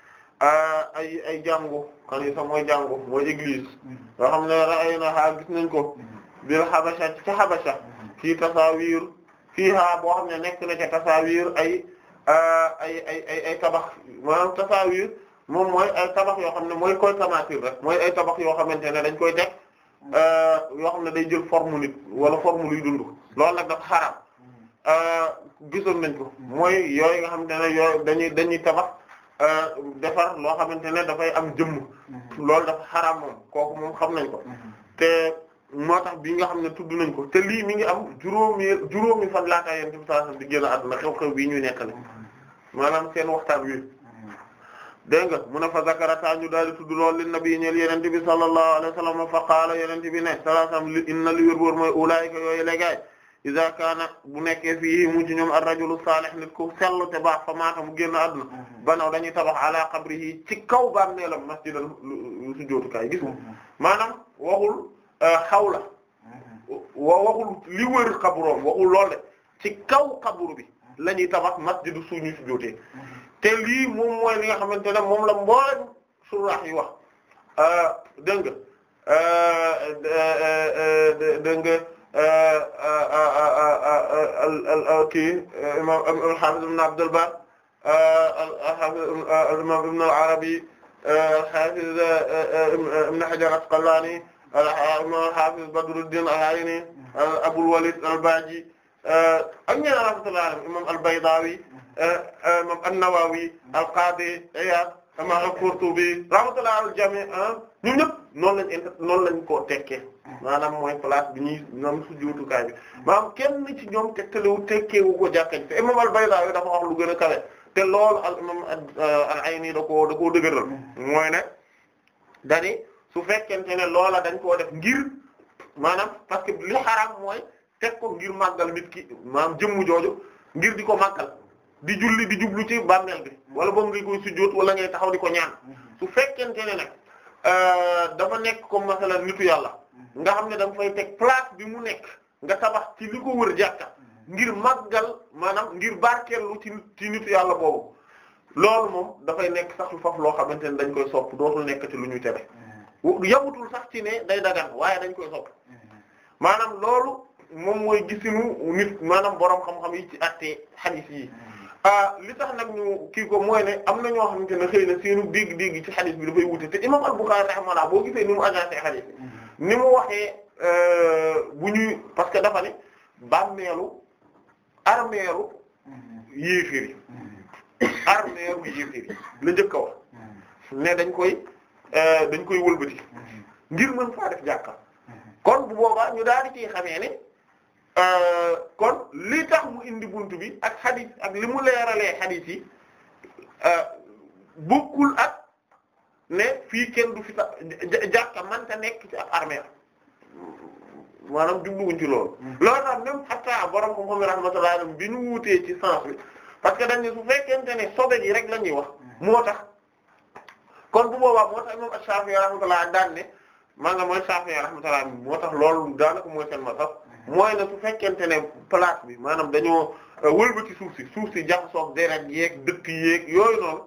ay ay jàngu kanisa mooy jàngu mooy église yoo mm-hmm. xam ne ra'aynaha gis nañ ko mm-hmm. bil Habasha ci Habasha mm-hmm. fii tasawir fiiha boo xam ne nekk na ca tasawir ay ay ay ay tabax maanaam tasawir moom mooy ay tabax yoo xam ne mooy koy tamatir rek mooy ay tabax yoo xamante ne dañ koy teg yoo xam ne day jël forme nit wala forme luy dund loolu nag dafa xaraam gisoon nañ ko mooy yooyu nga xam ne yooyu dañuy dañuy tabax Euh, defar loo xamante ne dafay am jëmm mhm. lool dafa xaraam moom kooku moom xam nañ ko mhm. te moo tax bii nga xam ne tudd nañ ko te lii mi ngi am juróomi juróomi fan laataa yéen tamit saa di génn àdduna xew-xew ñuy nekk mhm. maanaam seen waxtaan wi dégg mu ne fa zakarata ñu di tudd lool li nabi ñeel yenente bi sallallahu alayhi wa sallam fa qaala yenente bi ne sallallahu alayhi wa sallam inna li wër wër mooy ulaayika yooyu légaay iza kaana bu nekkee fii mu ci ñoom ar-rajulu saalih nit ku sell te baax fa maata mu génn àdduna mm-hmm. banaw dañuy tabax ala qabrihi ci kaw bàmmeelam masjidan su jootukaay gis nga mm-hmm. maanaam waxul euh, xawla mm-hmm. wa waxul li wër xabroom waxul lool de ci kaw xabru bi la ñuy tabax masjidu suñu su jootee te lii moom mooy li nga xamante ne moom la mboolem suraax yi wax euh, dégg nga euh, dégg nga kii imam al-Hafiz ibn Abd al-Barr al-Hafiz al-imam ibn al-Arabi al-Hafiz ibn Hajar al-Asqalani imam al-Hafiz Badruddin al-Ayni Abul Walid al-Baji ak ñeneen rahmatullah alayhim imam al-Baydawi imam an-Nawawi al-Qadi Iyad imam al-Qurtubi rahmatullah al-jami' ñun ñëpp noonu lañ noonu lañ ko tekkee maanaam mooy place bi ñuy ñoom sujjóotukaay bi maanaam kenn ci ñoom tegtalewu tekkeewu ko jàkkañ te imam al-Baydawi lu gën a kawe te lool al ay nii ayni da koo da koo mooy ne dani su fekkente ne loola dañ koo def ngir maanaam parce que li xaram mooy teg ko ngir màggal nit ki maanaam jëmm jooju ngir di ko màggal di julli di jublu ci bàmmeel bi wala boog nga koy sujjóot wala ngay taxaw di ko ñaan mm-hmm. su fekkente ne nag euh, dafa nekk comme masalan nitu yàlla nga xam ne da nga fay teg place bi mu nekk nga tabax ci li ko wër jàkka ngir màggal maanaam ngir barkeelu ci ci nitu yàlla boobu loolu moom dafay nekk sax lu faf loo xamante ne dañ koy sopp dootul nekk ci lu ñuy tere mm-hmm. yamutul sax ci ne day dagan waaye dañ koy sopp mm-hmm. loolu moom mooy gisinu nit maanaam borom xam-xam yi ci àttee xadis yi mm-hmm. ah, li tax nag ñu kii ko mooy ne am na ñoo xamante ne xëy na seenu dégg-dégg ci xadis bi dafay wute te imam Al-Bukhârî rahimahullah boo gisee ni mu agacé xadis ni mu waxee euh, bu ñuy parce que dafa ne bàmmeelu armeeru yéefiri mm-hmm. armeeru yéefiri la njëkk a wax mm-hmm. ne dañ koy euh, dañ koy wëlbati mm-hmm. ngir mën faa def jàkka kon bu boobaa ñu daal di ciy xamee ne euh, kon li tax mu indi bunt bi ak xadis ak li mu leeralee xadis yi bokkul ak ne fii kenn du fi sa jàkka manta nekk ci ab armeel maanaam jubluwuñ ci loolu hmm. loolu tax même hatta borom ko xome rahmatullahi alayhi bi ñu wuutee ci sens bi parce que dañ ne su fekkente ne sobe rek la ñuy wax hmm. moo tax kon bu boobaa moo tax imam maa nga mooy Shafi'i rahmatullah moo tax loolu daanaka mooy seen ma hmm. mooy ne su fekkente ne place bi maanaam dañoo euh, wëlba suuf si suuf si jaxasoog deret yeeg dëkk yeeg yooyu noonu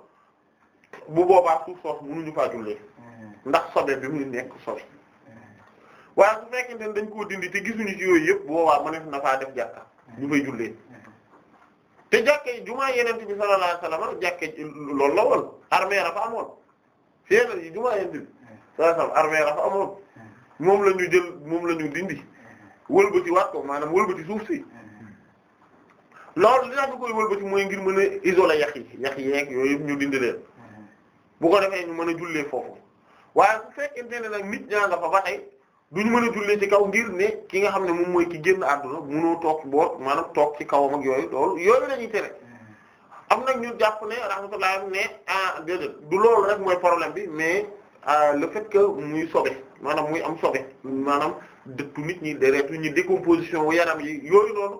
bu boobaa suuf soos mënuñu faa jullee mm-hmm. ndax sobe bi mu nekk sobe mm-hmm. waaye su fekkente ne dañ koo dindi te gisuñu ci yooyu yëpp boobaa ma nekk na faa def jàkka mm-hmm. ñu fay jullee te jàkkee jumaa yenent bi la woon armée la fa amoon fienal yi jumaa yenent bi sallallahu alayhi wasallam armée la amoon moom la ñu jël moom la ñu dindi wëlbati waat maanaam wëlbati suuf si loolu li tax ñu koy wëlbati mooy ngir mën a isoler yax yi yax yeeg yooyu yëpp ñu dindi leen bu ko defee ñu mën a jullee foofu waaye su fekkente ne nag nit ñaa nga fa ba tey ñu mën a jullee ci kaw ngir ne ki nga xam ne moom mooy ki génn àdduna munoo toog boo maanaam toog ci kawam ak yooyu loolu yooyu la ñuy tere am nag ñu jàpp ne rahmatullah ne ah déedéet du loolu rek mooy problème bi mais ah, le fait que muy sobe maanaam muy am sobe maanaam dëttu nit ñi deretu ñi décomposition yaram yi yooyu noonu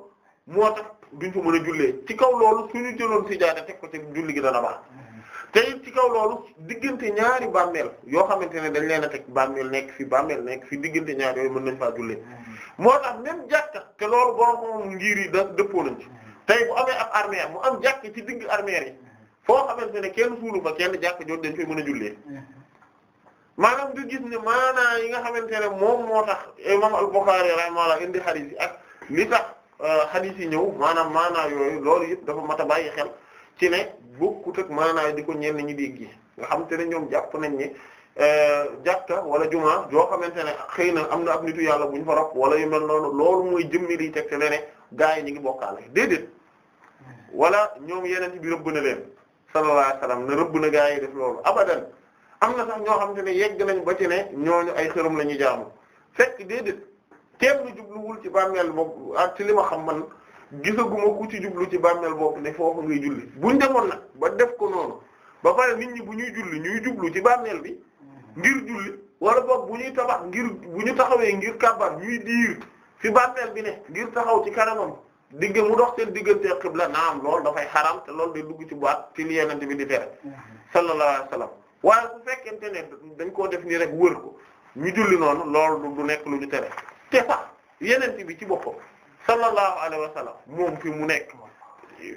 moo tax duñ fa mën a jullee ci kaw loolu suñu jëloon si jaada teg ko ci julli gi dana baax te ci kaw loolu diggante ñaari bàmmeel yoo xamante ne dañ leen a teg bàmmeel nekk fi bàmmeel nekk fi diggante ñaar yooyu mën nañ faa jullee moo tax même jàkka te loolu borom moom ngir yi da dëppoo nañ tey bu amee ab armeer mu am jàkk ci digg armeer yi foo xamante ne kenn suulu fa kenn jàkk jot dañ fay mën a jullee maanaam nga gis ne maanaa yi nga xamante ne moom moo tax imam al-Bukhari rahimahullah indi hadith yi ak li tax euh, hadith yi ñëw maanaam maanaa yooyu loolu yëpp dafa mat bàyyi xel ci bokkut ak maanaam di ko ñenn ñi dégg nga xam te ñoom jàpp nañ ne euh, jàkka wala juma joo xamante ne xëy na am na ab nitu yàlla bu ñu fa rop wala yu mel noonu loolu mooy jëmmi liy teg te ne gaa yi ñu ngi bokkaale déedéet wala ñoom yeneen bi rëbb na leen sallallahu alayhi wasallam ne rëbb na gaa yi def loolu abadan am na sax ñoo xamante ne yegg nañ ba ci ñoo ay xërëm la ñuy jaamu fekk déedéet kenn jubluwul ci bàmmeel boobu ak ci li ma xam man. gisaguma ku ci jublu ci bàmmeel boobu ne foofu ngay julli buñ demoon nag ba def ko noonu ba pare nit ñi bu ñuy julli ñuy jublu ci bàmmeel bi ngir julli wala boog bu ñuy tabax ngir bu ñu taxawee ngir kàbbar ñuy diir fi bàmmeel bi ne ngir taxaw ci kanamam digg mu dox seen diggante xibla naam loolu dafay xaram te loolu day dugg ci baat ci li Yonent bi di tere sallallahu alayhi wa waaye bu fekkente ne dañ koo def nii rek wër ko ñu julli noonu loolu du nekk lu ñu tere te bi ci boppam sallallahu alayhi wa sallam moom fi mu nekk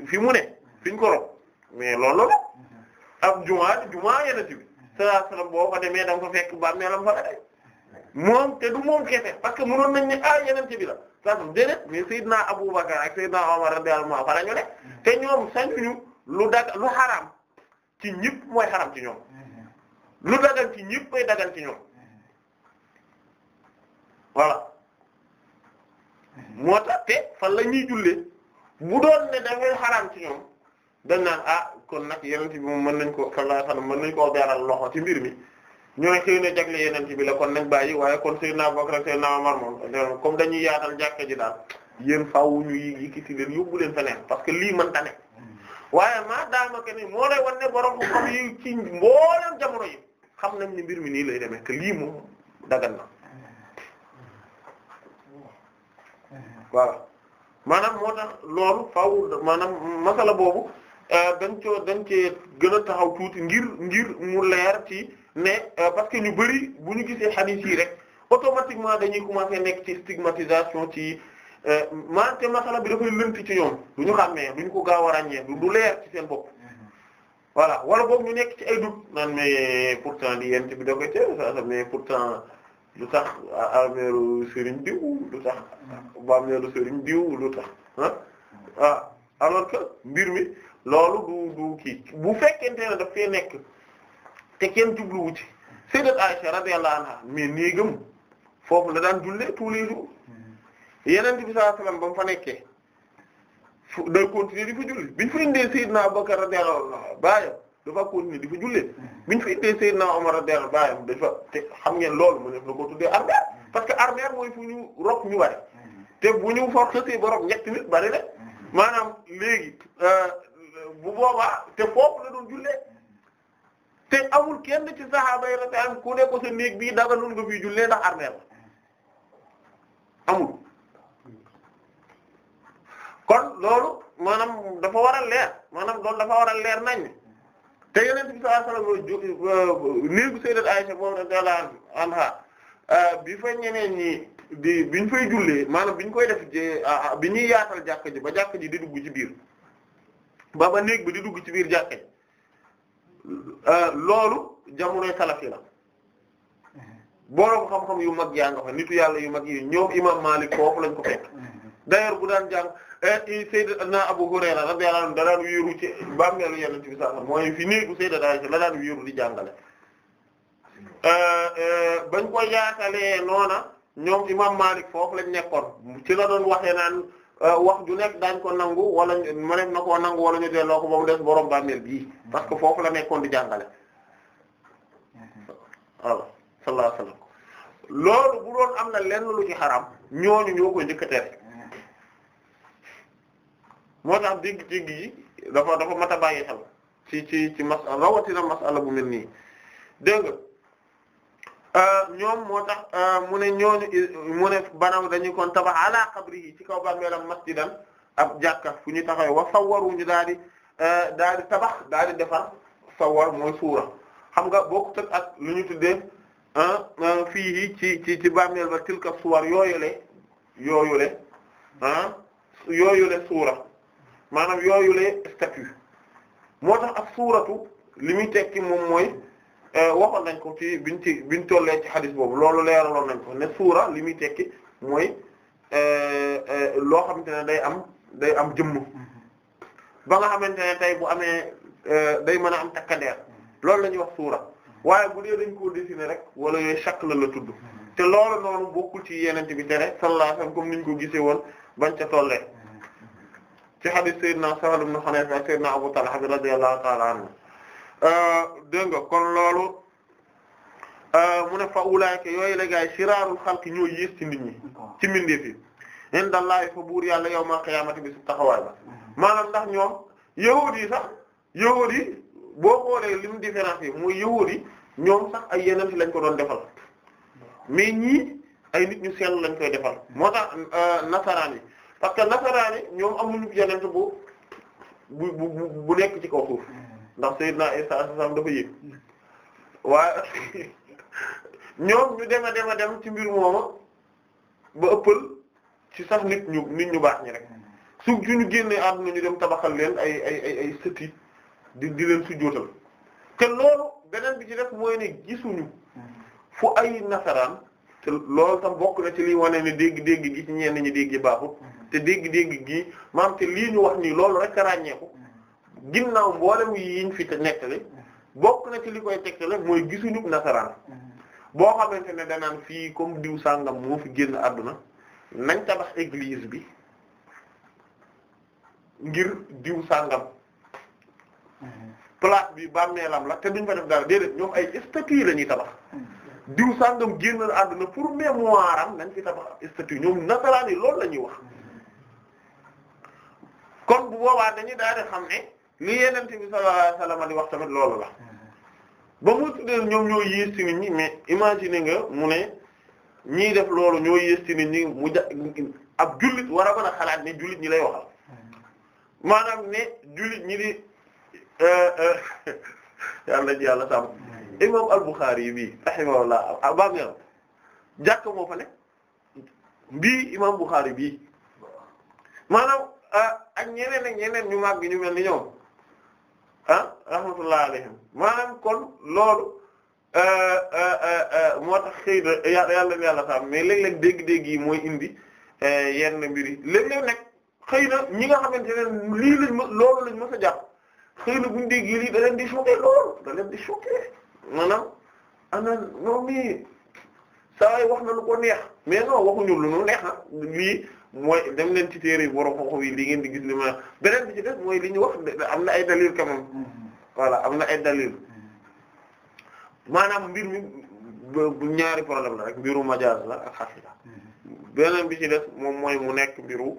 fi mu ne fi ñu ko rob mais loolu la ab jumaa jumaa yeneen bi sallallahu alayhi wa sallam boo fa demee da nga fekk ba melam fa la day moom te du moom kese parce que mënoon nañ ne a ah, yeneen bi la saa su déedéet mais Seydina Aboubacar ak Seydina Omar radiyallahu anhu fa la ñu ne te ñoom sañuñu lu dag lu xaraam ci ñëpp mooy xaraam ci ñoom lu dagan ci ñëpp mooy dagan ci ñoom voilà. moo tax te fan la ñuy jullee bu doon ne dafay xaraam ci ñoom dañ naan ah kon nag yenent bi moom mën nañ ko sallallahu alayhi wasallam mën nañ koo beral loxo ci mbir mi ñooy xëy na jagle yenent bi la kon nañ bàyyi waaye kon Seydina Abubakar ak Seydina Umar moom comme dañuy yaatal jàkka ji daal yéen faaw ñu yëkkati leen yóbbu leen feneen parce que lii mën ta ne waaye maa daama que ni moo lay wan ne borom yi ci mboolem jamono yi xam nañ ni mbir mi nii lay demee que lii moom dagan waa maanaam moo tax loolu faaw maanaam masala boobu euh, dañ coo dañ cee gën a taxaw tuuti ngir ngir mu leer ci ne euh, parce que ñu bari bu ñu gisee xadiis yi rek automatiquement dañuy commencer nekk ci stigmatisation ci euh, man te masala bi dafay lënt ci ñoom du ñu xàmmee du ñu ko gaaw a ràññee du leer ci seen bopp voilà wala boog ñu nekk ci ay doute naan mais pourtant li yent bi da koy teel mais pourtant lu tax armeeru sëriñ diw lu tax bàmmeelu sëriñ diw lu tax ah? ah alors que mbir mi loolu du du kii bu fekkee ne daf fee nekk te kenn jubluwu ci sayyidat Aisha radiyallahu anha mais néegam foofu la daan jullee tous yeneen bi sallallahu alayhi wasallam ba mu fa nekkee fu day continuer di fa julli biñ fa indee sayyidna Abubakar radiyallahu anhu baayam dafa continuer di fa jullee biñ fa ittee Seydina Omar radiyallahu anhu dafa te xam ngeen loolu mu ne la ko tuddee armeer parce que armeer mooy fu ñu rob ñu bari te bu ñu for xësee ba rob ñetti na maanaam léegi euh, bu boobaa te foofu la doon jullee te amul kenn ci saxaaba yi radiyallahu ku ne ko néeg bii daga noonu nga fi jullee kon loolu maanaam dafa war a leer maanaam loolu dafa war a leer nañ. te Yonent bi sallallahu alayhi wa sallam euh, néegu Sayyidat Aisha boobu radiyallahu anha euh, bi fa ñeneen ñi biñ fay jullee maanaam biñ koy def bi ñuy yaatal jàkka ji ba jàkka ji di dugg ci biir ba ba néeg bi di dugg ci biir jàkka ji euh, loolu jamonoy salafi la boroom xam-xam yu mag yaa nga fa nitu yàlla yu mag yi ñoom imam Malik foofu lañ ko fekk mm-hmm. d'ailleurs bu daan jàng Eh, Seydina Abu Hurayra radiyallahu anhu da daan wéeru ci bàmmeelu Yonent bi sallallahu mooy fi néegu Seydina Aisha daan wéeru di jàngale eh, eh, bañ ko yaatalee noona ñoom imam Malik foofu lañ nekkoon ci la doon waxee naan wax ju nekk daañ ko nangu wala ma nekk na ko ba mu des borom bàmmeel bii parce que foofu la nekkoon di jàngale voilà sallallahu loolu bu doon am na lenn lu ci xaram ñooñu ñoo koy njëkkateer moo tax dégg-dégg mat a bàyyi xel ci ci ci masala rawatina masala bu mel nii dégg euh, ñoom moo tax euh, mu ne ñooñu mu ne banaw dañuy kon tabax ala xabri ci kaw bàmmeelam masjidan ab jàkka fu ñu taxawee wa sawwaru ñu daal di euh, daal di tabax daal di defar sawar mooy suura xam nga bokkut ak lu ñu tuddee fii ci ci ci bàmmeel ba tilka suwar yooyule yooyule ah yooyule suura maanaam yooyu le statues moo tax ak suuratu li muy tekki moom mooy euh, waxoon nañ ko ci biñ ci biñ tollee ci xadis boobu loolu leeraloon nañ ko ne suura li muy tekki mooy euh, euh, loo xamante ne day am day am jëmm ba nga xamante ne tey bu amee day mën a am takkandeer loolu la ñuy wax suura waaye bu dee dañ koo dessiner rek wala yooyu chaque la la tudd te loolu noonu bokkul ci yenente bi tere sallallahu alayhi wasallam comme niñ ko gisee woon bañ ca tollee ci hadith Seydina Sahl ibn Hunayf ak Seydina Abu Talha bi radiyallahu ta'ala anhu euh, dégg nga kon loolu euh, mu ne fa ulaayka yooyu la gaay siraarul xalqi ñoo yées ci nit ñi ci mbindeef yi indallahi fa buur yàlla yawmal qiyaamati bi su taxawaay ba maanaam ndax ñoom yahuud yi sax yahuud yi boo xoolee lim différence yi mooy yahuud ñoom sax ay yeneen lañ ko doon defal mais ñii ay nit ñu sell lañ koy defal moo tax euh, nasaraan yi parce que nasaraani ñoom amuñu yeneen bu bu bu bu nekk ci kaw suuf ndax Seydina Isa sam dafa yéeg waaye ñoom ñu dem a dem dem ci mbir mooma ba ëppal ci sax nit ñu nit ñu baax ñi rek su ñu génnee na ñu dem tabaxal leen ay ay ay sëti di di leen sujjóotal te loolu beneen bi ci def mooy ne gisuñu fu ay nasaraan te lool tam bokk na ci liy wane ne ni dégg-dégg gi ci ñenn ñi dégg baaxut te dégg-dégg gi maam te lii ñu wax nii loolu rek ràññeeku ginnaaw mboolem yiñ fi te nettali bokk na ci li koy tegtale mooy gisuñu nasaraan boo xamante ne danaan fii comme diw sàngam moo fi génn àdduna nañ tabax église bi ngir diw sàngam place bi bàmmeelam la te duñ fa def dara déedéet ñoom ay statue la ñuy tabax diw sàngam génn àdduna pour mémoire am nañ fi tabax statue ñoom nasaraan yi loolu la ñuy wax kon bu boobaa dañuy daal di xam ne li Yonent bi sallallahu alayhi wasallam di wax tamit loolu la ba mu tuddee ñoom ñoo yées ci nit ñi mais nga mu ne ñiy def loolu ñoo yées ci mu ja ab jullit war a mën xalaat ne jullit ñi lay waxal maanaam ne jullit ñi di euh, euh, yàlla ji yàlla sàmm imam al-Bukhari bii rahimahullah ah, ba meeram jàkk moo fa ne bii imam Bukhari bii maanaam Ah, ak ñeneen ak ñeneen ñu màgg ñu mel ni ñoom ah rahmatullah alayhim maanaam kon loolu euh, euh, euh, moo tax xëy na yàlla na yàlla sax mais léeg-léeg dégg-dégg yi mooy indi yenn mbir yi léeg-léeg nag xëy na ñi nga xamante ne lii lañ ma loolu lañ mës a jàpp xëy na buñ dégg lii da leen di choqué loolu da leen di choqué maanaam ana non mais saa wax na lu ko neex mais non waxuñu lu nu neex ah lii. mooy dem leen ci téere borom xam-xam yi li ngeen di gis ni ma beneen bi ci def mooy li ñu wax am na ay dalil quand même voilà am na ay dalil maanaam mbir mi bu ñaari problème la rek mbiru majaas la ak xasida beneen bi ci def moom mooy mu nekk mbiru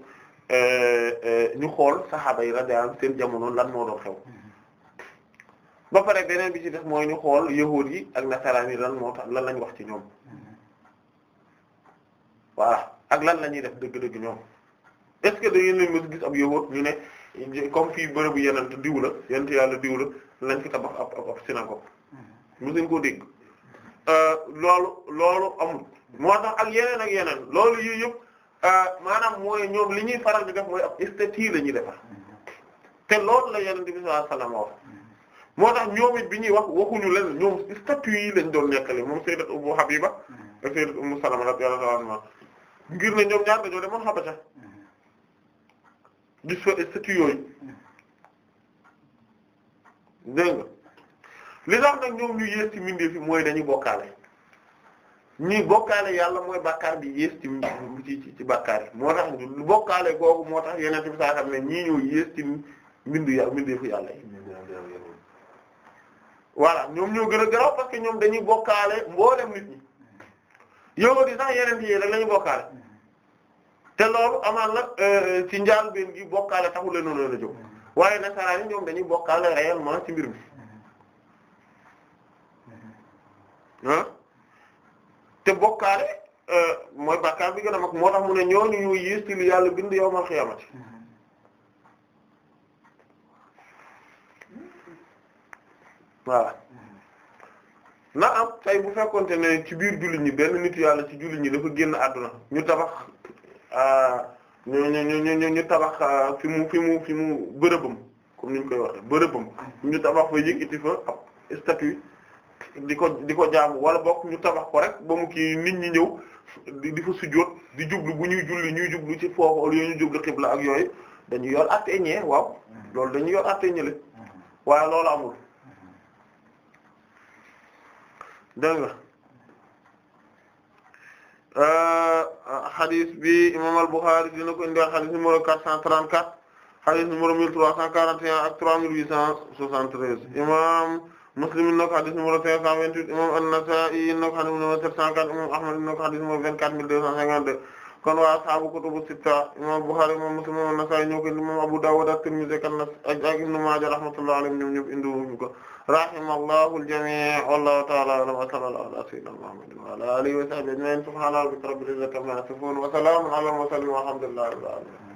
euh, euh, ñu xool saxaaba yi radiyallahu anhum seen jamono lan moo doon xew ba pare beneen bi ci def mooy ñu xool yahuud yi ak nasaraan yi lan moo tax lan lañu wax ci ñoom voilà ak lan la ñuy def dëgg-dëgg ñoom est-ce que dañu leen mës gis ab yowóot ñu ne comme fii bërëbu yenent diw la yenent yàlla diw la lañ fi tabax ab ab ab synagogue mësuñ mm-hmm. koo dégg euh, loolu loolu amul moo tax ak yeneen ak yeneen loolu yii yëpp euh, maanaam mooy ñoom li ñuy faral di def mooy ab esthétique la ñuy defar mm-hmm. te loolu la yeneen bi sallallahu alayhi wasallam wax mm-hmm. moo tax ñoom it bi ñuy wax waxuñu leen ñoom statut yi lañ doon nekkale moom sayyidat Ummu Habiba sayyidat Ummu Salama radiyallahu anha ngir ne ñoom ñaar dañoo demoon xabata gis fa statut yooyu dégg nga li tax nag ñoom ñu yées ci mbindeef fi mooy dañuy bokkaale ñi bokkaale yàlla mooy bàkkaar bi yées ci ci ci bàkkaar yi moo tax lu bokkaale moo tax yeneen bi saa xam ne ñii ñoo yées ci mbindu yàlla mbindeefu yàlla yi voilà ñoom ñoo gën a garaw parce que ñoom dañuy bokkaale mboolem nit ñi yow di sax yeneen yi rek la ñu bokkaale te loolu amaan nag euh, ci njaal benn gi bokkaale taxu leen noonu la jóg waaye nasaraan yi ñoom dañuy bokkaale réellement ci mbir mi ah te bokkaale euh, mooy bàkkaar bi gën a mag moo tax mu ne ñooñu ñu yées ci li yàlla bind yawmal xiyaamati na am tey bu fekkonte ne ci biir jullit ñi benn nitu yàlla ci jullit ñi dafa génn àdduna ñu tabax ah, ñu ñu ñu ñu tabax ah, fi mu fi mu fi mu bërëbam comme ni ñu ñu tabax fa yëkkati fa ab ko di ko jaamu wala bokk tabax ko ba mu kii nit ñi ñëw di fa sujjóot di jublu bu ñuy julli ñuy jublu ci foofu au lieu ñu jublu xibla ak yooyu dañu yor attéñee waaw loolu dañu yor attéñee la waaye loolu amul. dégg nga euh, bi imam al-Bukhari dina ko indi xadis numéro 434 xadis numéro 1341 ak 3873 imam Muslim na ko xadis numéro 528 imam an-Nasa'i na ko xadis numéro 704 imam Ahmad na ko xadis numéro 24252 kon waa ashaabu kutubu sitta imam Bukhari imam Muslim imam an-Nasa'i ñoo ko indi imam Abu Dawud ak Tirmidhi ak Ibn Maaja rahmatullahi alayhim ñoom ñëpp indi wuñu ko rahimallahu al-jami' wallahu ta'ala a'lam wa sallallahu ala sayyidina Muhammad wa ala alihi wa sahbihi ajma'in subhana rabbika rabbil izzati amma yasifun wa salamun ala al-mursalin walhamdulillahi rabbil alamin